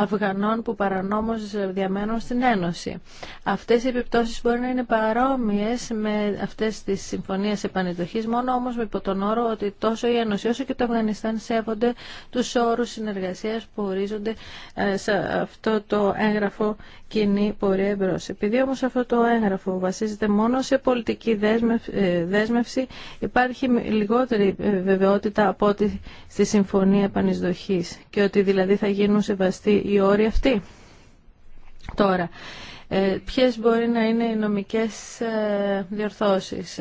Αφγανών που παρανόμως διαμένουν στην Ένωση. Αυτές οι επιπτώσεις μπορεί να είναι παρόμοιες με αυτές τις συμφωνίες επανεισδοχής, μόνο όμως με υπό τον όρο ότι τόσο η Ένωση όσο και το Αφγανιστάν σέβονται τους όρους συνεργασίας που ορίζονται ε, σε αυτό το έγγραφο κοινή πορεία εμπρό. Επειδή όμως αυτό το έγγραφο βασίζεται μόνο σε πολιτική ε, δέσμευση υπάρχει λιγότερη ε, βεβαιότητα από ότι στη Συμφωνία Επανεισδοχής και ότι δηλαδή θα γίνουν σεβαστοί οι όροι αυτοί. Τώρα, ε, ποιες μπορεί να είναι οι νομικές διορθώσεις.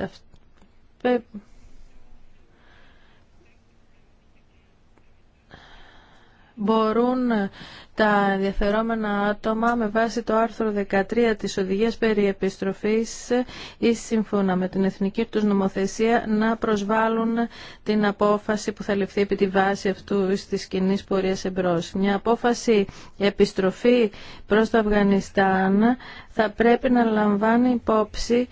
μπορούν τα ενδιαφερόμενα άτομα με βάση το άρθρο 13 της Οδηγίας περί επιστροφής ή σύμφωνα με την εθνική τους νομοθεσία να προσβάλλουν την απόφαση που θα ληφθεί επί τη βάση αυτού της κοινή πορεία εμπρό. Μια απόφαση επιστροφή προς το Αφγανιστάν θα πρέπει να λαμβάνει υπόψη,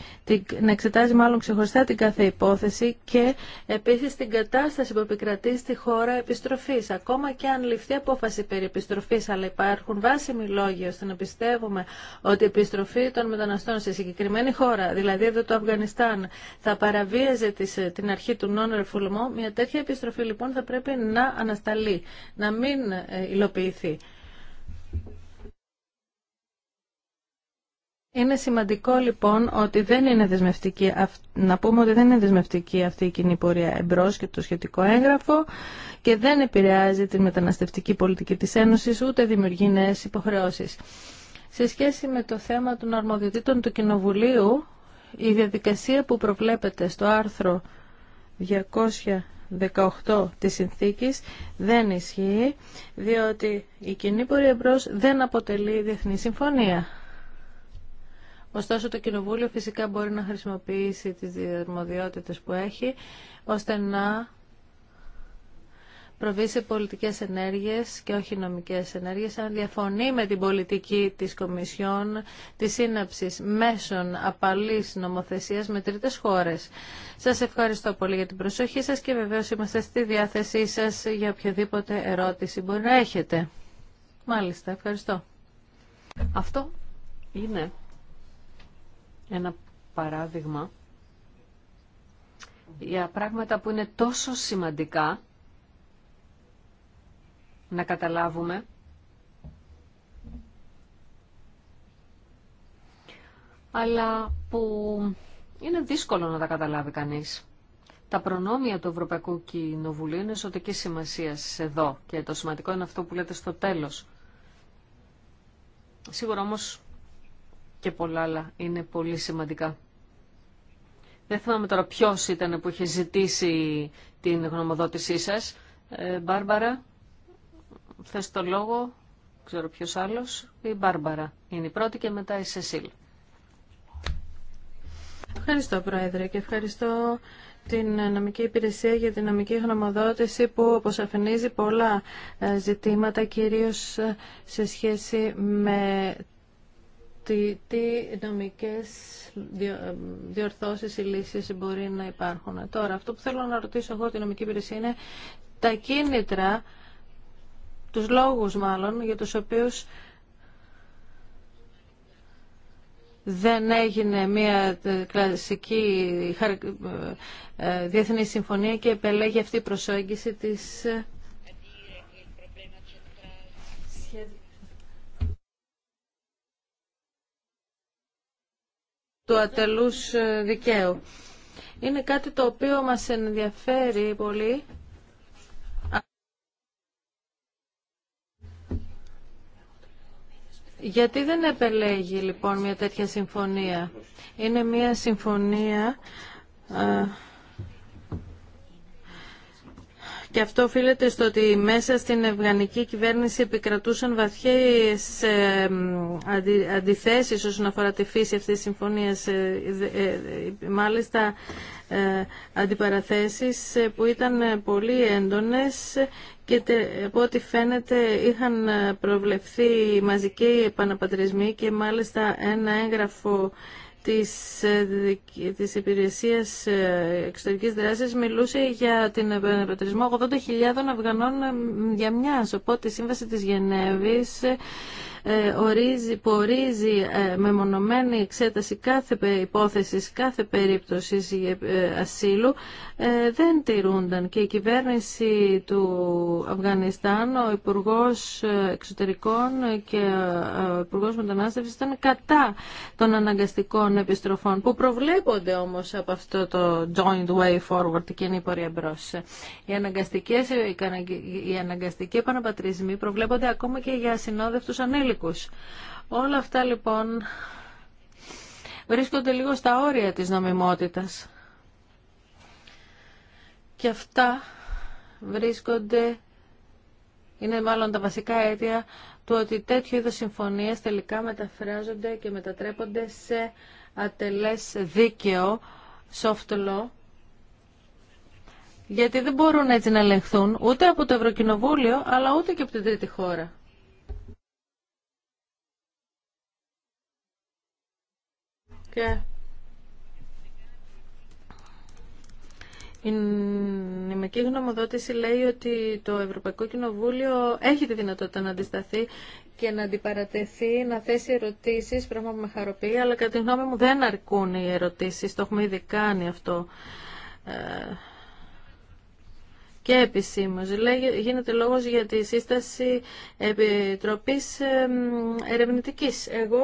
να εξετάζει μάλλον ξεχωριστά την κάθε υπόθεση και επίσης την κατάσταση που επικρατεί στη χώρα επιστροφής. Ακόμα και αν ληφθεί απόφαση περί επιστροφής αλλά υπάρχουν βάσιμοι λόγοι ώστε να πιστεύουμε ότι η επιστροφή των μεταναστών σε συγκεκριμένη χώρα, δηλαδή εδώ το Αφγανιστάν, θα παραβίαζε ε, την αρχή του non-refoulement, μια τέτοια επιστροφή λοιπόν θα πρέπει να ανασταλεί, να μην ε, υλοποιηθεί. Είναι σημαντικό λοιπόν ότι δεν είναι δεσμευτική, να πούμε ότι δεν είναι δεσμευτική αυτή η κοινή πορεία εμπρό και το σχετικό έγγραφο και δεν επηρεάζει την μεταναστευτική πολιτική της Ένωσης ούτε δημιουργεί νέε υποχρεώσεις. Σε σχέση με το θέμα των αρμοδιοτήτων του Κοινοβουλίου, η διαδικασία που προβλέπεται στο άρθρο 218 της συνθήκης δεν ισχύει, διότι η κοινή πορεία δεν αποτελεί διεθνή συμφωνία. Ωστόσο το Κοινοβούλιο φυσικά μπορεί να χρησιμοποιήσει τις δημοδιότητες που έχει ώστε να προβεί σε πολιτικές ενέργειες και όχι νομικές ενέργειες αν διαφωνεί με την πολιτική της Κομισιόν της σύναψης μέσων απαλής νομοθεσίας με τρίτες χώρες. Σας ευχαριστώ πολύ για την προσοχή σας και βεβαίως είμαστε στη διάθεσή σας για οποιαδήποτε ερώτηση μπορεί να έχετε. Μάλιστα, ευχαριστώ. Αυτό είναι ένα παράδειγμα για πράγματα που είναι τόσο σημαντικά να καταλάβουμε αλλά που είναι δύσκολο να τα καταλάβει κανείς. Τα προνόμια του Ευρωπαϊκού Κοινοβουλίου είναι ζωτική σημασία εδώ και το σημαντικό είναι αυτό που λέτε στο τέλος. Σίγουρα όμως και πολλά άλλα είναι πολύ σημαντικά. Δεν θυμάμαι τώρα ποιο ήταν που είχε ζητήσει την γνωμοδότησή σας. Ε, Μπάρμπαρα, θες το λόγο, ξέρω ποιος άλλος. Η Μπάρμπαρα είναι η πρώτη και μετά η Σεσίλ. Ευχαριστώ Πρόεδρε και ευχαριστώ την νομική υπηρεσία για την νομική γνωμοδότηση που αποσαφηνίζει πολλά ε, ζητήματα κυρίως ε, σε σχέση με τι τι νομικές ε, διορθώσεις ή λύσεις μπορεί να υπάρχουν. Τώρα, αυτό που θέλω να ρωτήσω εγώ την νομική υπηρεσία είναι τα κίνητρα, τους λόγους μάλλον, για τους οποίους δεν έγινε μια ε, κλασική ε, διεθνή συμφωνία και επελέγει αυτή η προσέγγιση της του ατελούς ε, δικαίου. Είναι κάτι το οποίο μας ενδιαφέρει πολύ. Γιατί δεν επελέγει λοιπόν μια τέτοια συμφωνία. Είναι μια συμφωνία ε, Και αυτό οφείλεται στο ότι μέσα στην ευγανική κυβέρνηση επικρατούσαν βαθιές ε, αντιθέσεις όσον αφορά τη φύση αυτής της συμφωνίας. Ε, ε, μάλιστα αντιπαραθέσεις που ήταν πολύ έντονες και από ό,τι φαίνεται είχαν προβλεφθεί μαζικοί επαναπατρισμοί και μάλιστα ένα έγγραφο της, ε, της Υπηρεσίας ε, Εξωτερικής Δράσης μιλούσε για την επαναπατρισμό 80.000 Αφγανών ε, για μια οπότε η Σύμβαση της Γενέβης ε, ορίζει, που ορίζει με μονομένη εξέταση κάθε υπόθεση, κάθε περίπτωση ε, ασύλου ε, δεν τηρούνταν και η κυβέρνηση του Αφγανιστάν, ο υπουργό Εξωτερικών και ο υπουργό Μετανάστευση ήταν κατά των αναγκαστικών επιστροφών που προβλέπονται όμως από αυτό το joint way forward, την κοινή πορεία μπρο. Οι αναγκαστικές, αναγκαστικοί επαναπατρισμοί προβλέπονται ακόμα και για συνόδευτου ανήλικους Όλα αυτά λοιπόν βρίσκονται λίγο στα όρια της νομιμότητας. Και αυτά βρίσκονται, είναι μάλλον τα βασικά αίτια του ότι τέτοιου είδους συμφωνίες τελικά μεταφράζονται και μετατρέπονται σε ατελές δίκαιο, soft law, γιατί δεν μπορούν έτσι να ελεγχθούν ούτε από το Ευρωκοινοβούλιο, αλλά ούτε και από την τρίτη χώρα. και η νημική γνωμοδότηση λέει ότι το Ευρωπαϊκό Κοινοβούλιο έχει τη δυνατότητα να αντισταθεί και να αντιπαρατεθεί, να θέσει ερωτήσεις, πράγμα που με χαροποιεί, αλλά κατά τη γνώμη μου δεν αρκούν οι ερωτήσεις, το έχουμε ήδη κάνει αυτό. Ε, και επισήμως. Γίνεται λόγος για τη σύσταση Επιτροπής Ερευνητικής. Εγώ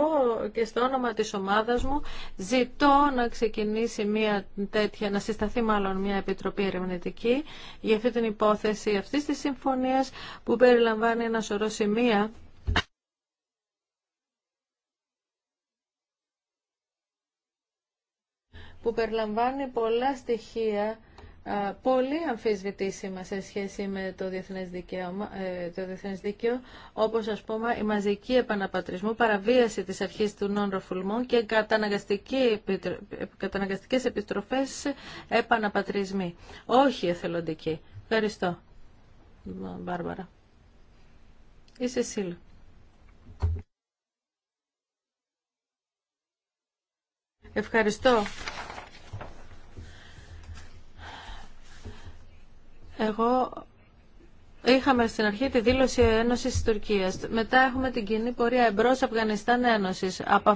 και στο όνομα της ομάδας μου ζητώ να ξεκινήσει μια τέτοια, να συσταθεί μάλλον μια Επιτροπή Ερευνητική για αυτή την υπόθεση αυτή της συμφωνία που περιλαμβάνει ένα σωρό σημεία που περιλαμβάνει πολλά στοιχεία πολύ αμφισβητήσιμα σε σχέση με το διεθνές, δικαίωμα, ε, το διεθνές δίκαιο, όπως ας πούμε η μαζική επαναπατρισμού, παραβίαση της αρχής του non-refoulement και καταναγκαστικές επιστροφές επαναπατρισμοί. Όχι εθελοντική. Ευχαριστώ, Μπάρμπαρα. Είσαι σύλλο. Ευχαριστώ. Εγώ Είχαμε στην αρχή τη δήλωση Ένωση τη Τουρκία. Μετά έχουμε την κοινή πορεία εμπρό Αφγανιστάν Ένωση.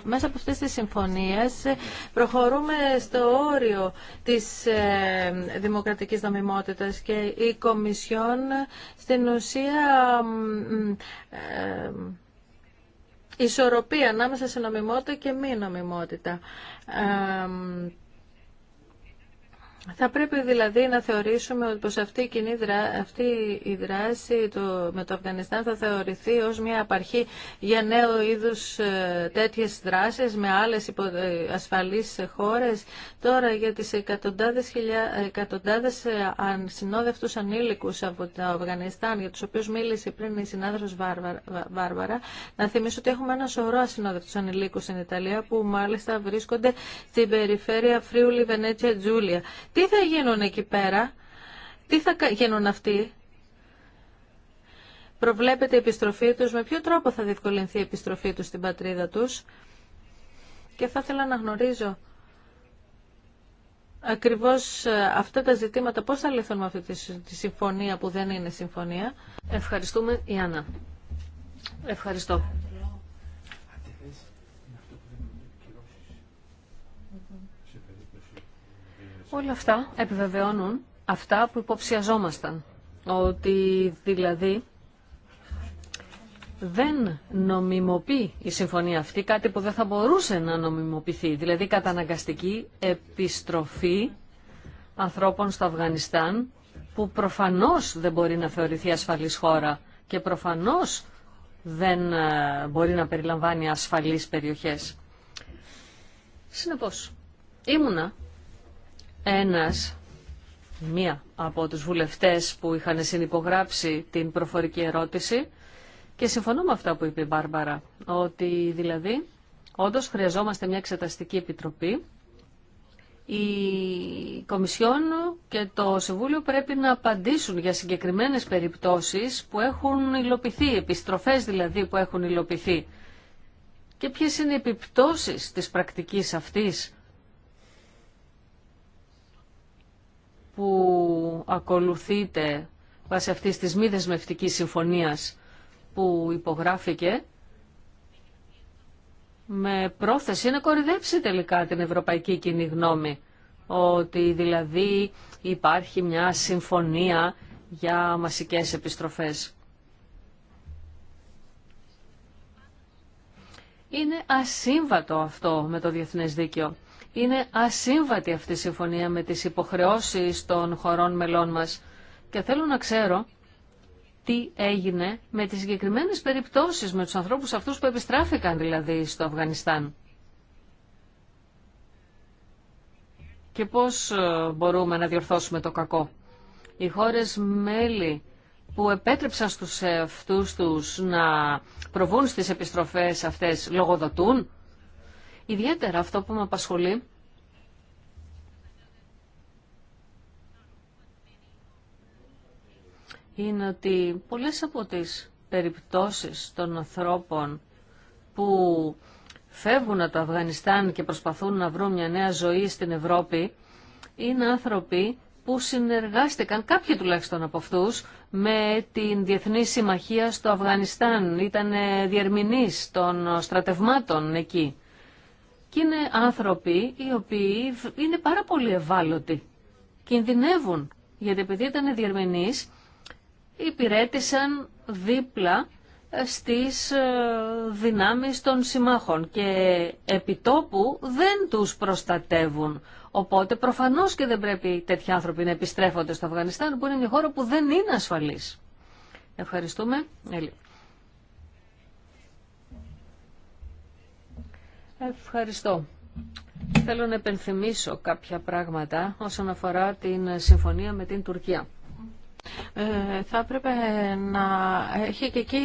Μέσα από αυτέ τι συμφωνίε ε, προχωρούμε στο όριο τη ε, δημοκρατική και η Κομισιόν ε, στην ουσία. Ε, ισορροπία ανάμεσα σε νομιμότητα και μη νομιμότητα. Ε, θα πρέπει δηλαδή να θεωρήσουμε πως αυτή η, κοινή αυτή η δράση το... με το Αφγανιστάν θα θεωρηθεί ως μια απαρχή για νέο είδους ε, τέτοιες δράσεις με άλλες υπο... Ε, ασφαλείς χώρες. Τώρα για τις εκατοντάδες, χιλιά... εκατοντάδες ε, συνόδευτους ανήλικους από το Αφγανιστάν για τους οποίους μίλησε πριν η συνάδελφος Βάρβαρα, να θυμίσω ότι έχουμε ένα σωρό ασυνόδευτους ανηλίκους στην Ιταλία που μάλιστα βρίσκονται στην περιφέρεια Φρίουλη Βενέτσια Τζούλια τι θα γίνουν εκεί πέρα, τι θα γίνουν αυτοί, προβλέπεται η επιστροφή τους, με ποιο τρόπο θα διευκολυνθεί η επιστροφή τους στην πατρίδα τους και θα ήθελα να γνωρίζω ακριβώς ε, αυτά τα ζητήματα πώς θα λυθούν με αυτή τη συμφωνία που δεν είναι συμφωνία. Ευχαριστούμε, Ιάννα. Ευχαριστώ. Όλα αυτά επιβεβαιώνουν αυτά που υποψιαζόμασταν. Ότι δηλαδή δεν νομιμοποιεί η συμφωνία αυτή κάτι που δεν θα μπορούσε να νομιμοποιηθεί. Δηλαδή καταναγκαστική επιστροφή ανθρώπων στο Αφγανιστάν που προφανώς δεν μπορεί να θεωρηθεί ασφαλής χώρα και προφανώς δεν ε, μπορεί να περιλαμβάνει ασφαλείς περιοχές. Συνεπώς, ήμουνα ένας, μία από τους βουλευτές που είχαν συνυπογράψει την προφορική ερώτηση και συμφωνώ με αυτά που είπε η Μπάρμπαρα, ότι δηλαδή όντως χρειαζόμαστε μια εξεταστική επιτροπή η Κομισιόν και το Συμβούλιο πρέπει να απαντήσουν για συγκεκριμένες περιπτώσεις που έχουν υλοποιηθεί, επιστροφές δηλαδή που έχουν υλοποιηθεί. Και ποιες είναι οι επιπτώσεις της πρακτικής αυτής που ακολουθείτε βάσει αυτή της μη δεσμευτικής συμφωνίας που υπογράφηκε με πρόθεση να κορυδέψει τελικά την ευρωπαϊκή κοινή γνώμη ότι δηλαδή υπάρχει μια συμφωνία για μασικές επιστροφές. Είναι ασύμβατο αυτό με το διεθνές δίκαιο. Είναι ασύμβατη αυτή η συμφωνία με τις υποχρεώσεις των χωρών μελών μας. Και θέλω να ξέρω τι έγινε με τις συγκεκριμένε περιπτώσεις, με τους ανθρώπους αυτούς που επιστράφηκαν δηλαδή στο Αφγανιστάν. Και πώς ε, μπορούμε να διορθώσουμε το κακό. Οι χώρες μέλη που επέτρεψαν στους αυτούς τους να προβούν στις επιστροφές αυτές λογοδοτούν. Ιδιαίτερα αυτό που με απασχολεί είναι ότι πολλές από τις περιπτώσεις των ανθρώπων που φεύγουν από το Αφγανιστάν και προσπαθούν να βρουν μια νέα ζωή στην Ευρώπη είναι άνθρωποι που συνεργάστηκαν, κάποιοι τουλάχιστον από αυτούς, με την Διεθνή Συμμαχία στο Αφγανιστάν. Ήταν διερμηνείς των στρατευμάτων εκεί είναι άνθρωποι οι οποίοι είναι πάρα πολύ ευάλωτοι. Κινδυνεύουν. Γιατί επειδή ήταν διερμηνείς, υπηρέτησαν δίπλα ε, στις ε, δυνάμεις των συμμάχων και επιτόπου δεν τους προστατεύουν. Οπότε προφανώς και δεν πρέπει τέτοιοι άνθρωποι να επιστρέφονται στο Αφγανιστάν που είναι μια χώρα που δεν είναι ασφαλής. Ευχαριστούμε. Ευχαριστώ. Θέλω να επενθυμίσω κάποια πράγματα όσον αφορά την συμφωνία με την Τουρκία. Ε, θα έπρεπε να έχει και εκεί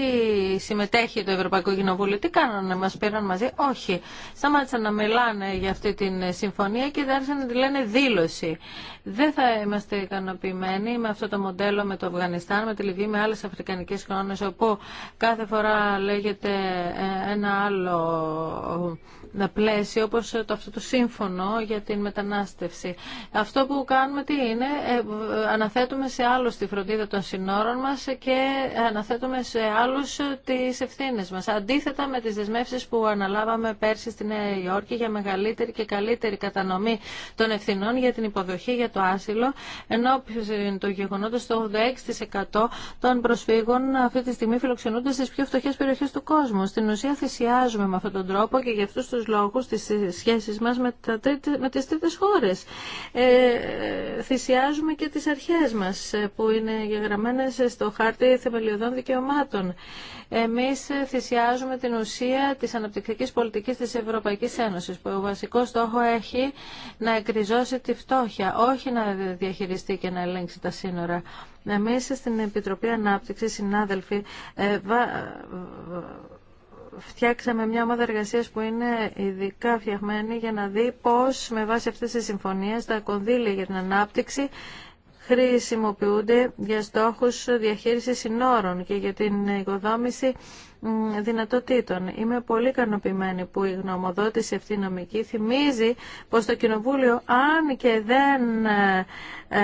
συμμετέχει το Ευρωπαϊκό Κοινοβούλιο. Τι κάνανε, μας πήραν μαζί. Όχι. Σταμάτησαν να μιλάνε για αυτή τη συμφωνία και άρχισαν να τη λένε δήλωση. Δεν θα είμαστε ικανοποιημένοι με αυτό το μοντέλο με το Αφγανιστάν, με τη Λιβύη, με άλλες αφρικανικές χρόνες, όπου κάθε φορά λέγεται ε, ένα άλλο πλαίσιο όπως το, αυτό το σύμφωνο για την μετανάστευση. Αυτό που κάνουμε τι είναι, ε, αναθέτουμε σε άλλους τη φροντίδα των συνόρων μας και αναθέτουμε σε άλλους τις ευθύνες μας. Αντίθετα με τις δεσμεύσεις που αναλάβαμε πέρσι στην Νέα Υόρκη για μεγαλύτερη και καλύτερη κατανομή των ευθυνών για την υποδοχή για το άσυλο, ενώ το γεγονότο το 86% των προσφύγων αυτή τη στιγμή φιλοξενούνται στις πιο φτωχές περιοχές του κόσμου. Στην ουσία θυσιάζουμε με αυτόν τον τρόπο και για αυτούς τους λόγους τις σχέσεις μας με, τα τρίτε με τις τρίτες χώρες. Ε, θυσιάζουμε και τις αρχές μας ε, που είναι γεγραμμένες στο χάρτη θεμελιωδών δικαιωμάτων. Εμείς ε, θυσιάζουμε την ουσία της αναπτυξιακής πολιτικής της Ευρωπαϊκής Ένωσης που ο βασικός στόχο έχει να εκριζώσει τη φτώχεια, όχι να διαχειριστεί και να ελέγξει τα σύνορα. Εμείς στην Επιτροπή Ανάπτυξης, συνάδελφοι, ε, φτιάξαμε μια ομάδα εργασίας που είναι ειδικά φτιαγμένη για να δει πώς με βάση αυτές τις συμφωνίες τα κονδύλια για την ανάπτυξη χρησιμοποιούνται για στόχους διαχείρισης συνόρων και για την οικοδόμηση δυνατοτήτων. Είμαι πολύ ικανοποιημένη που η γνωμοδότηση αυτή νομική θυμίζει πως το Κοινοβούλιο, αν και δεν ε,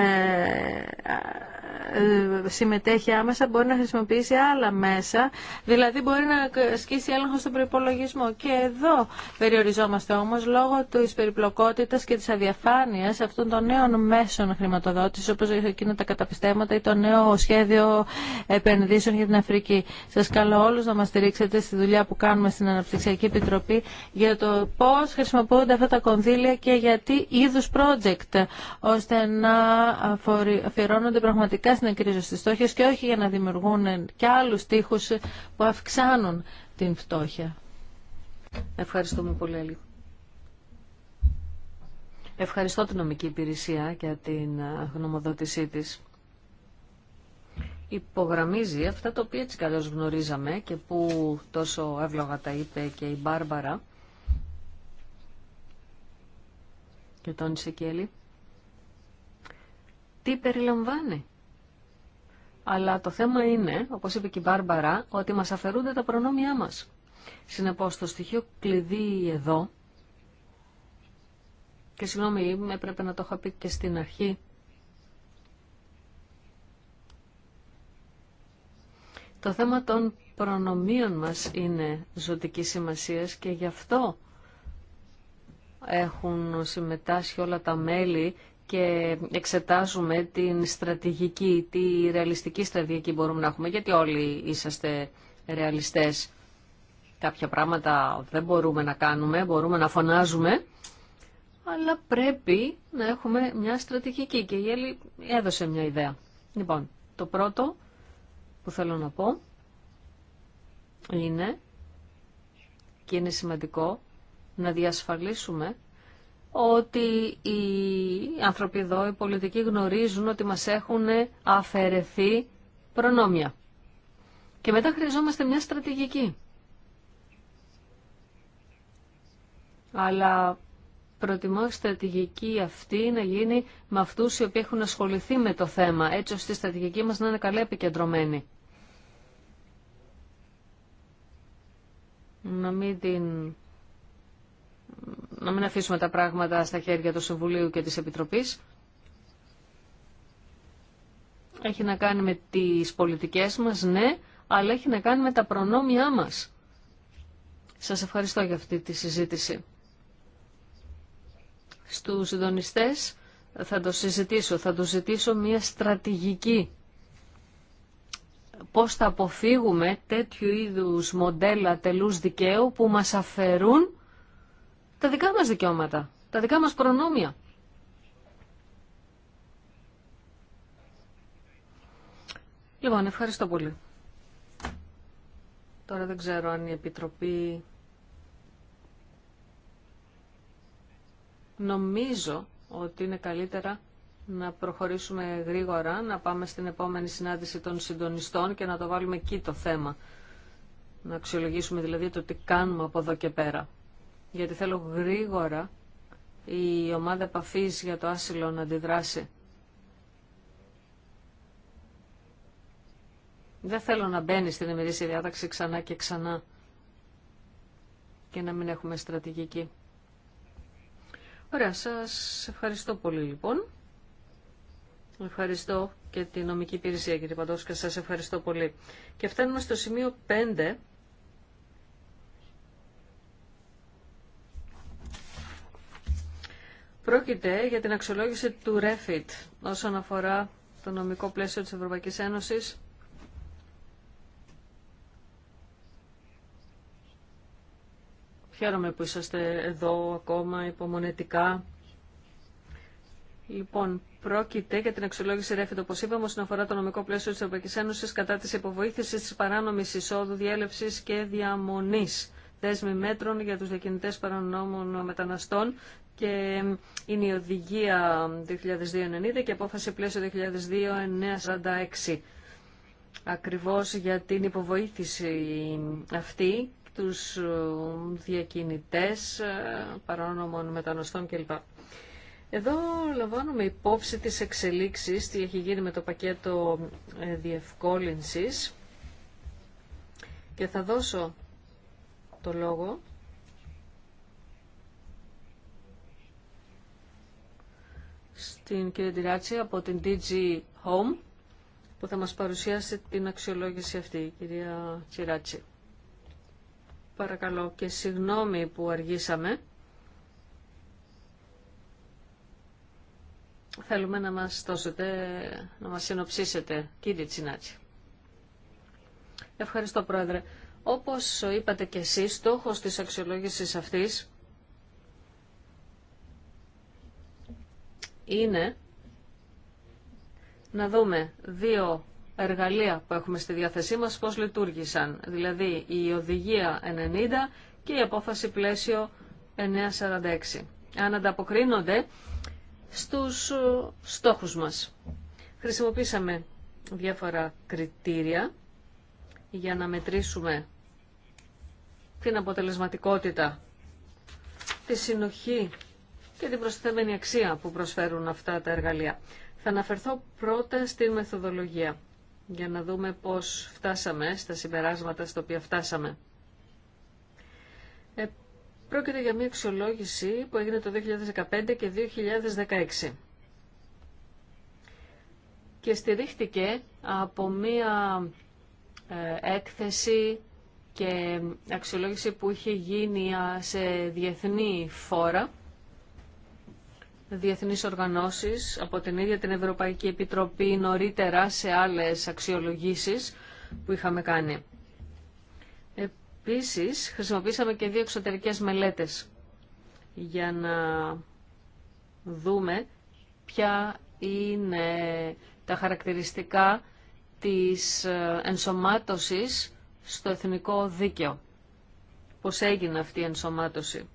ε, συμμετέχει άμεσα μπορεί να χρησιμοποιήσει άλλα μέσα, δηλαδή μπορεί να ασκήσει έλεγχο στον προπολογισμό. Και εδώ περιοριζόμαστε όμως λόγω τη περιπλοκότητας και της αδιαφάνειας αυτών των νέων μέσων χρηματοδότηση, όπως εκείνα τα καταπιστέματα ή το νέο σχέδιο επενδύσεων για την Αφρική. Σας καλώ όλους να μα στηρίξετε στη δουλειά που κάνουμε στην Αναπτυξιακή Επιτροπή για το πώ χρησιμοποιούνται αυτά τα κονδύλια και γιατί είδου project, ώστε να αφιερώνονται πραγματικά πραγματικά στην κρίση της φτώχειας και όχι για να δημιουργούν και άλλους τείχους που αυξάνουν την φτώχεια. Ευχαριστούμε πολύ, Ευχαριστώ την νομική υπηρεσία για την γνωμοδότησή της. Υπογραμμίζει αυτά τα οποία έτσι καλώς γνωρίζαμε και που τόσο εύλογα τα είπε και η Μπάρμπαρα και τον Σικέλη Τι περιλαμβάνει αλλά το θέμα είναι, όπως είπε και η Μπάρμπαρα, ότι μας αφαιρούνται τα προνόμια μας. Συνεπώς το στοιχείο κλειδί εδώ, και συγγνώμη, έπρεπε να το είχα πει και στην αρχή, Το θέμα των προνομίων μας είναι ζωτική σημασία και γι' αυτό έχουν συμμετάσχει όλα τα μέλη και εξετάζουμε την στρατηγική, τη ρεαλιστική στρατηγική μπορούμε να έχουμε, γιατί όλοι είσαστε ρεαλιστές. Κάποια πράγματα δεν μπορούμε να κάνουμε, μπορούμε να φωνάζουμε, αλλά πρέπει να έχουμε μια στρατηγική και η Έλλη έδωσε μια ιδέα. Λοιπόν, το πρώτο που θέλω να πω είναι και είναι σημαντικό να διασφαλίσουμε ότι οι άνθρωποι εδώ, οι πολιτικοί γνωρίζουν ότι μας έχουν αφαιρεθεί προνόμια. Και μετά χρειαζόμαστε μια στρατηγική. Αλλά προτιμώ η στρατηγική αυτή να γίνει με αυτούς οι οποίοι έχουν ασχοληθεί με το θέμα, έτσι ώστε η στρατηγική μας να είναι καλά επικεντρωμένη. Να μην την να μην αφήσουμε τα πράγματα στα χέρια του Συμβουλίου και της Επιτροπής. Έχει να κάνει με τις πολιτικές μας, ναι, αλλά έχει να κάνει με τα προνόμια μας. Σας ευχαριστώ για αυτή τη συζήτηση. Στους συντονιστέ. θα το συζητήσω, θα το ζητήσω μια στρατηγική. Πώς θα αποφύγουμε τέτοιου είδους μοντέλα τελούς δικαίου που μας αφαιρούν τα δικά μας δικαιώματα, τα δικά μας προνόμια. Λοιπόν, ευχαριστώ πολύ. Τώρα δεν ξέρω αν η Επιτροπή... Νομίζω ότι είναι καλύτερα να προχωρήσουμε γρήγορα, να πάμε στην επόμενη συνάντηση των συντονιστών και να το βάλουμε εκεί το θέμα. Να αξιολογήσουμε δηλαδή το τι κάνουμε από εδώ και πέρα γιατί θέλω γρήγορα η ομάδα επαφή για το άσυλο να αντιδράσει. Δεν θέλω να μπαίνει στην ημερήσια διάταξη ξανά και ξανά και να μην έχουμε στρατηγική. Ωραία, σας ευχαριστώ πολύ λοιπόν. Ευχαριστώ και την νομική υπηρεσία κύριε Παντός και σας ευχαριστώ πολύ. Και φτάνουμε στο σημείο 5 Πρόκειται για την αξιολόγηση του REFIT όσον αφορά το νομικό πλαίσιο της Ευρωπαϊκής Ένωσης Χαίρομαι που είσαστε εδώ ακόμα υπομονετικά. Λοιπόν, πρόκειται για την αξιολόγηση ρέφητο, όπω είπαμε, όσον αφορά το νομικό πλαίσιο τη Ευρωπαϊκή Ένωση κατά τη υποβοήθηση τη παράνομη εισόδου, διέλευση και διαμονή δέσμη μέτρων για τους διακινητές παρανόμων μεταναστών και είναι η οδηγία 2290 και απόφαση πλαίσιο 2002-946 ακριβώς για την υποβοήθηση αυτή τους διακινητές ε, παράνομων μεταναστών κλπ. Εδώ λαμβάνουμε υπόψη τη εξελίξη τι έχει γίνει με το πακέτο ε, διευκόλυνσης και θα δώσω το λόγο. Στην κυρία Τυράτση από την DG Home που θα μας παρουσιάσει την αξιολόγηση αυτή, κυρία Τσιράτσι. Παρακαλώ και συγγνώμη που αργήσαμε. Θέλουμε να μας δώσετε, να μας συνοψίσετε, κύριε Τσινάτση. Ευχαριστώ, Πρόεδρε. Όπως είπατε και εσείς, στόχος της αξιολόγησης αυτής είναι να δούμε δύο εργαλεία που έχουμε στη διάθεσή μας πώς λειτουργήσαν. Δηλαδή η οδηγία 90 και η απόφαση πλαίσιο 946. Αν ανταποκρίνονται στους στόχους μας. Χρησιμοποίησαμε διάφορα κριτήρια για να μετρήσουμε την αποτελεσματικότητα, τη συνοχή και την προσθέμενη αξία που προσφέρουν αυτά τα εργαλεία. Θα αναφερθώ πρώτα στην μεθοδολογία για να δούμε πώς φτάσαμε στα συμπεράσματα στο οποία φτάσαμε. Ε, πρόκειται για μια αξιολόγηση που έγινε το 2015 και 2016 και στηρίχτηκε από μια ε, έκθεση και αξιολόγηση που είχε γίνει σε διεθνή φόρα, διεθνείς οργανώσεις, από την ίδια την Ευρωπαϊκή Επιτροπή νωρίτερα σε άλλες αξιολογήσεις που είχαμε κάνει. Επίσης, χρησιμοποίησαμε και δύο εξωτερικές μελέτες για να δούμε ποια είναι τα χαρακτηριστικά της ε, ενσωμάτωσης στο εθνικό δίκαιο. Πώς έγινε αυτή η ενσωμάτωση.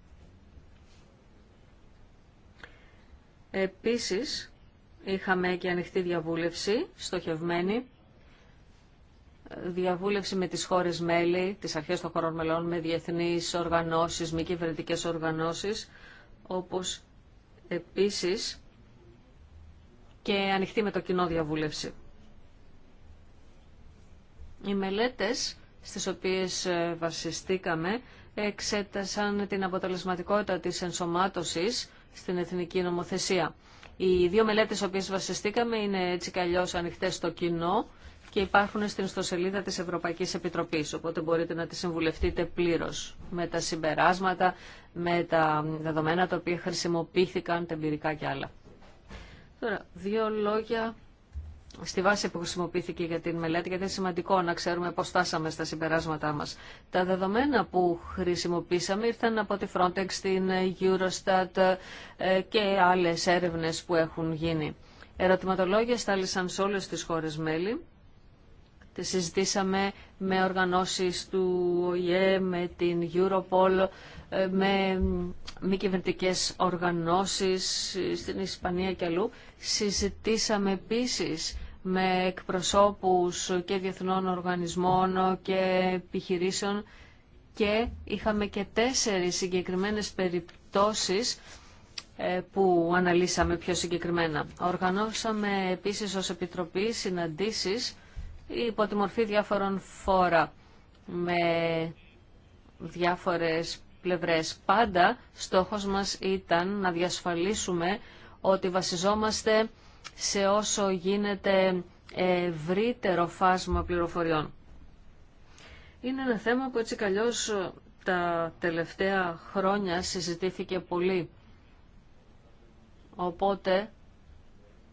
Επίσης, είχαμε και ανοιχτή διαβούλευση, στοχευμένη, διαβούλευση με τις χώρες μέλη, τις αρχές των χωρών μελών, με διεθνείς οργανώσεις, μη κυβερνητικέ οργανώσεις, όπως επίσης και ανοιχτή με το κοινό διαβούλευση. Οι μελέτες στις οποίες ε, βασιστήκαμε εξέτασαν την αποτελεσματικότητα της ενσωμάτωσης στην εθνική νομοθεσία. Οι δύο μελέτες στις οποίες βασιστήκαμε είναι έτσι κι αλλιώς ανοιχτές στο κοινό και υπάρχουν στην ιστοσελίδα της Ευρωπαϊκής Επιτροπής, οπότε μπορείτε να τις συμβουλευτείτε πλήρως με τα συμπεράσματα, με τα δεδομένα τα οποία χρησιμοποιήθηκαν, τα εμπειρικά και άλλα. Τώρα, δύο λόγια στη βάση που χρησιμοποιήθηκε για την μελέτη, γιατί είναι σημαντικό να ξέρουμε πώς φτάσαμε στα συμπεράσματά μας. Τα δεδομένα που χρησιμοποίησαμε ήρθαν από τη Frontex, την Eurostat ε, και άλλες έρευνες που έχουν γίνει. Ερωτηματολόγια στάλησαν σε όλες τις χώρες μέλη. Τη συζητήσαμε με οργανώσεις του ΟΗΕ, με την Europol, ε, με μη κυβερνητικέ οργανώσεις ε, στην Ισπανία και αλλού. Συζητήσαμε επίσης με εκπροσώπους και διεθνών οργανισμών και επιχειρήσεων και είχαμε και τέσσερις συγκεκριμένες περιπτώσεις ε, που αναλύσαμε πιο συγκεκριμένα. Οργανώσαμε επίσης ως Επιτροπή συναντήσεις υπό τη μορφή διάφορων φόρα με διάφορες πλευρές. Πάντα στόχος μας ήταν να διασφαλίσουμε ότι βασιζόμαστε σε όσο γίνεται ευρύτερο φάσμα πληροφοριών. Είναι ένα θέμα που έτσι καλλιώς ε, τα τελευταία χρόνια συζητήθηκε πολύ. Οπότε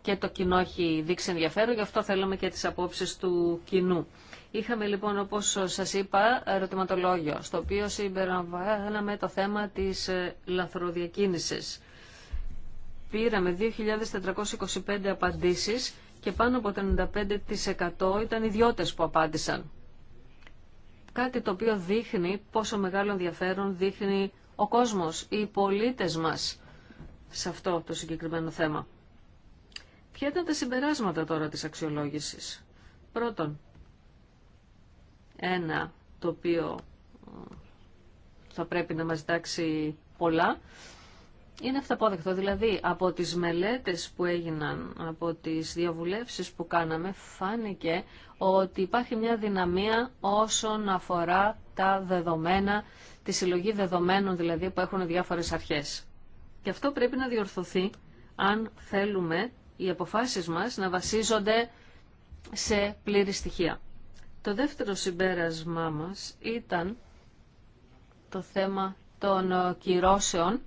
και το κοινό έχει δείξει ενδιαφέρον, γι' αυτό θέλουμε και τις απόψεις του κοινού. Είχαμε λοιπόν, όπως σας είπα, ερωτηματολόγιο, στο οποίο συμπεριλαμβάναμε το θέμα της ε, λαθροδιακίνησης πήραμε 2.425 απαντήσεις και πάνω από το 95% ήταν ιδιώτες που απάντησαν. Κάτι το οποίο δείχνει πόσο μεγάλο ενδιαφέρον δείχνει ο κόσμος, οι πολίτες μας σε αυτό το συγκεκριμένο θέμα. Ποια ήταν τα συμπεράσματα τώρα της αξιολόγησης. Πρώτον, ένα το οποίο ε, θα πρέπει να μας δάξει πολλά είναι αυταπόδεκτο. Δηλαδή, από τις μελέτες που έγιναν, από τις διαβουλεύσεις που κάναμε, φάνηκε ότι υπάρχει μια δυναμία όσον αφορά τα δεδομένα, τη συλλογή δεδομένων δηλαδή που έχουν διάφορες αρχές. Και αυτό πρέπει να διορθωθεί αν θέλουμε οι αποφάσεις μας να βασίζονται σε πλήρη στοιχεία. Το δεύτερο συμπέρασμά μας ήταν το θέμα των κυρώσεων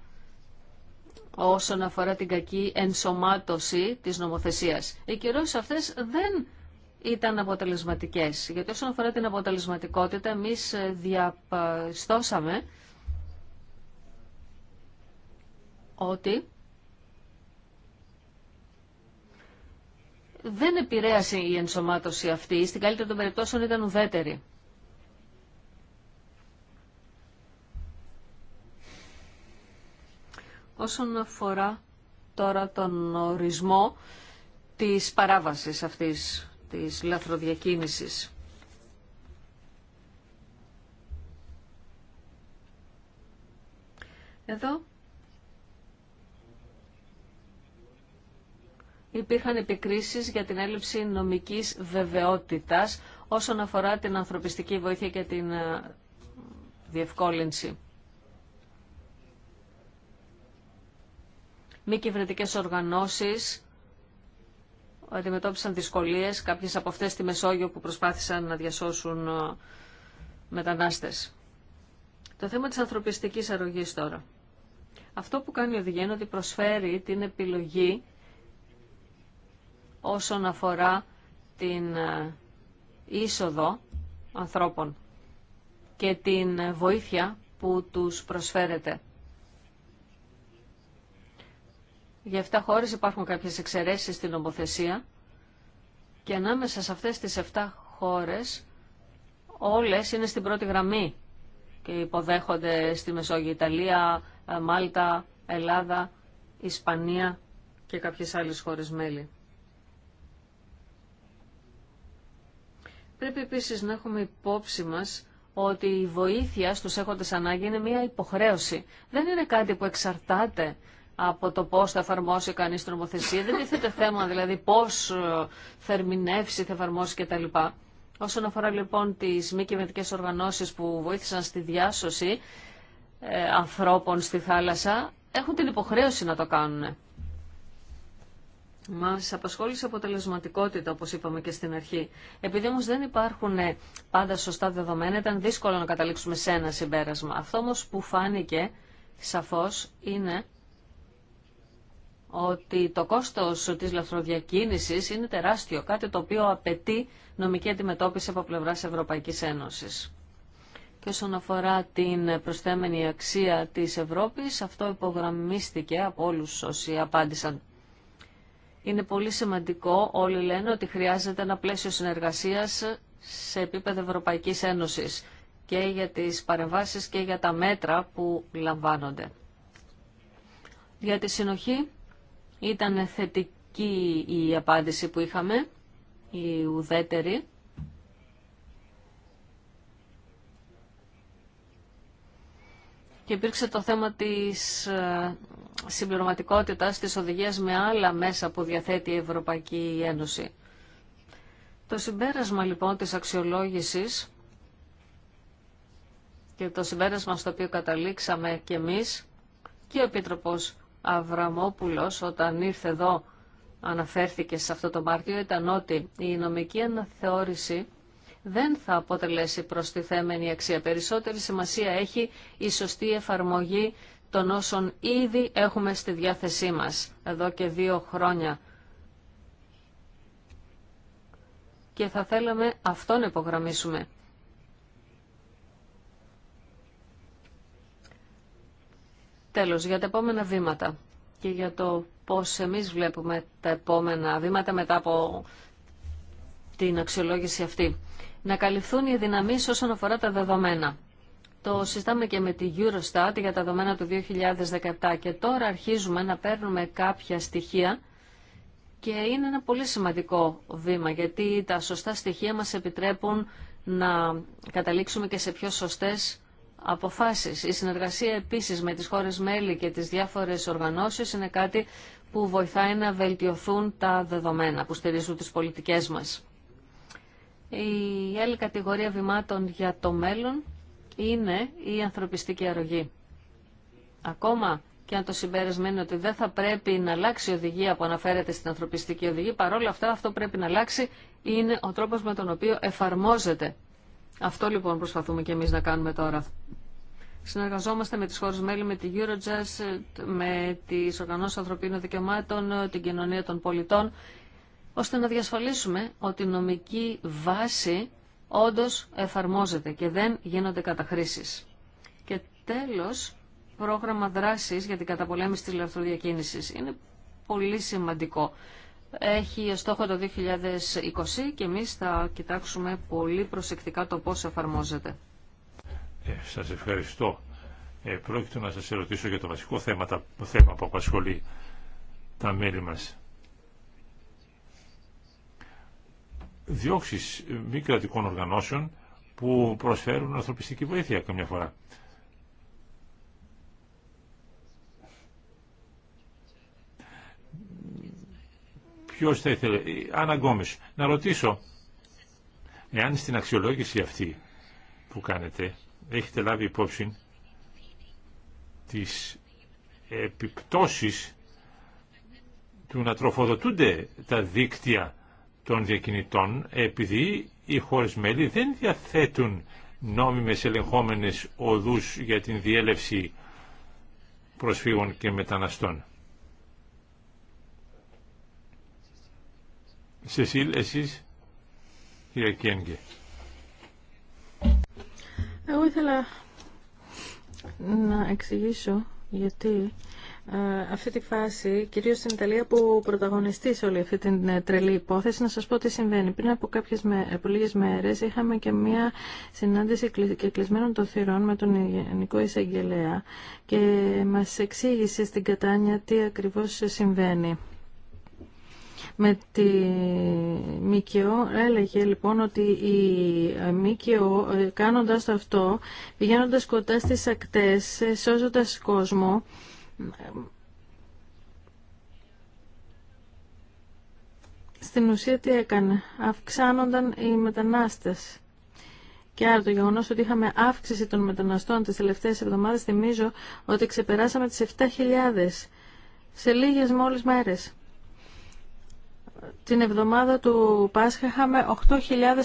όσον αφορά την κακή ενσωμάτωση της νομοθεσίας. Οι κυρώσεις αυτές δεν ήταν αποτελεσματικές, γιατί όσον αφορά την αποτελεσματικότητα εμείς ε, διαπιστώσαμε ότι δεν επηρέασε η ενσωμάτωση αυτή, στην καλύτερη των περιπτώσεων ήταν ουδέτερη. Όσον αφορά τώρα τον ορισμό της παράβασης αυτής της λαθροδιακίνησης. Εδώ υπήρχαν επικρίσεις για την έλλειψη νομικής βεβαιότητας όσον αφορά την ανθρωπιστική βοήθεια και την ε, διευκόλυνση. Μη κυβερνητικέ οργανώσει. αντιμετώπισαν δυσκολίε κάποιε από αυτέ στη Μεσόγειο που προσπάθησαν να διασώσουν ε, μετανάστες. Το θέμα της ανθρωπιστική αρρωγής τώρα. Αυτό που κάνει ο Διγέν ότι προσφέρει την επιλογή όσον αφορά την ε, είσοδο ανθρώπων και την ε, βοήθεια που τους προσφέρεται. Για 7 χώρες υπάρχουν κάποιες εξαιρέσεις στην νομοθεσία και ανάμεσα σε αυτές τις 7 χώρες όλες είναι στην πρώτη γραμμή και υποδέχονται στη Μεσόγειο Ιταλία, ε, Μάλτα, Ελλάδα, Ισπανία και κάποιες άλλες χώρες μέλη. Πρέπει επίσης να έχουμε υπόψη μας ότι η βοήθεια στους έχοντες ανάγκη είναι μια υποχρέωση. Δεν είναι κάτι που εξαρτάται από το πώς θα εφαρμόσει κανείς την νομοθεσία. Δεν τίθεται θέμα δηλαδή πώς ε, θα ερμηνεύσει, θα εφαρμόσει κτλ. Όσον αφορά λοιπόν τις μη κυβερνητικές οργανώσεις που βοήθησαν στη διάσωση ε, ανθρώπων στη θάλασσα, έχουν την υποχρέωση να το κάνουν. Μα απασχόλησε αποτελεσματικότητα, όπω είπαμε και στην αρχή. Επειδή όμω δεν υπάρχουν ε, πάντα σωστά δεδομένα, ήταν δύσκολο να καταλήξουμε σε ένα συμπέρασμα. Αυτό όμω που φάνηκε σαφώ είναι ότι το κόστος της λαθροδιακίνησης είναι τεράστιο, κάτι το οποίο απαιτεί νομική αντιμετώπιση από πλευράς Ευρωπαϊκής Ένωσης. Και όσον αφορά την προσθέμενη αξία της Ευρώπης, αυτό υπογραμμίστηκε από όλους όσοι απάντησαν. Είναι πολύ σημαντικό, όλοι λένε ότι χρειάζεται ένα πλαίσιο συνεργασίας σε επίπεδο Ευρωπαϊκής Ένωσης και για τις παρεμβάσεις και για τα μέτρα που λαμβάνονται. Για τη συνοχή ήταν θετική η απάντηση που είχαμε, η ουδέτερη. Και υπήρξε το θέμα της ε, συμπληρωματικότητας της οδηγίας με άλλα μέσα που διαθέτει η Ευρωπαϊκή Ένωση. Το συμπέρασμα λοιπόν της αξιολόγησης και το συμπέρασμα στο οποίο καταλήξαμε και εμείς και ο Επίτροπος Αβραμόπουλος όταν ήρθε εδώ αναφέρθηκε σε αυτό το Μάρτιο ήταν ότι η νομική αναθεώρηση δεν θα αποτελέσει προστιθέμενη αξία. Περισσότερη σημασία έχει η σωστή εφαρμογή των όσων ήδη έχουμε στη διάθεσή μας εδώ και δύο χρόνια. Και θα θέλαμε αυτόν να υπογραμμίσουμε. Τέλος, για τα επόμενα βήματα και για το πώς εμείς βλέπουμε τα επόμενα βήματα μετά από την αξιολόγηση αυτή. Να καλυφθούν οι δυναμίες όσον αφορά τα δεδομένα. Το συστάμε και με τη Eurostat για τα δεδομένα του 2017 και τώρα αρχίζουμε να παίρνουμε κάποια στοιχεία και είναι ένα πολύ σημαντικό βήμα γιατί τα σωστά στοιχεία μας επιτρέπουν να καταλήξουμε και σε πιο σωστές αποφάσεις. Η συνεργασία επίσης με τις χώρες μέλη και τις διάφορες οργανώσεις είναι κάτι που βοηθάει να βελτιωθούν τα δεδομένα που στηρίζουν τις πολιτικές μας. Η άλλη κατηγορία βημάτων για το μέλλον είναι η ανθρωπιστική αρρωγή. Ακόμα και αν το συμπέρασμα είναι ότι δεν θα πρέπει να αλλάξει η οδηγία που αναφέρεται στην ανθρωπιστική οδηγία, παρόλα αυτά αυτό πρέπει να αλλάξει είναι ο τρόπος με τον οποίο εφαρμόζεται αυτό λοιπόν προσπαθούμε και εμείς να κάνουμε τώρα. Συνεργαζόμαστε με τις χώρες μέλη, με τη Eurojust, με τις οργανώσεις ανθρωπίνων δικαιωμάτων, την κοινωνία των πολιτών, ώστε να διασφαλίσουμε ότι η νομική βάση όντως εφαρμόζεται και δεν γίνονται καταχρήσεις. Και τέλος, πρόγραμμα δράσης για την καταπολέμηση της ηλεκτροδιακίνησης. Είναι πολύ σημαντικό έχει στόχο το 2020 και εμείς θα κοιτάξουμε πολύ προσεκτικά το πώς εφαρμόζεται. Ε, σας ευχαριστώ. Ε, πρόκειται να σας ερωτήσω για το βασικό θέμα, το θέμα που απασχολεί τα μέλη μας. Διώξεις μη κρατικών οργανώσεων που προσφέρουν ανθρωπιστική βοήθεια καμιά φορά. Ποιος θα ήθελε, να ρωτήσω, εάν στην αξιολόγηση αυτή που κάνετε έχετε λάβει υπόψη τις επιπτώσεις του να τροφοδοτούνται τα δίκτυα των διακινητών επειδή οι χώρες μέλη δεν διαθέτουν νόμιμες ελεγχόμενες οδούς για την διέλευση προσφύγων και μεταναστών. Σεσίλ, εσείς, κύριε Κένγκε. Εγώ ήθελα να εξηγήσω γιατί ε, αυτή τη φάση, κυρίως στην Ιταλία που πρωταγωνιστεί σε όλη αυτή την ε, τρελή υπόθεση, να σας πω τι συμβαίνει. Πριν από κάποιες με, από λίγες μέρες είχαμε και μία συνάντηση και κλεισμένων των θυρών με τον Γενικό Εισαγγελέα και μας εξήγησε στην Κατάνια τι ακριβώς συμβαίνει με τη ΜΚΟ έλεγε λοιπόν ότι η ΜΚΟ ε, κάνοντας αυτό, πηγαίνοντας κοντά στις ακτές, ε, σώζοντας κόσμο, στην ουσία τι έκανε, αυξάνονταν οι μετανάστες. Και άρα το γεγονό ότι είχαμε αύξηση των μεταναστών τις τελευταίες εβδομάδες θυμίζω ότι ξεπεράσαμε τις 7.000 σε λίγες μόλις μέρες. Την εβδομάδα του Πάσχα είχαμε 8.000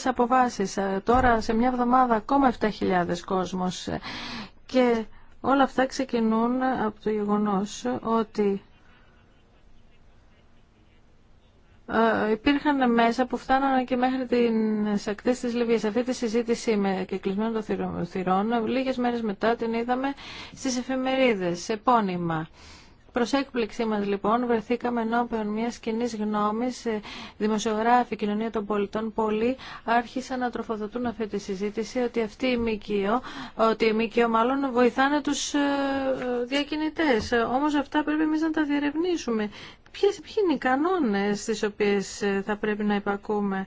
αποβάσεις. Ε, τώρα σε μια εβδομάδα ακόμα 7.000 κόσμος. Ε, και όλα αυτά ξεκινούν από το γεγονός ότι ε, υπήρχαν μέσα που φτάνανε και μέχρι τι ακτέ τη Λιβύη. Αυτή τη συζήτηση με κεκλεισμένο των θυρών, Λίγες μέρες μετά την είδαμε στις εφημερίδες σε πόνημα. Προς έκπληξή μας λοιπόν βρεθήκαμε ενώπιον μιας κοινή γνώμης, ε, δημοσιογράφοι, κοινωνία των πολιτών, πολλοί άρχισαν να τροφοδοτούν αυτή τη συζήτηση ότι αυτοί η ΜΚΙΟ, ότι οι ΜΚΙΟ μάλλον βοηθάνε τους ε, ε, διακινητές. Όμως αυτά πρέπει εμείς να τα διερευνήσουμε. Ποιες, ποιοι είναι οι κανόνες στις οποίες θα πρέπει να υπακούμε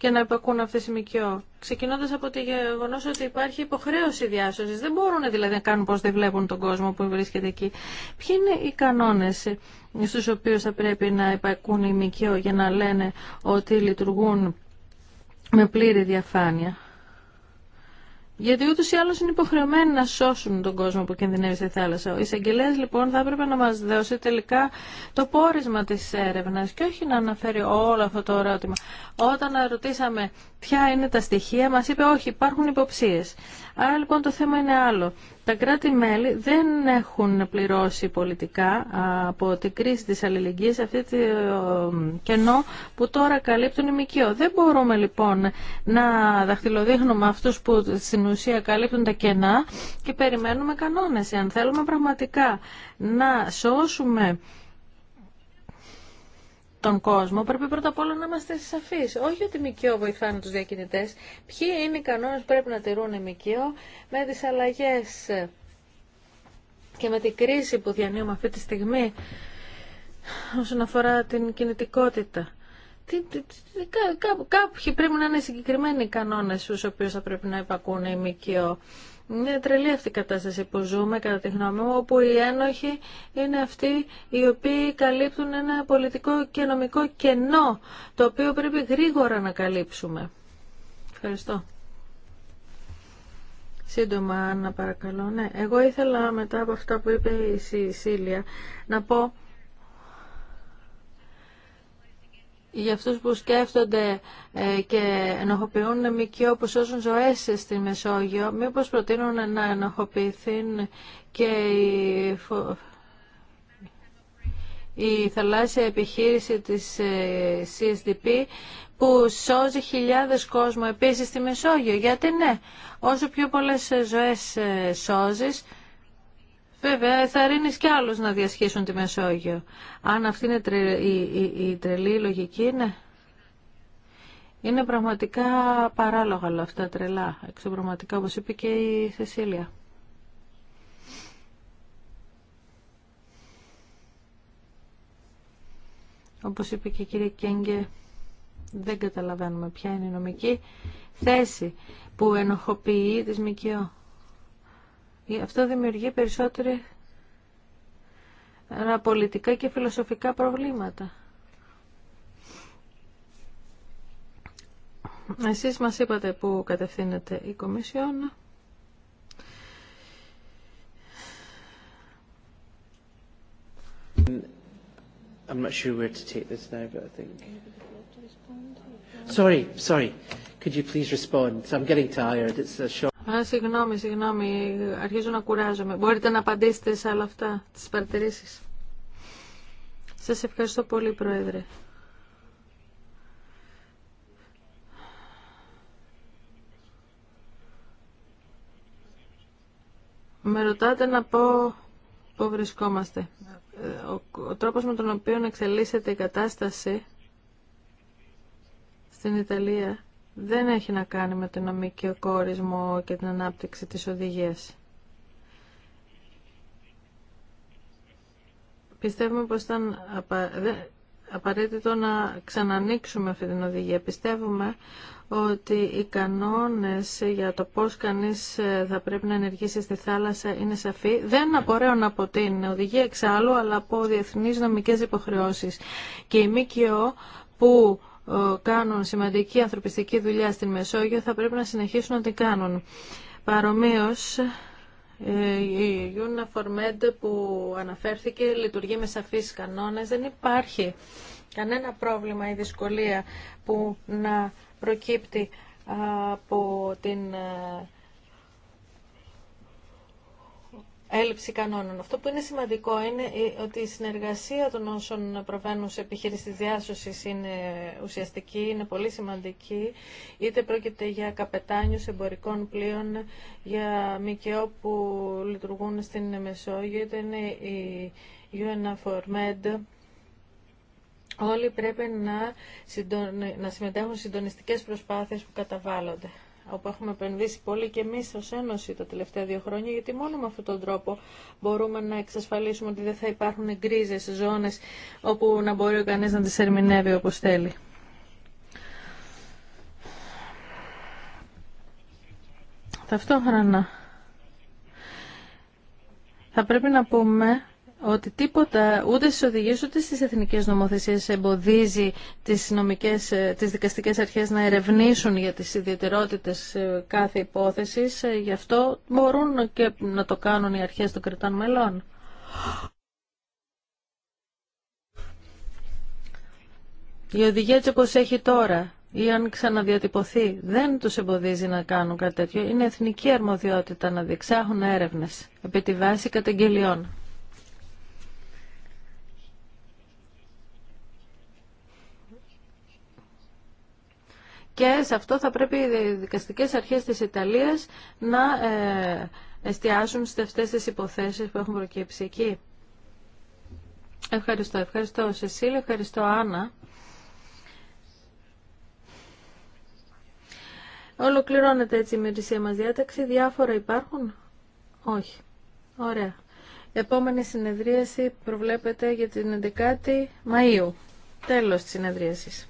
και να υπακούν αυτέ οι ΜΚΟ. Ξεκινώντα από το γεγονό ότι υπάρχει υποχρέωση διάσωση. Δεν μπορούν δηλαδή να κάνουν πώ δεν βλέπουν τον κόσμο που βρίσκεται εκεί. Ποιοι είναι οι κανόνε στου οποίου θα πρέπει να υπακούν οι ΜΚΟ για να λένε ότι λειτουργούν με πλήρη διαφάνεια. Γιατί ούτω ή άλλω είναι υποχρεωμένοι να σώσουν τον κόσμο που κινδυνεύει στη θάλασσα. Ο εισαγγελέα λοιπόν θα έπρεπε να μα δώσει τελικά το πόρισμα τη έρευνα και όχι να αναφέρει όλο αυτό το ερώτημα. Όταν ρωτήσαμε ποια είναι τα στοιχεία, μας είπε όχι, υπάρχουν υποψίες. Άρα λοιπόν το θέμα είναι άλλο. Τα κράτη-μέλη δεν έχουν πληρώσει πολιτικά από την κρίση της αλληλεγγύης αυτή το κενό που τώρα καλύπτουν η ΜΚΟ. Δεν μπορούμε λοιπόν να δαχτυλοδείχνουμε αυτούς που στην ουσία καλύπτουν τα κενά και περιμένουμε κανόνες. Αν θέλουμε πραγματικά να σώσουμε τον κόσμο, πρέπει πρώτα απ' όλα να είμαστε σαφεί. Όχι ότι οι ΜΚΟ βοηθάνε του διακινητέ. Ποιοι είναι οι κανόνε που πρέπει να τηρούν οι ΜΚΟ με τι αλλαγέ και με την κρίση που διανύουμε αυτή τη στιγμή όσον αφορά την κινητικότητα. Τι, τι, τι, κά, κά, κάποιοι πρέπει να είναι συγκεκριμένοι οι κανόνες στου οποίου θα πρέπει να υπακούν οι ΜΚΟ. Είναι τρελή αυτή η κατάσταση που ζούμε, κατά τη γνώμη μου, όπου οι ένοχοι είναι αυτοί οι οποίοι καλύπτουν ένα πολιτικό και νομικό κενό, το οποίο πρέπει γρήγορα να καλύψουμε. Ευχαριστώ. Σύντομα, να παρακαλώ. Ναι, εγώ ήθελα μετά από αυτά που είπε η Σίλια να πω για αυτούς που σκέφτονται ε, και ενοχοποιούν ΜΚΟ που σώζουν ζωές στη Μεσόγειο, μήπως προτείνουν να ενοχοποιηθούν και η θαλάσσια επιχείρηση της ε, CSDP που σώζει χιλιάδες κόσμο επίσης στη Μεσόγειο. Γιατί ναι, όσο πιο πολλές ζωές ε, σώζεις, Βέβαια, θα ρίνεις κι άλλους να διασχίσουν τη Μεσόγειο. Αν αυτή είναι η, η, τρελή λογική, είναι... Είναι πραγματικά παράλογα όλα αυτά τρελά, εξωπραγματικά, όπως είπε και η Σεσίλια. Όπως είπε και η κυρία Κέγκε, δεν καταλαβαίνουμε ποια είναι η νομική θέση που ενοχοποιεί τη ΜΚΟ. Αυτό δημιουργεί περισσότερη ε, πολιτικά και φιλοσοφικά προβλήματα. Εσείς μας είπατε που κατευθύνεται η Κομισιόν. I'm not sure where to take this now, but I think. Sorry, sorry. Could you please respond? I'm getting tired. It's a short. Α, συγγνώμη, συγγνώμη, αρχίζω να κουράζομαι. Μπορείτε να απαντήσετε σε όλα αυτά, τις παρατηρήσεις. Σας ευχαριστώ πολύ, Πρόεδρε. Με ρωτάτε να πω πού βρισκόμαστε. Ο τρόπος με τον οποίο εξελίσσεται η κατάσταση στην Ιταλία δεν έχει να κάνει με τον νομικό κόρισμο και την ανάπτυξη της οδηγίας. Πιστεύουμε πως ήταν απαραίτητο να ξανανοίξουμε αυτή την οδηγία. Πιστεύουμε ότι οι κανόνες για το πώς κανείς ε, θα πρέπει να ενεργήσει στη θάλασσα είναι σαφή. Δεν απορρέουν από την οδηγία εξάλλου, αλλά από διεθνείς νομικές υποχρεώσεις. Και η ΜΚΟ που ε, κάνουν σημαντική ανθρωπιστική δουλειά στην Μεσόγειο θα πρέπει να συνεχίσουν να την κάνουν. Παρομοίως, ε, η MED που αναφέρθηκε λειτουργεί με σαφείς κανόνες. Δεν υπάρχει κανένα πρόβλημα ή δυσκολία που να προκύπτει από την ε, έλλειψη κανόνων. Αυτό που είναι σημαντικό είναι ότι η συνεργασία των όσων προβαίνουν σε επιχείρηση τη διάσωση είναι ουσιαστική, είναι πολύ σημαντική, είτε πρόκειται για καπετάνιους εμπορικών πλοίων, για ΜΚΟ που λειτουργούν στην Μεσόγειο, είτε είναι η UNAFORMED, Όλοι πρέπει να, να συμμετέχουν στις συντονιστικές προσπάθειες που καταβάλλονται όπου έχουμε επενδύσει πολύ και εμεί ω Ένωση τα τελευταία δύο χρόνια, γιατί μόνο με αυτόν τον τρόπο μπορούμε να εξασφαλίσουμε ότι δεν θα υπάρχουν γκρίζε ζώνες όπου να μπορεί ο κανεί να τι ερμηνεύει όπω θέλει. Ταυτόχρονα θα πρέπει να πούμε ότι τίποτα ούτε στις οδηγίες ούτε στις εθνικές νομοθεσίες εμποδίζει τις, νομικές, ε, τις δικαστικές αρχές να ερευνήσουν για τις ιδιαιτερότητες ε, κάθε υπόθεσης. Ε, γι' αυτό μπορούν και να το κάνουν οι αρχές των κριτών μελών. Η οδηγία έτσι έχει τώρα ή αν ξαναδιατυπωθεί δεν τους εμποδίζει να κάνουν κάτι τέτοιο. Είναι εθνική αρμοδιότητα να διεξάγουν έρευνες επί τη βάση καταγγελιών. Και σε αυτό θα πρέπει οι δικαστικές αρχές της Ιταλίας να ε, εστιάσουν σε αυτές τις υποθέσεις που έχουν προκύψει εκεί. Ευχαριστώ. Ευχαριστώ Σεσίλη. ευχαριστώ Άννα. Ολοκληρώνεται έτσι η μυρισία μας διάταξη. Διάφορα υπάρχουν. Όχι. Ωραία. Επόμενη συνεδρίαση προβλέπεται για την 11η Μαΐου. Τέλος της συνεδρίασης.